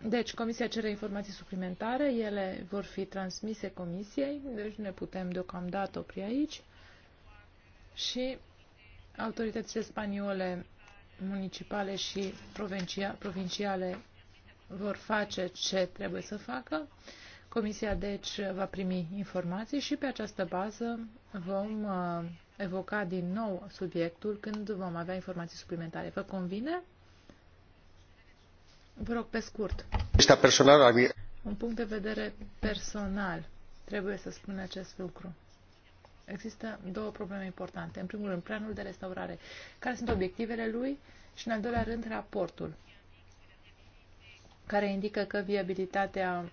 Deci, Comisia cere informații suplimentare, ele vor fi transmise Comisiei, deci ne putem deocamdată opri aici. Și autoritățile spaniole municipale și provinciale vor face ce trebuie să facă. Comisia, deci, va primi informații și pe această bază vom uh, evoca din nou subiectul când vom avea informații suplimentare. Vă convine? Vă rog, pe scurt. Un punct de vedere personal. Trebuie să spun acest lucru. Există două probleme importante. În primul rând, planul de restaurare. Care sunt obiectivele lui? Și în al doilea rând, raportul, care indică că viabilitatea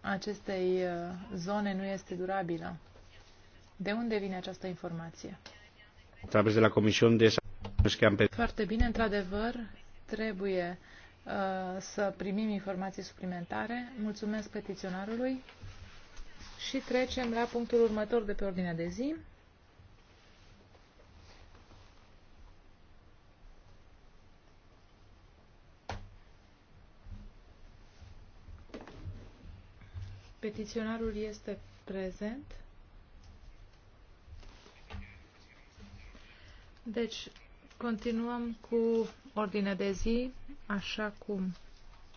acestei uh, zone nu este durabilă. De unde vine această informație? Través de la Comisiune de Foarte bine, într-adevăr, trebuie uh, să primim informații suplimentare. Mulțumesc petiționarului. Și trecem la punctul următor de pe ordinea de zi. Petiționarul este prezent. Deci, continuăm cu ordinea de zi, așa cum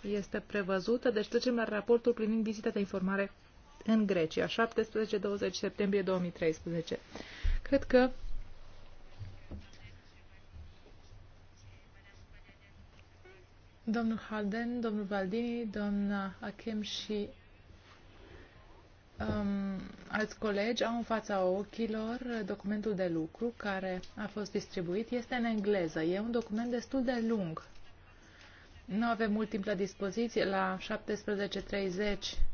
este prevăzută. Deci, trecem la raportul privind vizita de informare în Grecia, 17-20 septembrie 2013. Cred că domnul Harden, domnul Valdini, doamna Achem și um, alți colegi au în fața ochilor documentul de lucru care a fost distribuit. Este în engleză. E un document destul de lung. Nu avem mult timp la dispoziție. La 17.30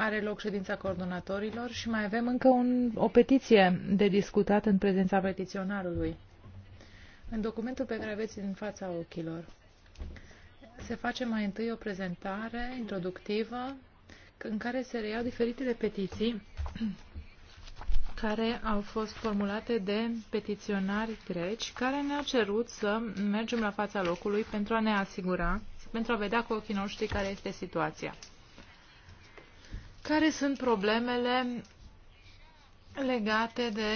are loc ședința coordonatorilor și mai avem încă un, o petiție de discutat în prezența petiționarului. În documentul pe care aveți în fața ochilor se face mai întâi o prezentare introductivă în care se reiau diferitele petiții care au fost formulate de petiționari greci care ne-au cerut să mergem la fața locului pentru a ne asigura, pentru a vedea cu ochii noștri care este situația. Care sunt problemele legate de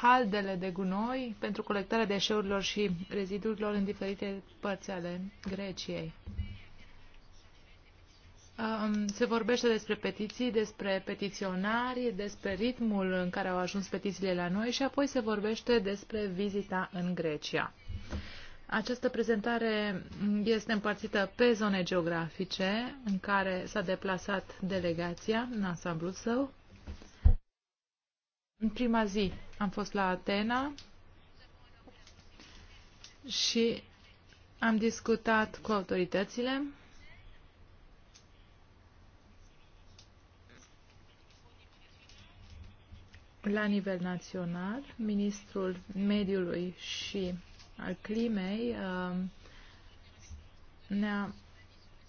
haldele de gunoi pentru colectarea deșeurilor și rezidurilor în diferite părți ale Greciei. Um, se vorbește despre petiții, despre petiționari, despre ritmul în care au ajuns petițiile la noi și apoi se vorbește despre vizita în Grecia. Această prezentare este împărțită pe zone geografice în care s-a deplasat delegația în ansamblul său. În prima zi am fost la Atena și am discutat cu autoritățile. La nivel național, ministrul mediului și al climei uh, ne-a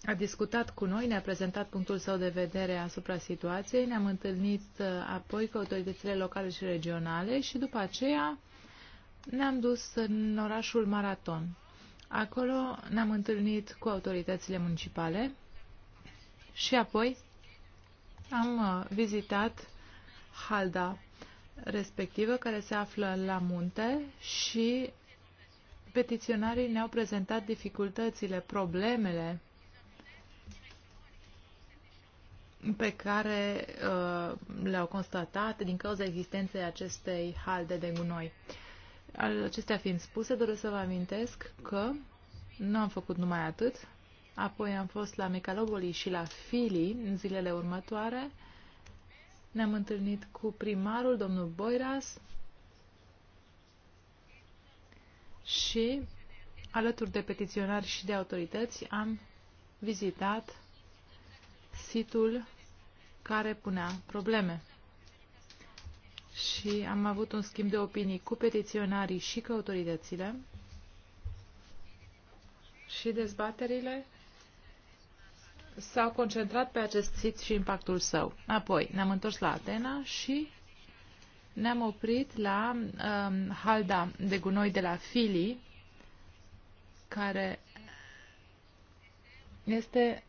a discutat cu noi, ne-a prezentat punctul său de vedere asupra situației, ne-am întâlnit uh, apoi cu autoritățile locale și regionale și după aceea ne-am dus în orașul Maraton. Acolo ne-am întâlnit cu autoritățile municipale și apoi am uh, vizitat Halda respectivă, care se află la munte și petiționarii ne-au prezentat dificultățile, problemele pe care uh, le-au constatat din cauza existenței acestei halde de gunoi. Acestea fiind spuse, doresc să vă amintesc că nu am făcut numai atât. Apoi am fost la Micaloboli și la Fili în zilele următoare. Ne-am întâlnit cu primarul, domnul Boiras, și alături de petiționari și de autorități am vizitat situl care punea probleme. Și am avut un schimb de opinii cu petiționarii și cu autoritățile și dezbaterile s-au concentrat pe acest sit și impactul său. Apoi ne-am întors la Atena și ne-am oprit la um, halda de gunoi de la Fili, care este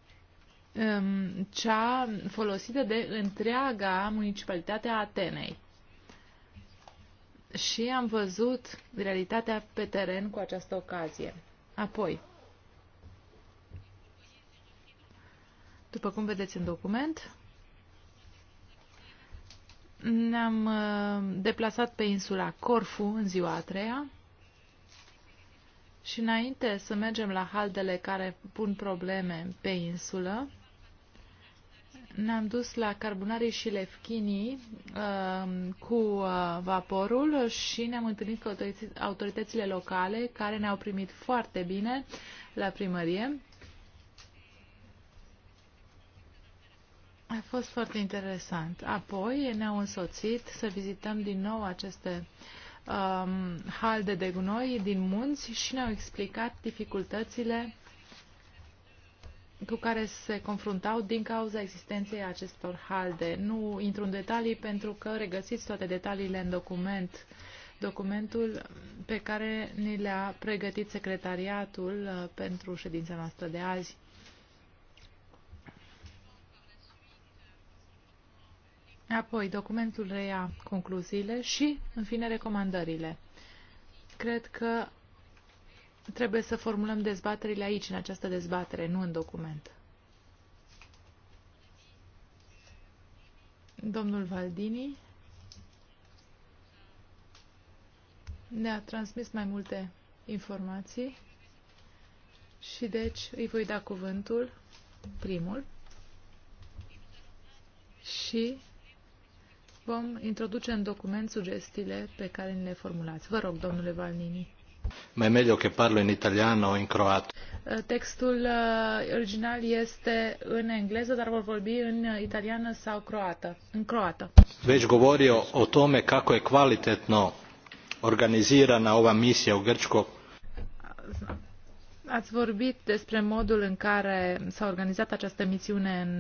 um, cea folosită de întreaga municipalitate a Atenei. Și am văzut realitatea pe teren cu această ocazie. Apoi, după cum vedeți în document, ne-am uh, deplasat pe insula Corfu în ziua a treia și înainte să mergem la haldele care pun probleme pe insulă, ne-am dus la Carbunarii și lefchinii uh, cu uh, vaporul și ne-am întâlnit cu autoritățile locale care ne-au primit foarte bine la primărie A fost foarte interesant. Apoi ne-au însoțit să vizităm din nou aceste um, halde de gunoi din munți și ne-au explicat dificultățile cu care se confruntau din cauza existenței acestor halde. Nu intru în detalii pentru că regăsiți toate detaliile în document, documentul pe care ni le-a pregătit secretariatul uh, pentru ședința noastră de azi. Apoi, documentul reia concluziile și, în fine, recomandările. Cred că trebuie să formulăm dezbaterile aici, în această dezbatere, nu în document. Domnul Valdini ne-a transmis mai multe informații și deci îi voi da cuvântul primul și vom introduce în document sugestiile pe care ni le formulați. Vă rog, domnule Valnini. Mai meglio che parlo in italiano o in croato. Eh, textul eh, original este în engleză, dar vor vorbi în italiană sau croată, în croată. Veci govorio o tome kako je kvalitetno organizirana ova misija u Grčko. Eh, ați vorbit despre modul în care s-a organizat această misiune în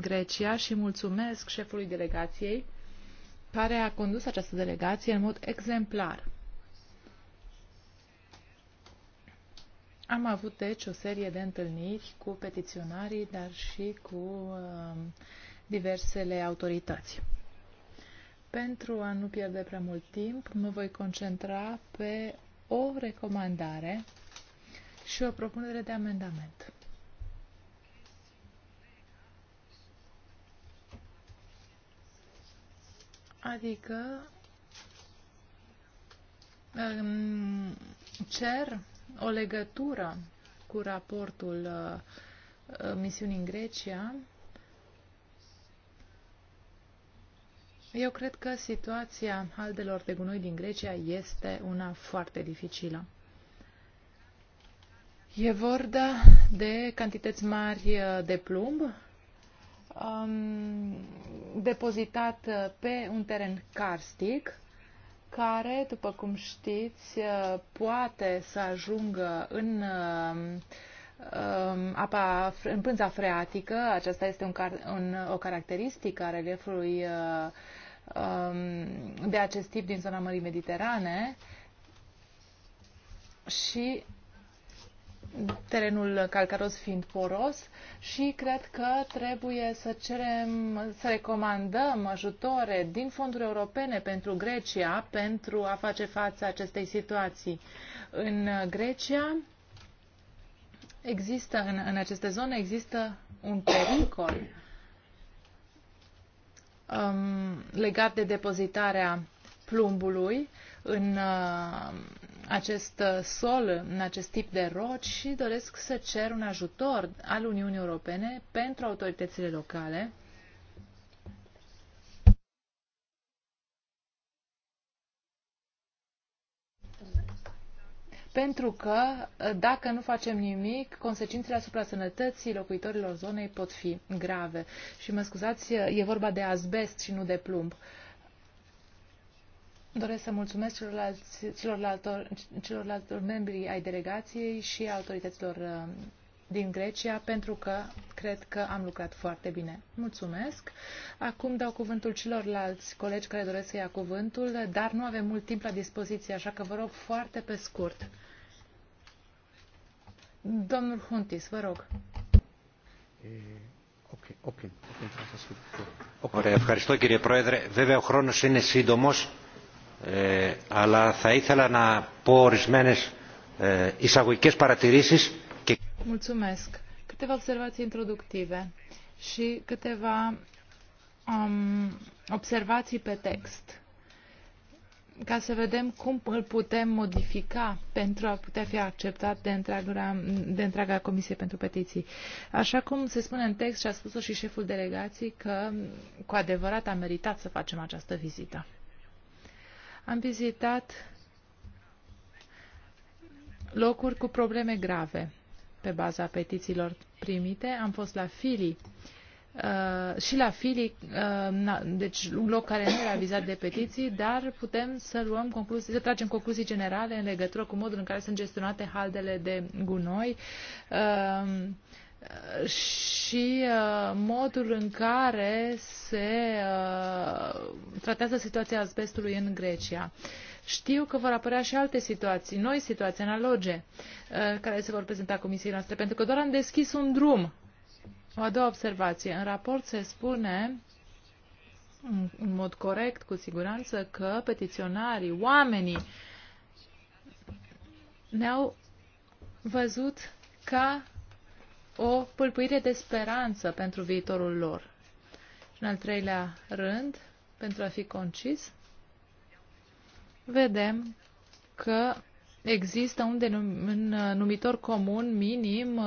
Grecia și mulțumesc șefului delegației care a condus această delegație în mod exemplar. Am avut, deci, o serie de întâlniri cu petiționarii, dar și cu uh, diversele autorități. Pentru a nu pierde prea mult timp, mă voi concentra pe o recomandare și o propunere de amendament. Adică um, cer o legătură cu raportul uh, uh, misiunii în Grecia. Eu cred că situația haldelor de gunoi din Grecia este una foarte dificilă. E vorba de cantități mari uh, de plumb um, depozitat uh, pe un teren karstic care, după cum știți, uh, poate să ajungă în um, um apa, în pânza freatică. Aceasta este un, un, o caracteristică a reliefului uh, um, de acest tip din zona Mării Mediterane și terenul calcaros fiind poros și cred că trebuie să cerem, să recomandăm ajutoare din fonduri europene pentru Grecia pentru a face față acestei situații. În Grecia există, în, în aceste zone există un pericol um, legat de depozitarea plumbului în uh, acest uh, sol, în acest tip de roci și doresc să cer un ajutor al Uniunii Europene pentru autoritățile locale pentru că uh, dacă nu facem nimic, consecințele asupra sănătății locuitorilor zonei pot fi grave. Și mă scuzați, e vorba de asbest și nu de plumb. Uh, Doresc să mulțumesc celorlalți celorlalți membri ai delegației și autorităților uh, din Grecia pentru că cred că am lucrat foarte bine. Mulțumesc. Acum dau cuvântul celorlalți colegi care doresc să ia cuvântul, dar nu avem mult timp la dispoziție, așa că vă rog foarte pe scurt. Domnul Huntis, vă rog. Eh, Ωραία, ευχαριστώ κύριε Πρόεδρε. Βέβαια ο χρόνος είναι σύντομος ε, αλλά θα ήθελα να πω ορισμένες εισαγωγικές παρατηρήσεις και... Mulțumesc. Câteva observații introductive și câteva um, observații pe text ca să vedem cum îl putem modifica pentru a putea fi acceptat de întreaga, de întreaga Comisie pentru Petiții. Așa cum se spune în text și a spus-o și șeful delegației că cu adevărat a meritat să facem această vizită. Am vizitat locuri cu probleme grave pe baza petițiilor primite. Am fost la Filii Uh, și la Fili, uh, na, deci un loc care nu era vizat de petiții, dar putem să luăm concluzii, să tragem concluzii generale în legătură cu modul în care sunt gestionate haldele de gunoi. Uh, și uh, modul în care se uh, tratează situația asbestului în Grecia. Știu că vor apărea și alte situații, noi situații analoge, uh, care se vor prezenta comisiei noastre, pentru că doar am deschis un drum. O a doua observație. În raport se spune, în mod corect, cu siguranță, că petiționarii, oamenii, ne-au văzut ca o pâlpâire de speranță pentru viitorul lor. Și în al treilea rând, pentru a fi concis, vedem că există un, un uh, numitor comun minim uh,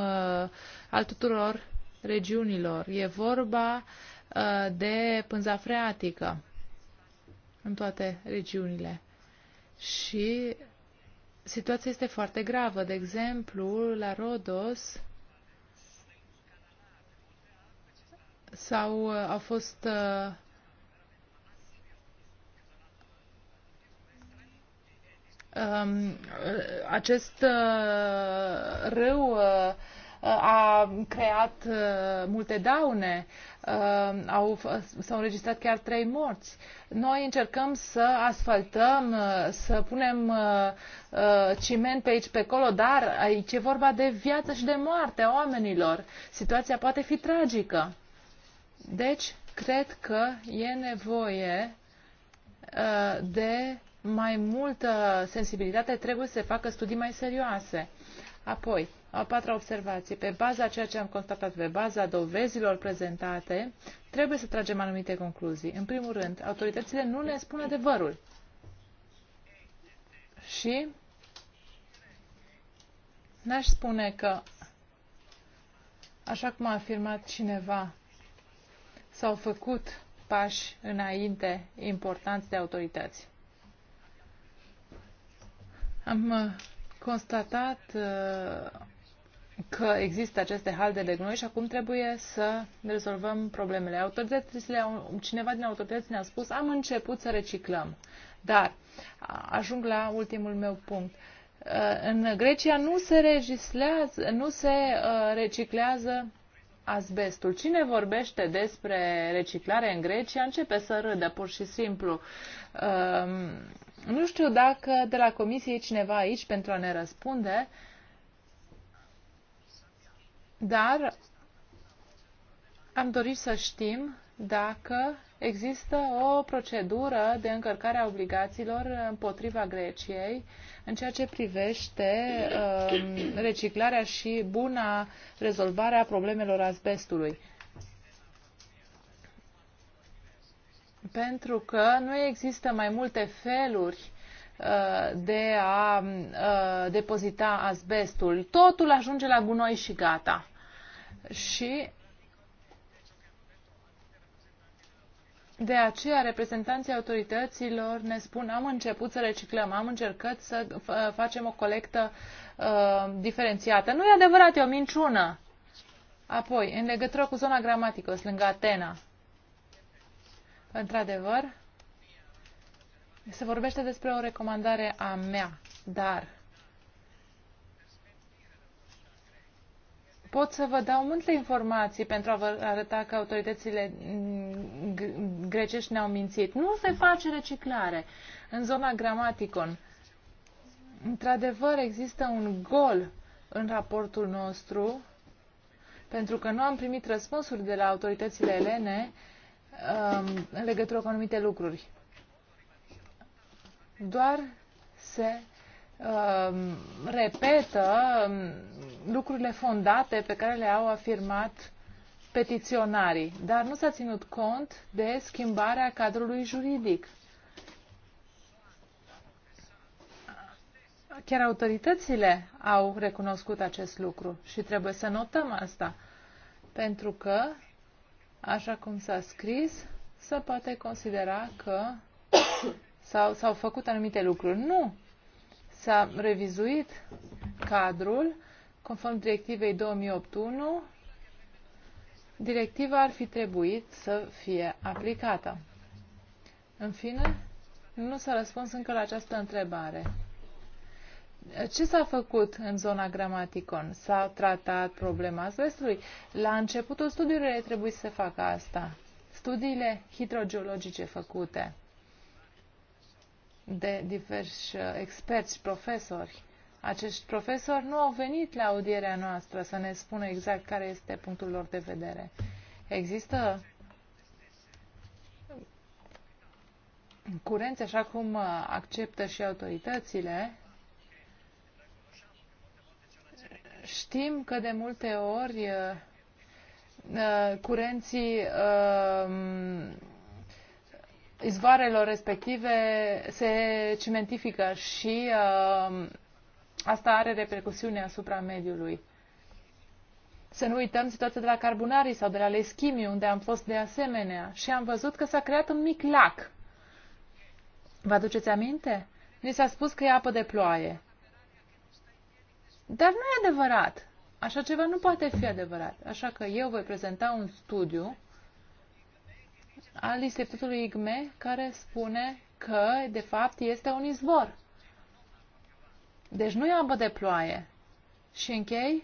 al tuturor regiunilor. E vorba uh, de pânza freatică în toate regiunile. Și situația este foarte gravă. De exemplu, la Rodos, sau uh, au fost uh, um, uh, acest uh, râu uh, a creat uh, multe daune, uh, au, s-au înregistrat chiar trei morți. Noi încercăm să asfaltăm, uh, să punem uh, uh, ciment pe aici, pe acolo, dar aici e vorba de viață și de moarte a oamenilor. Situația poate fi tragică. Deci, cred că e nevoie uh, de mai multă sensibilitate, trebuie să se facă studii mai serioase. Apoi, a patra observație. Pe baza ceea ce am constatat, pe baza dovezilor prezentate, trebuie să tragem anumite concluzii. În primul rând, autoritățile nu ne spun adevărul. Și n-aș spune că, așa cum a afirmat cineva, s-au făcut pași înainte importanți de autorități. Am uh, constatat uh, că există aceste halde de gunoi și acum trebuie să rezolvăm problemele. Autoritățile, cineva din autorități ne-a spus, am început să reciclăm. Dar ajung la ultimul meu punct. Uh, în Grecia nu se nu se reciclează asbestul. Cine vorbește despre reciclare în Grecia începe să râdă pur și simplu. Um, nu știu dacă de la comisie e cineva aici pentru a ne răspunde, dar am dorit să știm dacă există o procedură de încărcare a obligațiilor împotriva Greciei în ceea ce privește um, reciclarea și buna rezolvare a problemelor asbestului. Pentru că nu există mai multe feluri uh, de a uh, depozita asbestul. Totul ajunge la gunoi și gata. Și De aceea, reprezentanții autorităților ne spun am început să reciclăm, am încercat să facem o colectă uh, diferențiată. Nu e adevărat, e o minciună. Apoi, în legătură cu zona gramaticos, lângă Atena. Într-adevăr, se vorbește despre o recomandare a mea, dar Pot să vă dau multe informații pentru a vă arăta că autoritățile mm, grecești ne-au mințit. Nu se face reciclare în zona gramaticon. Într-adevăr, există un gol în raportul nostru, pentru că nu am primit răspunsuri de la autoritățile elene um, în legătură cu anumite lucruri. Doar se um, repetă um, lucrurile fondate pe care le-au afirmat petiționarii, dar nu s-a ținut cont de schimbarea cadrului juridic. Chiar autoritățile au recunoscut acest lucru și trebuie să notăm asta, pentru că, așa cum s-a scris, se poate considera că s-au făcut anumite lucruri. Nu! S-a revizuit cadrul Conform directivei 2008 2008-1, directiva ar fi trebuit să fie aplicată. În fine, nu s-a răspuns încă la această întrebare. Ce s-a făcut în zona gramaticon? S-a tratat problema asbestului? La începutul studiului trebuie să se facă asta. Studiile hidrogeologice făcute de diversi uh, experți, profesori, acești profesori nu au venit la audierea noastră să ne spună exact care este punctul lor de vedere. Există curenți, așa cum acceptă și autoritățile, știm că de multe ori uh, curenții uh, izvoarelor respective se cimentifică și uh, asta are repercusiune asupra mediului. Să nu uităm situația de la carbunarii sau de la leschimii, unde am fost de asemenea și am văzut că s-a creat un mic lac. Vă aduceți aminte? Ni s-a spus că e apă de ploaie. Dar nu e adevărat. Așa ceva nu poate fi adevărat. Așa că eu voi prezenta un studiu al Institutului IGME care spune că, de fapt, este un izvor deci nu e apă de ploaie. Și închei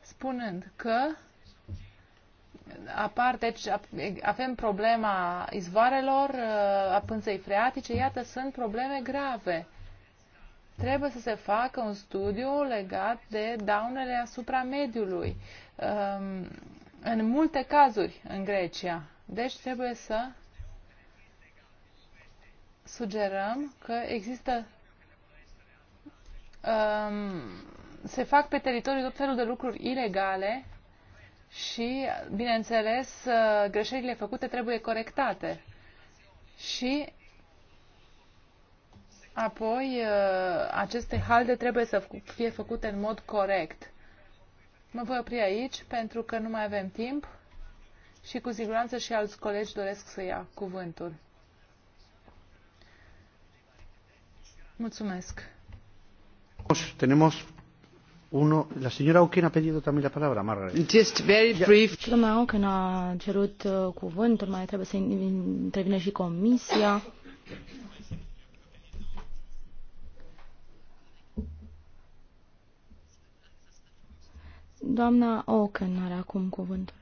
spunând că apar, deci avem problema izvoarelor, a pânzei freatice, iată, sunt probleme grave. Trebuie să se facă un studiu legat de daunele asupra mediului, um, în multe cazuri în Grecia. Deci trebuie să sugerăm că există um, se fac pe teritoriu tot felul de lucruri ilegale și, bineînțeles, uh, greșelile făcute trebuie corectate. Și apoi uh, aceste halde trebuie să fie făcute în mod corect. Mă voi opri aici pentru că nu mai avem timp și cu siguranță și alți colegi doresc să ia cuvântul. Mulțumesc! Tenemos uno, la señora Oken a pedido también la palabra, Margaret. Just very brief. Doamna Oken a cerut uh, cuvântul, mai trebuie să intervine și comisia. Doamna Oken are acum cuvântul.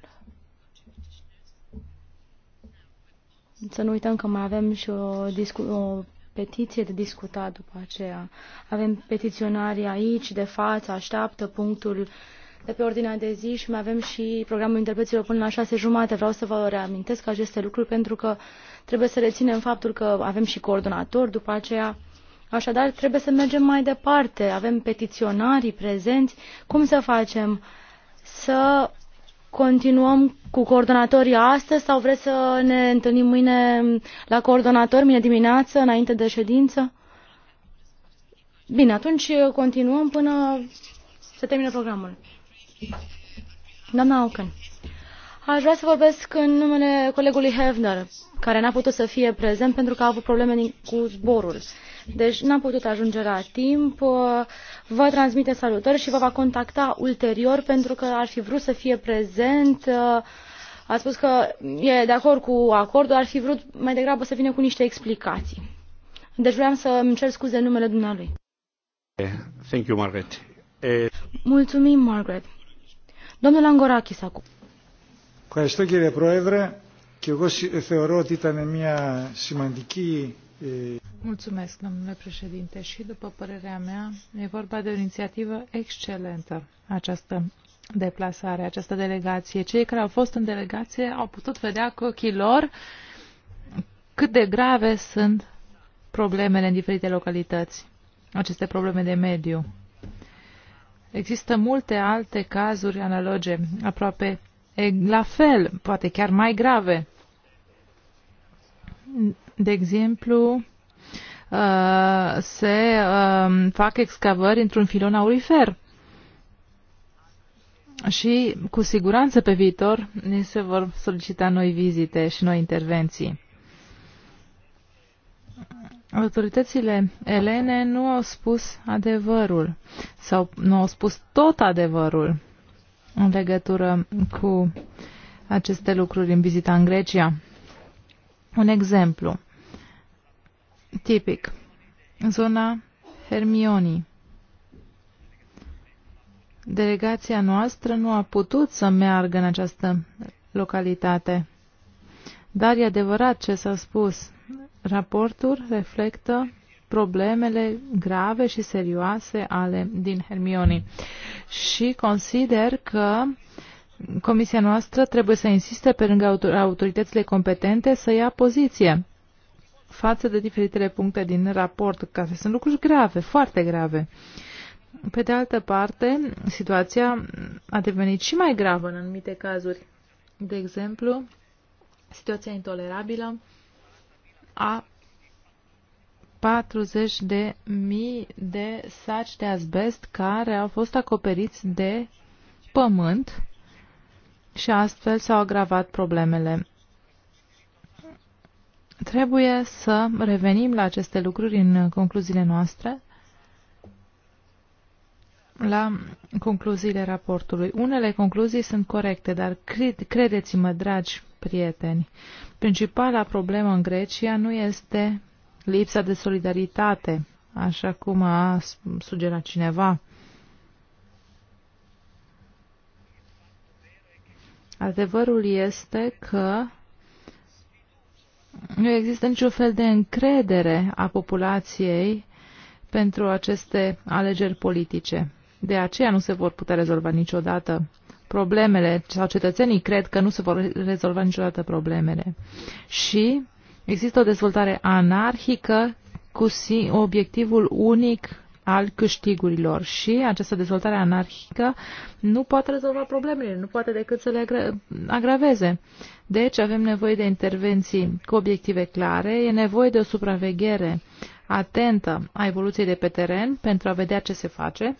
Să nu uităm că mai avem și o, o petiție de discutat după aceea. Avem petiționarii aici, de față, așteaptă punctul de pe ordinea de zi și mai avem și programul interpreților până la șase jumate. Vreau să vă reamintesc aceste lucruri pentru că trebuie să reținem faptul că avem și coordonatori după aceea. Așadar, trebuie să mergem mai departe. Avem petiționarii prezenți. Cum să facem? Să continuăm cu coordonatorii astăzi sau vreți să ne întâlnim mâine la coordonatori, mâine dimineață, înainte de ședință? Bine, atunci continuăm până se termină programul. Doamna Auken, aș vrea să vorbesc în numele colegului Hefner, care n-a putut să fie prezent pentru că a avut probleme cu zborul. Deci n-am putut ajunge la timp. Vă transmite salutări și vă va contacta ulterior pentru că ar fi vrut să fie prezent. A spus că e de acord cu acordul, ar fi vrut mai degrabă să vină cu niște explicații. Deci vreau să îmi cer scuze în numele dumnealui. Eh, thank you, Margaret. Eh, Mulțumim, Margaret. Domnul Angorakis acum. proevre, că eu και εγώ θεωρώ ότι ήταν μια σημαντική Mulțumesc, domnule președinte, și după părerea mea, e vorba de o inițiativă excelentă, această deplasare, această delegație. Cei care au fost în delegație au putut vedea cu ochii lor cât de grave sunt problemele în diferite localități, aceste probleme de mediu. Există multe alte cazuri analoge, aproape la fel, poate chiar mai grave de exemplu, uh, se um, fac excavări într-un filon aurifer. Și cu siguranță pe viitor ne se vor solicita noi vizite și noi intervenții. Autoritățile elene nu au spus adevărul sau nu au spus tot adevărul în legătură cu aceste lucruri în vizita în Grecia. Un exemplu tipic, zona Hermioni. Delegația noastră nu a putut să meargă în această localitate. Dar e adevărat ce s-a spus. Raportul reflectă problemele grave și serioase ale din Hermione. Și consider că uh, Comisia noastră trebuie să insiste pe lângă autoritățile competente să ia poziție față de diferitele puncte din raport, care sunt lucruri grave, foarte grave. Pe de altă parte, situația a devenit și mai gravă în anumite cazuri. De exemplu, situația intolerabilă a 40 de mii de saci de azbest care au fost acoperiți de pământ și astfel s-au agravat problemele. Trebuie să revenim la aceste lucruri în concluziile noastre, la concluziile raportului. Unele concluzii sunt corecte, dar credeți-mă, dragi prieteni, principala problemă în Grecia nu este lipsa de solidaritate, așa cum a sugerat cineva, Adevărul este că nu există niciun fel de încredere a populației pentru aceste alegeri politice. De aceea nu se vor putea rezolva niciodată problemele, sau cetățenii cred că nu se vor rezolva niciodată problemele. Și există o dezvoltare anarhică cu obiectivul unic al câștigurilor și această dezvoltare anarhică nu poate rezolva problemele, nu poate decât să le agraveze. Deci avem nevoie de intervenții cu obiective clare, e nevoie de o supraveghere atentă a evoluției de pe teren pentru a vedea ce se face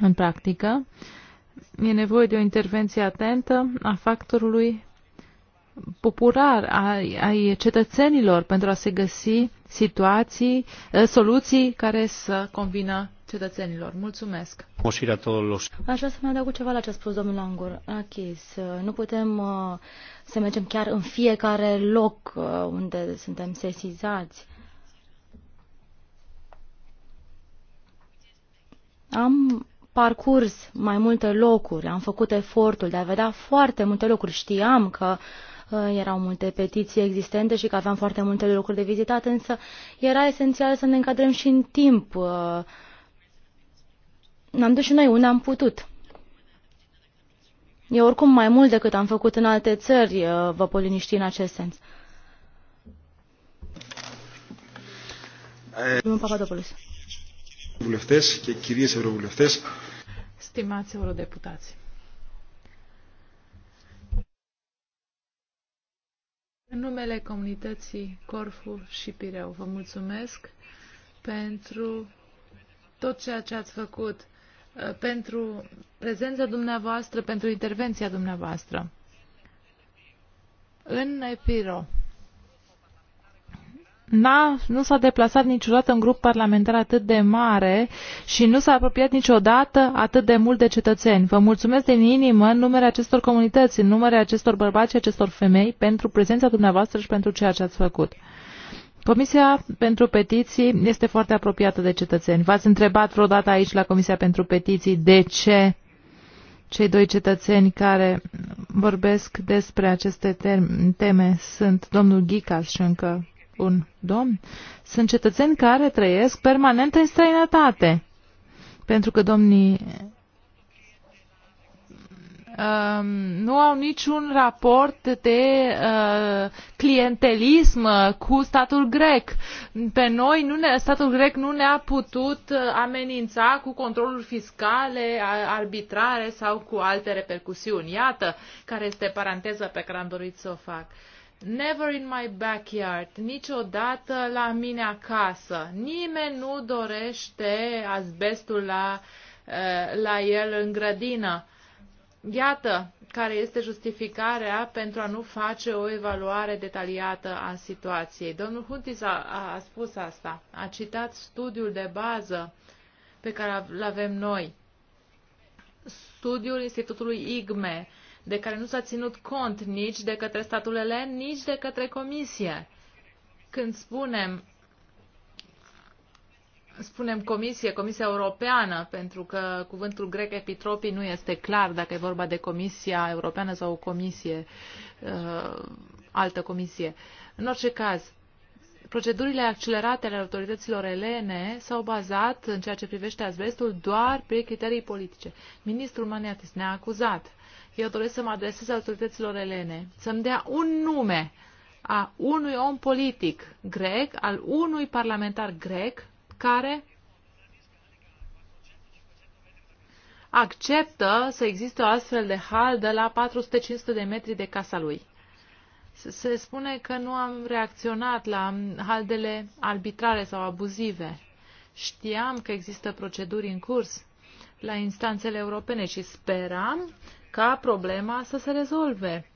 în practică. E nevoie de o intervenție atentă a factorului popular ai, ai cetățenilor pentru a se găsi situații, eh, soluții care să convină cetățenilor. Mulțumesc! Aș vrea să mai adaug ceva la ce a spus domnul Angur. Achis, nu putem eh, să mergem chiar în fiecare loc eh, unde suntem sesizați. Am parcurs mai multe locuri, am făcut efortul de a vedea foarte multe locuri. Știam că uh, Eh, erau multe petiții existente și că aveam foarte multe locuri de vizitat, însă era esențial să ne încadrăm și în timp. Eh, ne-am dus și noi unde am putut. E oricum mai mult decât am făcut în alte țări, eh, vă pot liniști în acest sens. Domnul Papadopoulos. Stimați eurodeputați, în numele comunității Corfu și Pireu. Vă mulțumesc pentru tot ceea ce ați făcut, uh, pentru prezența dumneavoastră, pentru intervenția dumneavoastră. În Epiro n-a, nu s-a deplasat niciodată în grup parlamentar atât de mare și nu s-a apropiat niciodată atât de mult de cetățeni. Vă mulțumesc din inimă în numele acestor comunități, în numele acestor bărbați și acestor femei pentru prezența dumneavoastră și pentru ceea ce ați făcut. Comisia pentru petiții este foarte apropiată de cetățeni. V-ați întrebat vreodată aici la Comisia pentru petiții de ce cei doi cetățeni care vorbesc despre aceste teme sunt domnul Ghicas și încă un domn. Sunt cetățeni care trăiesc permanent în străinătate. Pentru că domnii uh, nu au niciun raport de uh, clientelism uh, cu statul grec. Pe noi nu ne, statul grec nu ne-a putut uh, amenința cu controluri fiscale, arbitrare sau cu alte repercusiuni. Iată care este paranteza pe care am dorit să o fac. Uh, Never in my backyard, niciodată la mine acasă. Nimeni nu dorește azbestul la, eh, la el în grădină. Iată care este justificarea pentru a nu face o evaluare detaliată a situației. Domnul Huntis a, a spus asta, a citat studiul de bază pe care îl avem noi, studiul Institutului IGME, uh, de care nu s-a ținut cont nici de către statul elen, nici de către comisie. Când spunem spunem comisie, Comisia Europeană, pentru că cuvântul grec epitropii nu este clar dacă e vorba de Comisia Europeană sau o comisie, uh, altă comisie. În orice caz, procedurile accelerate ale autorităților elene s-au bazat, în ceea ce privește azbestul, doar pe criterii politice. Ministrul Maniatis ne-a acuzat eu doresc să mă adresez autorităților elene, să-mi dea un nume a unui om politic grec, al unui parlamentar grec, care acceptă să existe o astfel de hal de la 400-500 de metri de casa lui. Se spune că nu am reacționat la haldele arbitrare sau abuzive. Știam că există proceduri în curs la instanțele europene și speram ca problema să se rezolve,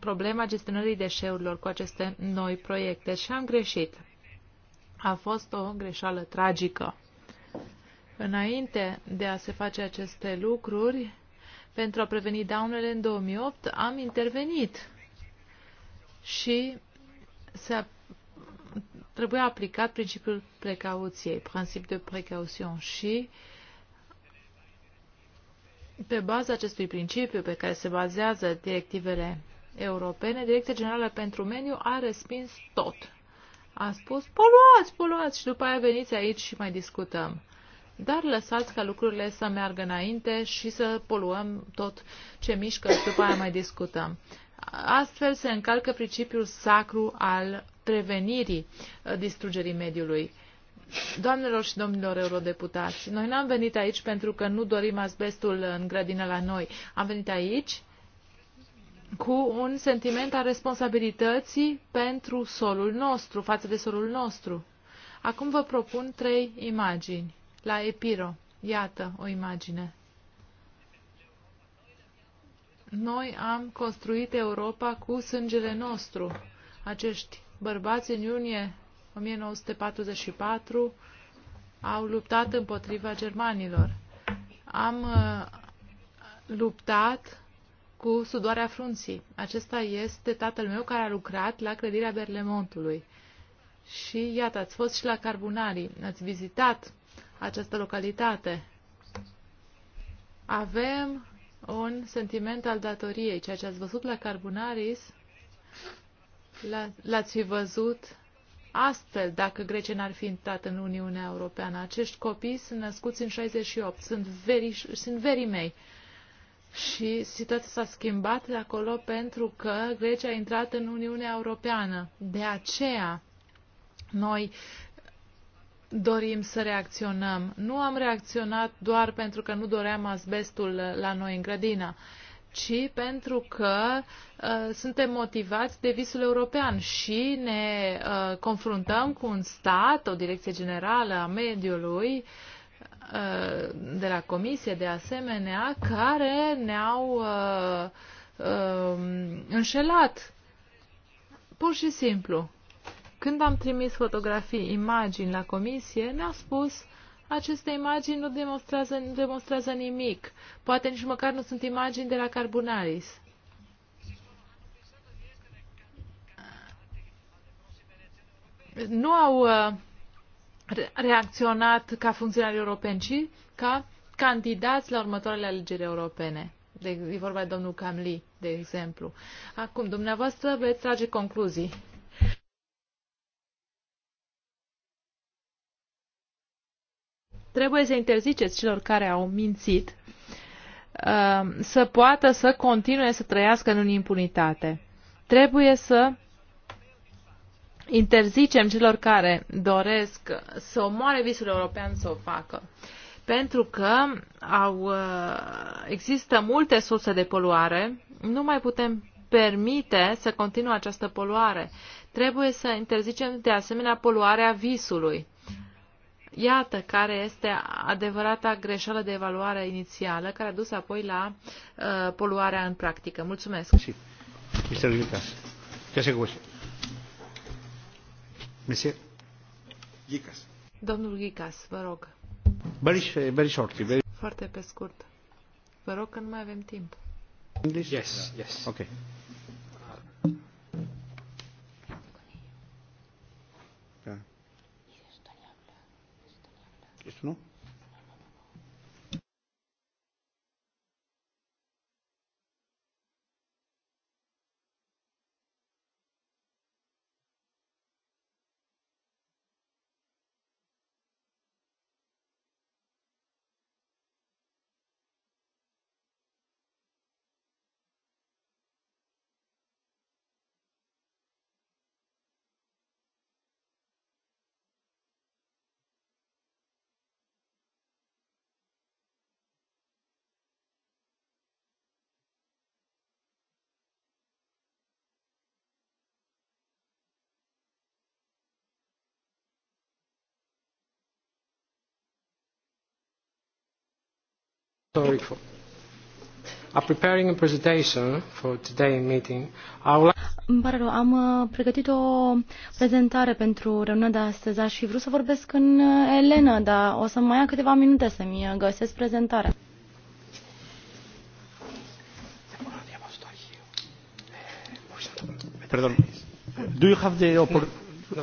problema gestionării deșeurilor cu aceste noi proiecte. Și am greșit. A fost o greșeală tragică. Înainte de a se face aceste lucruri, pentru a preveni daunele în 2008, am intervenit și se trebuie aplicat principiul precauției, principiul de precaution și uh, pe baza acestui principiu pe care se bazează directivele europene, Direcția Generală pentru Mediu a respins tot. A spus, poluați, poluați și după aia veniți aici și mai discutăm. Dar lăsați ca lucrurile să meargă înainte și să poluăm tot ce mișcă și după aia mai discutăm. Astfel se încalcă principiul sacru al prevenirii distrugerii mediului. Doamnelor și domnilor eurodeputați, noi n-am venit aici pentru că nu dorim asbestul în grădină la noi. Am venit aici cu un sentiment al responsabilității pentru solul nostru, față de solul nostru. Acum vă propun trei imagini. La Epiro, iată o imagine. Noi am construit Europa cu sângele nostru. Acești bărbați în iunie 1944 au luptat împotriva germanilor. Am uh, luptat cu sudoarea frunții. Acesta este tatăl meu care a lucrat la clădirea Berlemontului. Și iată, ați fost și la Carbunarii, ați vizitat această localitate. Avem un sentiment al datoriei. Ceea ce ați văzut la Carbunaris, l-ați fi văzut Astfel, dacă Grecia n-ar fi intrat în Uniunea Europeană, acești copii sunt născuți în 68, sunt veri, sunt verii mei. Și situația s-a schimbat de acolo pentru că Grecia a intrat în Uniunea Europeană. De aceea, noi dorim să reacționăm. Nu am reacționat doar pentru că nu doream asbestul la noi în grădină. Uh, ci pentru că uh, suntem motivați de visul european și ne uh, confruntăm cu un stat, o direcție generală a mediului, uh, de la comisie de asemenea, care ne-au uh, uh, înșelat. Pur și simplu. Când am trimis fotografii, imagini la comisie, ne-au spus aceste imagini nu demonstrează, nu demonstrează nimic. Poate nici măcar nu sunt imagini de la Carbonaris. Nu au uh, reacționat ca funcționari europeni, ci ca candidați la următoarele alegeri europene. De, e vorba de domnul Camli, de exemplu. Acum, dumneavoastră veți trage concluzii. Trebuie să interziceți celor care au mințit uh, să poată să continue să trăiască în impunitate. Trebuie să interzicem celor care doresc să omoare visul european să o facă. Pentru că au, uh, există multe surse de poluare, nu mai putem permite să continue această poluare. Trebuie să interzicem de asemenea poluarea visului. Iată care este adevărata greșeală de evaluare inițială, care a dus apoi la uh, poluarea în practică. Mulțumesc. Sí. Mr. Lucas. Ce se Monsieur. Ghicas. Domnul Ghicas, vă rog. Very, very shortly. Very... Foarte pe scurt. Vă rog că nu mai avem timp. English? Yes, yes. Okay. Ești nu? Sorry for. preparing a presentation for meeting. Like... Îmi pare rău, am uh, pregătit o prezentare pentru reuniunea de astăzi. și vreau să vorbesc în uh, Elena, dar o să mai ia câteva minute să-mi uh, găsesc prezentarea. Pardon. Do you have the... No, no,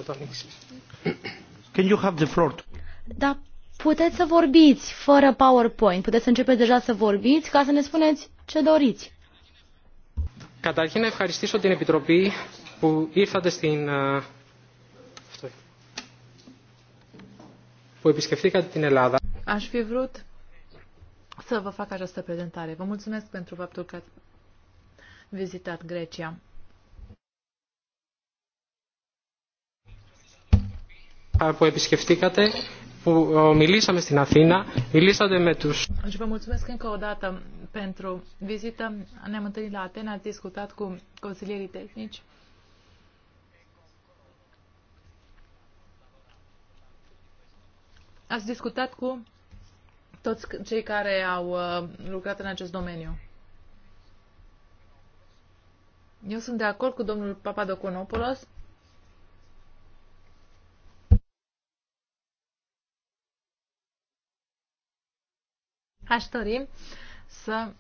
Can you have the floor? Da, puteți să vorbiți fără PowerPoint, puteți să începeți deja să vorbiți ca să ne spuneți ce doriți. Καταρχήν να ευχαριστήσω την Επιτροπή που ήρθατε στην... που επισκεφθήκατε την Ελλάδα. Aș fi vrut să vă fac această prezentare. Vă mulțumesc pentru faptul că ați vizitat Grecia. Που επισκεφτήκατε που μιλήσαμε στην Αθήνα, μιλήσατε με τους... Și vă mulțumesc încă o dată pentru vizită. Ne-am întâlnit la Atena, ați discutat cu consilierii tehnici. Ați discutat cu toți cei care au uh, lucrat în acest domeniu. Eu sunt de acord cu domnul Papadoconopoulos Aș dori să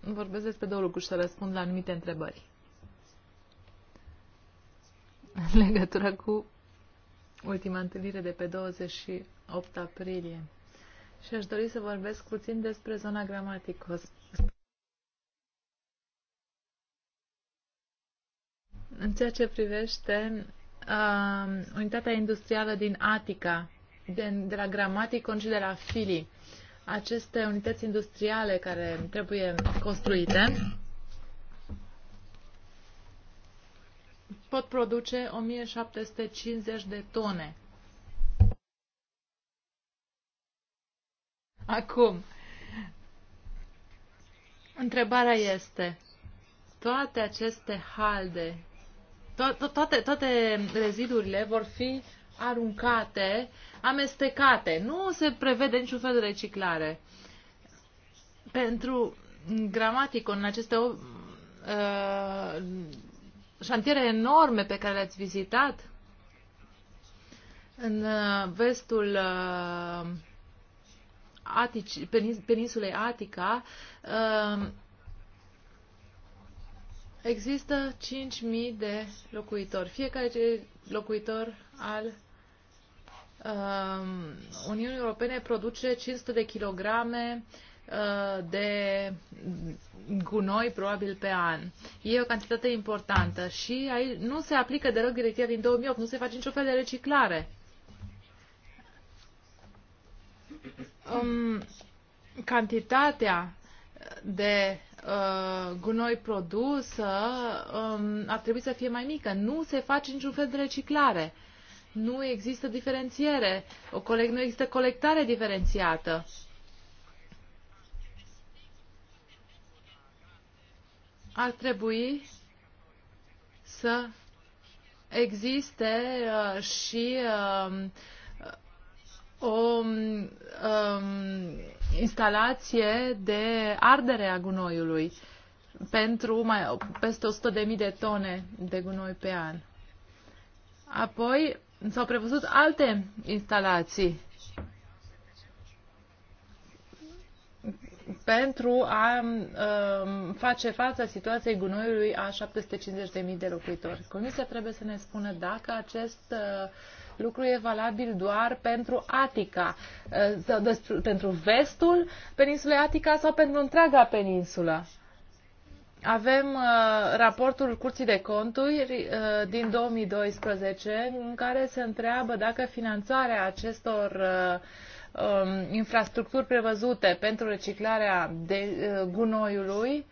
vorbesc despre două lucruri și să răspund la anumite întrebări. În legătură cu ultima întâlnire de pe 28 aprilie. Și aș dori să vorbesc puțin despre zona gramaticos. În ceea ce privește uh, unitatea industrială din Atica, de, de la Gramaticon și de la Filii aceste unități industriale care trebuie construite pot produce 1750 de tone. Acum, întrebarea este, toate aceste halde, to to toate, toate rezidurile vor fi aruncate, amestecate. Nu se prevede niciun fel de reciclare. Pentru gramatică, în aceste uh, șantiere enorme pe care le-ați vizitat, în uh, vestul uh, Atici, peninsulei Atica, uh, există 5.000 de locuitori. Fiecare locuitor al Um, Uniunii Europene produce 500 de kilograme uh, de gunoi probabil pe an. E o cantitate importantă și aici nu se aplică deloc directiva din 2008, nu se face niciun fel de reciclare. Um, cantitatea de uh, gunoi produsă um, ar trebui să fie mai mică. Nu se face niciun fel de reciclare. Uh, nu există diferențiere, o nu există colectare diferențiată. Ar trebui să existe uh, și uh, o um, instalație de ardere a gunoiului pentru mai, peste 100.000 de tone de gunoi pe an. Apoi, s-au prevăzut alte instalații pentru a um, face față situației gunoiului a 750.000 de locuitori. Comisia trebuie să ne spună dacă acest uh, lucru e valabil doar pentru Atica, uh, sau despre, pentru vestul peninsulei Atica sau pentru întreaga peninsulă. Avem uh, raportul Curții de Conturi uh, din 2012 în care se întreabă dacă finanțarea acestor uh, um, infrastructuri prevăzute pentru reciclarea de uh, gunoiului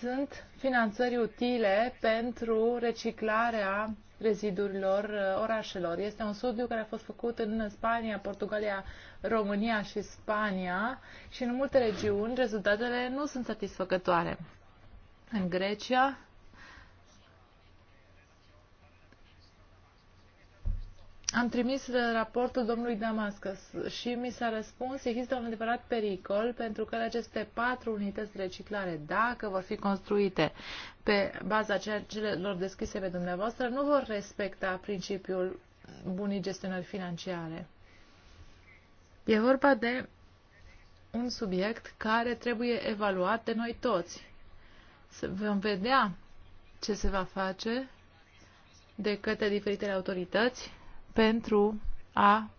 sunt finanțări utile pentru reciclarea rezidurilor uh, orașelor. Este un studiu care a fost făcut în Spania, Portugalia, România și Spania și în multe regiuni rezultatele nu sunt satisfăcătoare în Grecia. Am trimis raportul domnului Damascus și mi s-a răspuns, există un adevărat pericol pentru că aceste patru unități de reciclare, dacă vor fi construite pe baza celor deschise pe dumneavoastră, nu vor respecta principiul bunii gestionări financiare. E vorba de un subiect care trebuie evaluat de noi toți. Să vom vedea ce se va face de către diferitele autorități pentru a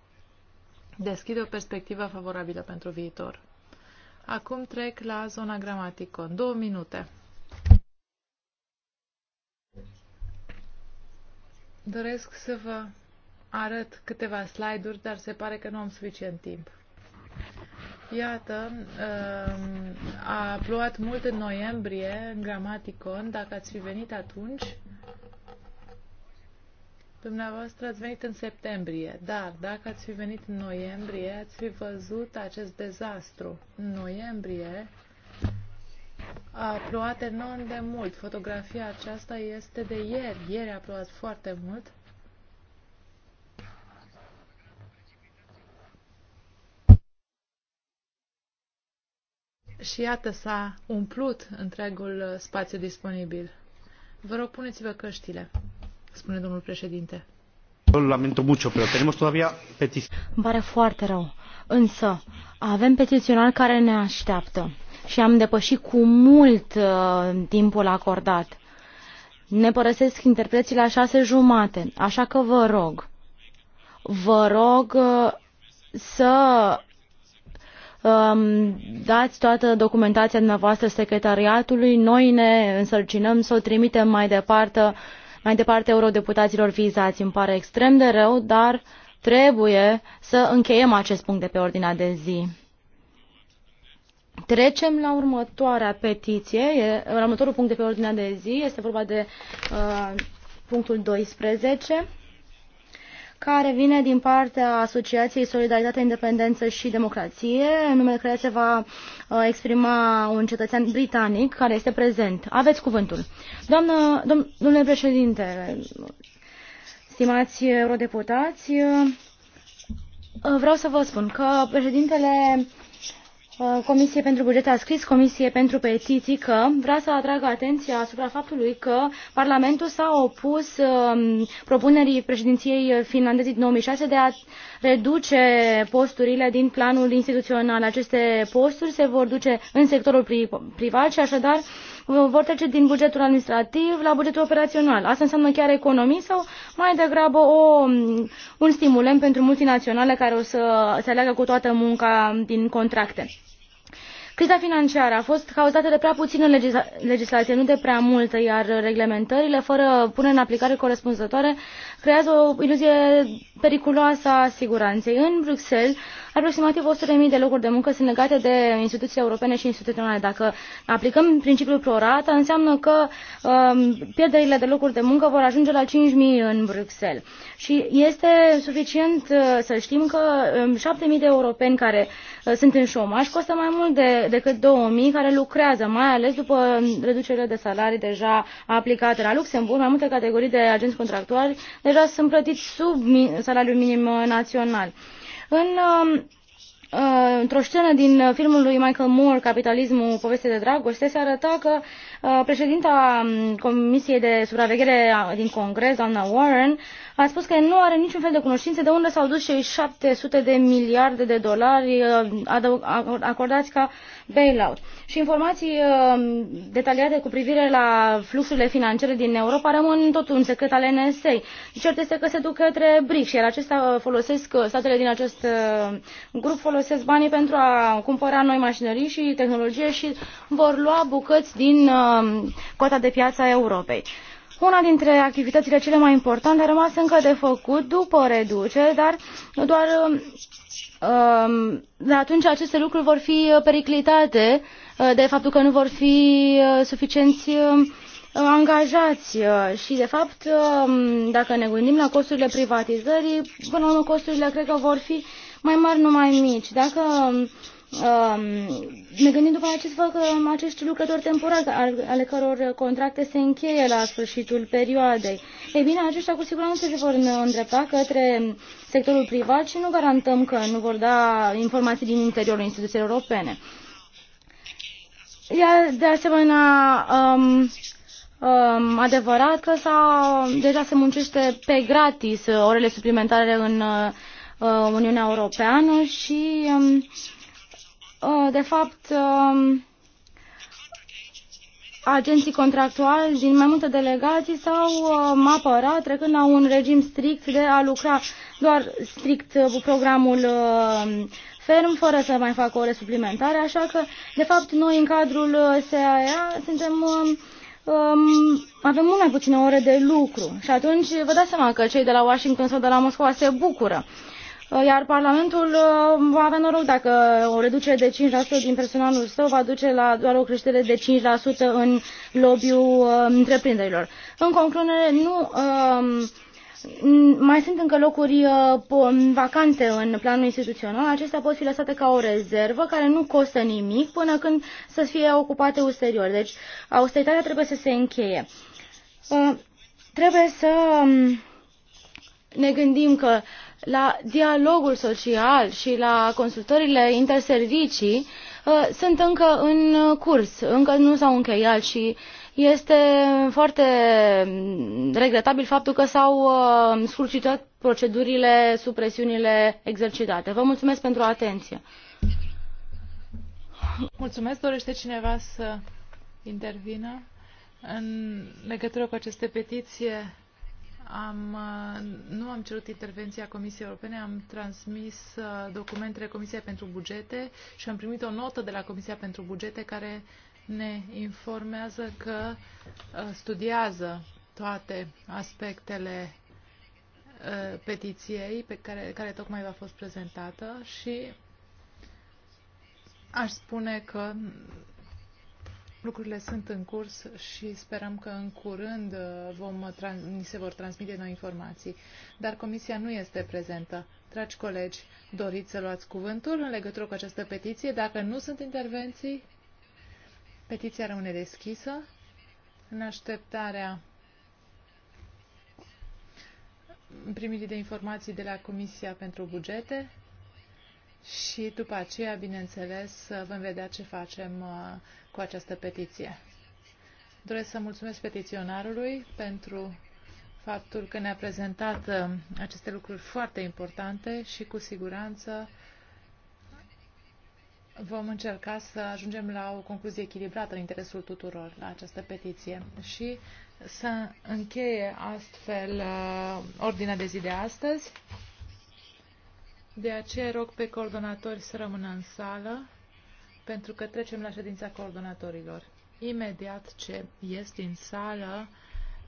deschide o perspectivă favorabilă pentru viitor. Acum trec la zona În Două minute. Doresc să vă arăt câteva slide-uri, dar se pare că nu am suficient timp. Iată, um, a plouat mult în noiembrie, în Gramaticon, dacă ați fi venit atunci. Dumneavoastră ați venit în septembrie, dar dacă ați fi venit în noiembrie, ați fi văzut acest dezastru. În noiembrie a plouat enorm de mult. Fotografia aceasta este de ieri. Ieri a plouat foarte mult. Și iată, s-a umplut întregul spațiu disponibil. Vă rog, puneți-vă căștile, spune domnul președinte. Lamento mucho, pero tenemos todavía petiții. Îmi pare foarte rău. Însă, avem petițional care ne așteaptă și am depășit cu mult uh, timpul acordat. Ne părăsesc interpreții la șase jumate, așa că vă rog, vă rog uh, să Um, dați toată documentația dumneavoastră secretariatului, noi ne însărcinăm să o trimitem mai departe, mai departe eurodeputaților vizați. Îmi pare extrem de rău, dar trebuie să încheiem acest punct de pe ordinea de zi. Trecem la următoarea petiție. la următorul punct de pe ordinea de zi este vorba de uh, punctul 12 care vine din partea Asociației Solidaritate, Independență și Democrație, în numele care se va uh, exprima un cetățean britanic care este prezent. Aveți cuvântul. Doamnă, dom domnule președinte, stimați eurodeputați, uh, vreau să vă spun că președintele Uh, comisie pentru Buget a scris Comisie pentru Petiții că vrea să atragă atenția asupra faptului că Parlamentul s-a opus um, propunerii președinției finlandeze din 2006 de a reduce posturile din planul instituțional. Aceste posturi se vor duce în sectorul privat și așadar uh, vor trece din bugetul administrativ la bugetul operațional. Asta înseamnă chiar economii sau mai degrabă o, un stimulent pentru multinaționale care o să se aleagă cu toată munca din contracte. Criza financiară a fost cauzată de prea puțină legisla legislație, nu de prea multă, iar reglementările fără punere în aplicare corespunzătoare creează o iluzie periculoasă a siguranței. În Bruxelles, aproximativ 100.000 de locuri de muncă sunt legate de instituții europene și instituționale. Dacă aplicăm principiul prorata, înseamnă că um, pierderile de locuri de muncă vor ajunge la 5.000 în Bruxelles. Și este suficient uh, să știm că um, 7.000 de europeni care uh, sunt în șomaș costă mai mult de, decât 2.000 care lucrează, mai ales după um, reducerile de salarii deja aplicate la Luxemburg. Mai multe categorii de agenți contractuali de deja sunt plătiți sub salariul minim uh, național. În um, uh, într-o scenă din uh, filmul lui Michael Moore, Capitalismul, poveste de dragoste, se arăta că președinta um, Comisiei de Supraveghere din Congres, doamna Warren, a spus că nu are niciun fel de cunoștință de unde s-au dus cei 700 de miliarde de dolari uh, acordați ca bailout. Și informații uh, detaliate cu privire la fluxurile financiare din Europa rămân tot un secret al NSA. Cert este că se duc către BRIC și iar acestea uh, folosesc, statele din acest grup folosesc banii pentru a cumpăra noi mașinării și tehnologie și vor lua bucăți din cota de piață a Europei. Una dintre activitățile cele mai importante a rămas încă de făcut după reduceri, dar doar um, de atunci aceste lucruri vor fi uh, periclitate uh, de faptul că nu vor fi uh, suficienți um, angajați și, de fapt, um, dacă ne gândim la costurile privatizării, până la urmă costurile cred că vor fi mai mari, nu mai mici. Dacă Um, ne gândim după ce fac acești lucrători temporari ale căror contracte se încheie la sfârșitul perioadei. Ei bine, aceștia cu siguranță se vor îndrepta către sectorul privat și nu garantăm că nu vor da informații din interiorul instituțiilor europene. Iar, de asemenea, um, um, adevărat că s deja se muncește pe gratis orele suplimentare în uh, Uniunea Europeană și um, Uh, de fapt, um, agenții contractuali din mai multe delegații s-au um, apărat trecând la un regim strict de a lucra doar strict cu uh, programul um, ferm, fără să mai facă ore suplimentare, așa că, de fapt, noi în cadrul uh, SAEA suntem, um, avem mult mai puține ore de lucru și atunci vă dați seama că cei de la Washington sau de la Moscova se bucură uh, Uh, iar Parlamentul uh, va avea noroc dacă o reducere de 5% din personalul său va duce la doar o creștere de 5% în lobby-ul uh, întreprinderilor. În concluzie, nu um, mai sunt încă locuri vacante în planul instituțional. Acestea pot fi lăsate ca o rezervă care nu costă nimic până când să fie ocupate ulterior. Deci austeritatea trebuie să se încheie. Trebuie să um, ne gândim că la dialogul social și la consultările interservicii uh, sunt încă în curs, încă nu s-au încheiat și este foarte mm, regretabil faptul că s-au uh, scurcitat procedurile supresiunile exercitate. Vă mulțumesc pentru atenție. Mulțumesc. Dorește cineva să intervină în legătură cu aceste petiție? Am, uh, nu am cerut intervenția Comisiei Europene, am transmis uh, documentele Comisiei pentru Bugete și am primit o notă de la Comisia pentru Bugete care ne informează că uh, studiază toate aspectele petiției pe care, care tocmai v-a fost prezentată și aș spune că Lucrurile sunt în curs și sperăm că în curând uh, vom, ni se vor transmite noi informații. Dar comisia nu este prezentă. Dragi colegi, doriți să luați cuvântul în legătură cu această petiție? Dacă nu sunt intervenții, petiția rămâne deschisă în așteptarea primirii de informații de la Comisia pentru Bugete și după aceea, bineînțeles, vom vedea ce facem uh, cu această petiție. Doresc să mulțumesc petiționarului pentru faptul că ne-a prezentat uh, aceste lucruri foarte importante și cu siguranță vom încerca să ajungem la o concluzie echilibrată în interesul tuturor la această petiție și să încheie astfel uh, ordinea de zi de astăzi. De aceea rog pe coordonatori să rămână în sală, pentru că trecem la ședința coordonatorilor. Imediat ce ies din sală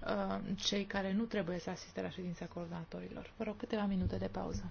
uh, cei care nu trebuie să asiste la ședința coordonatorilor. Vă rog câteva minute de pauză.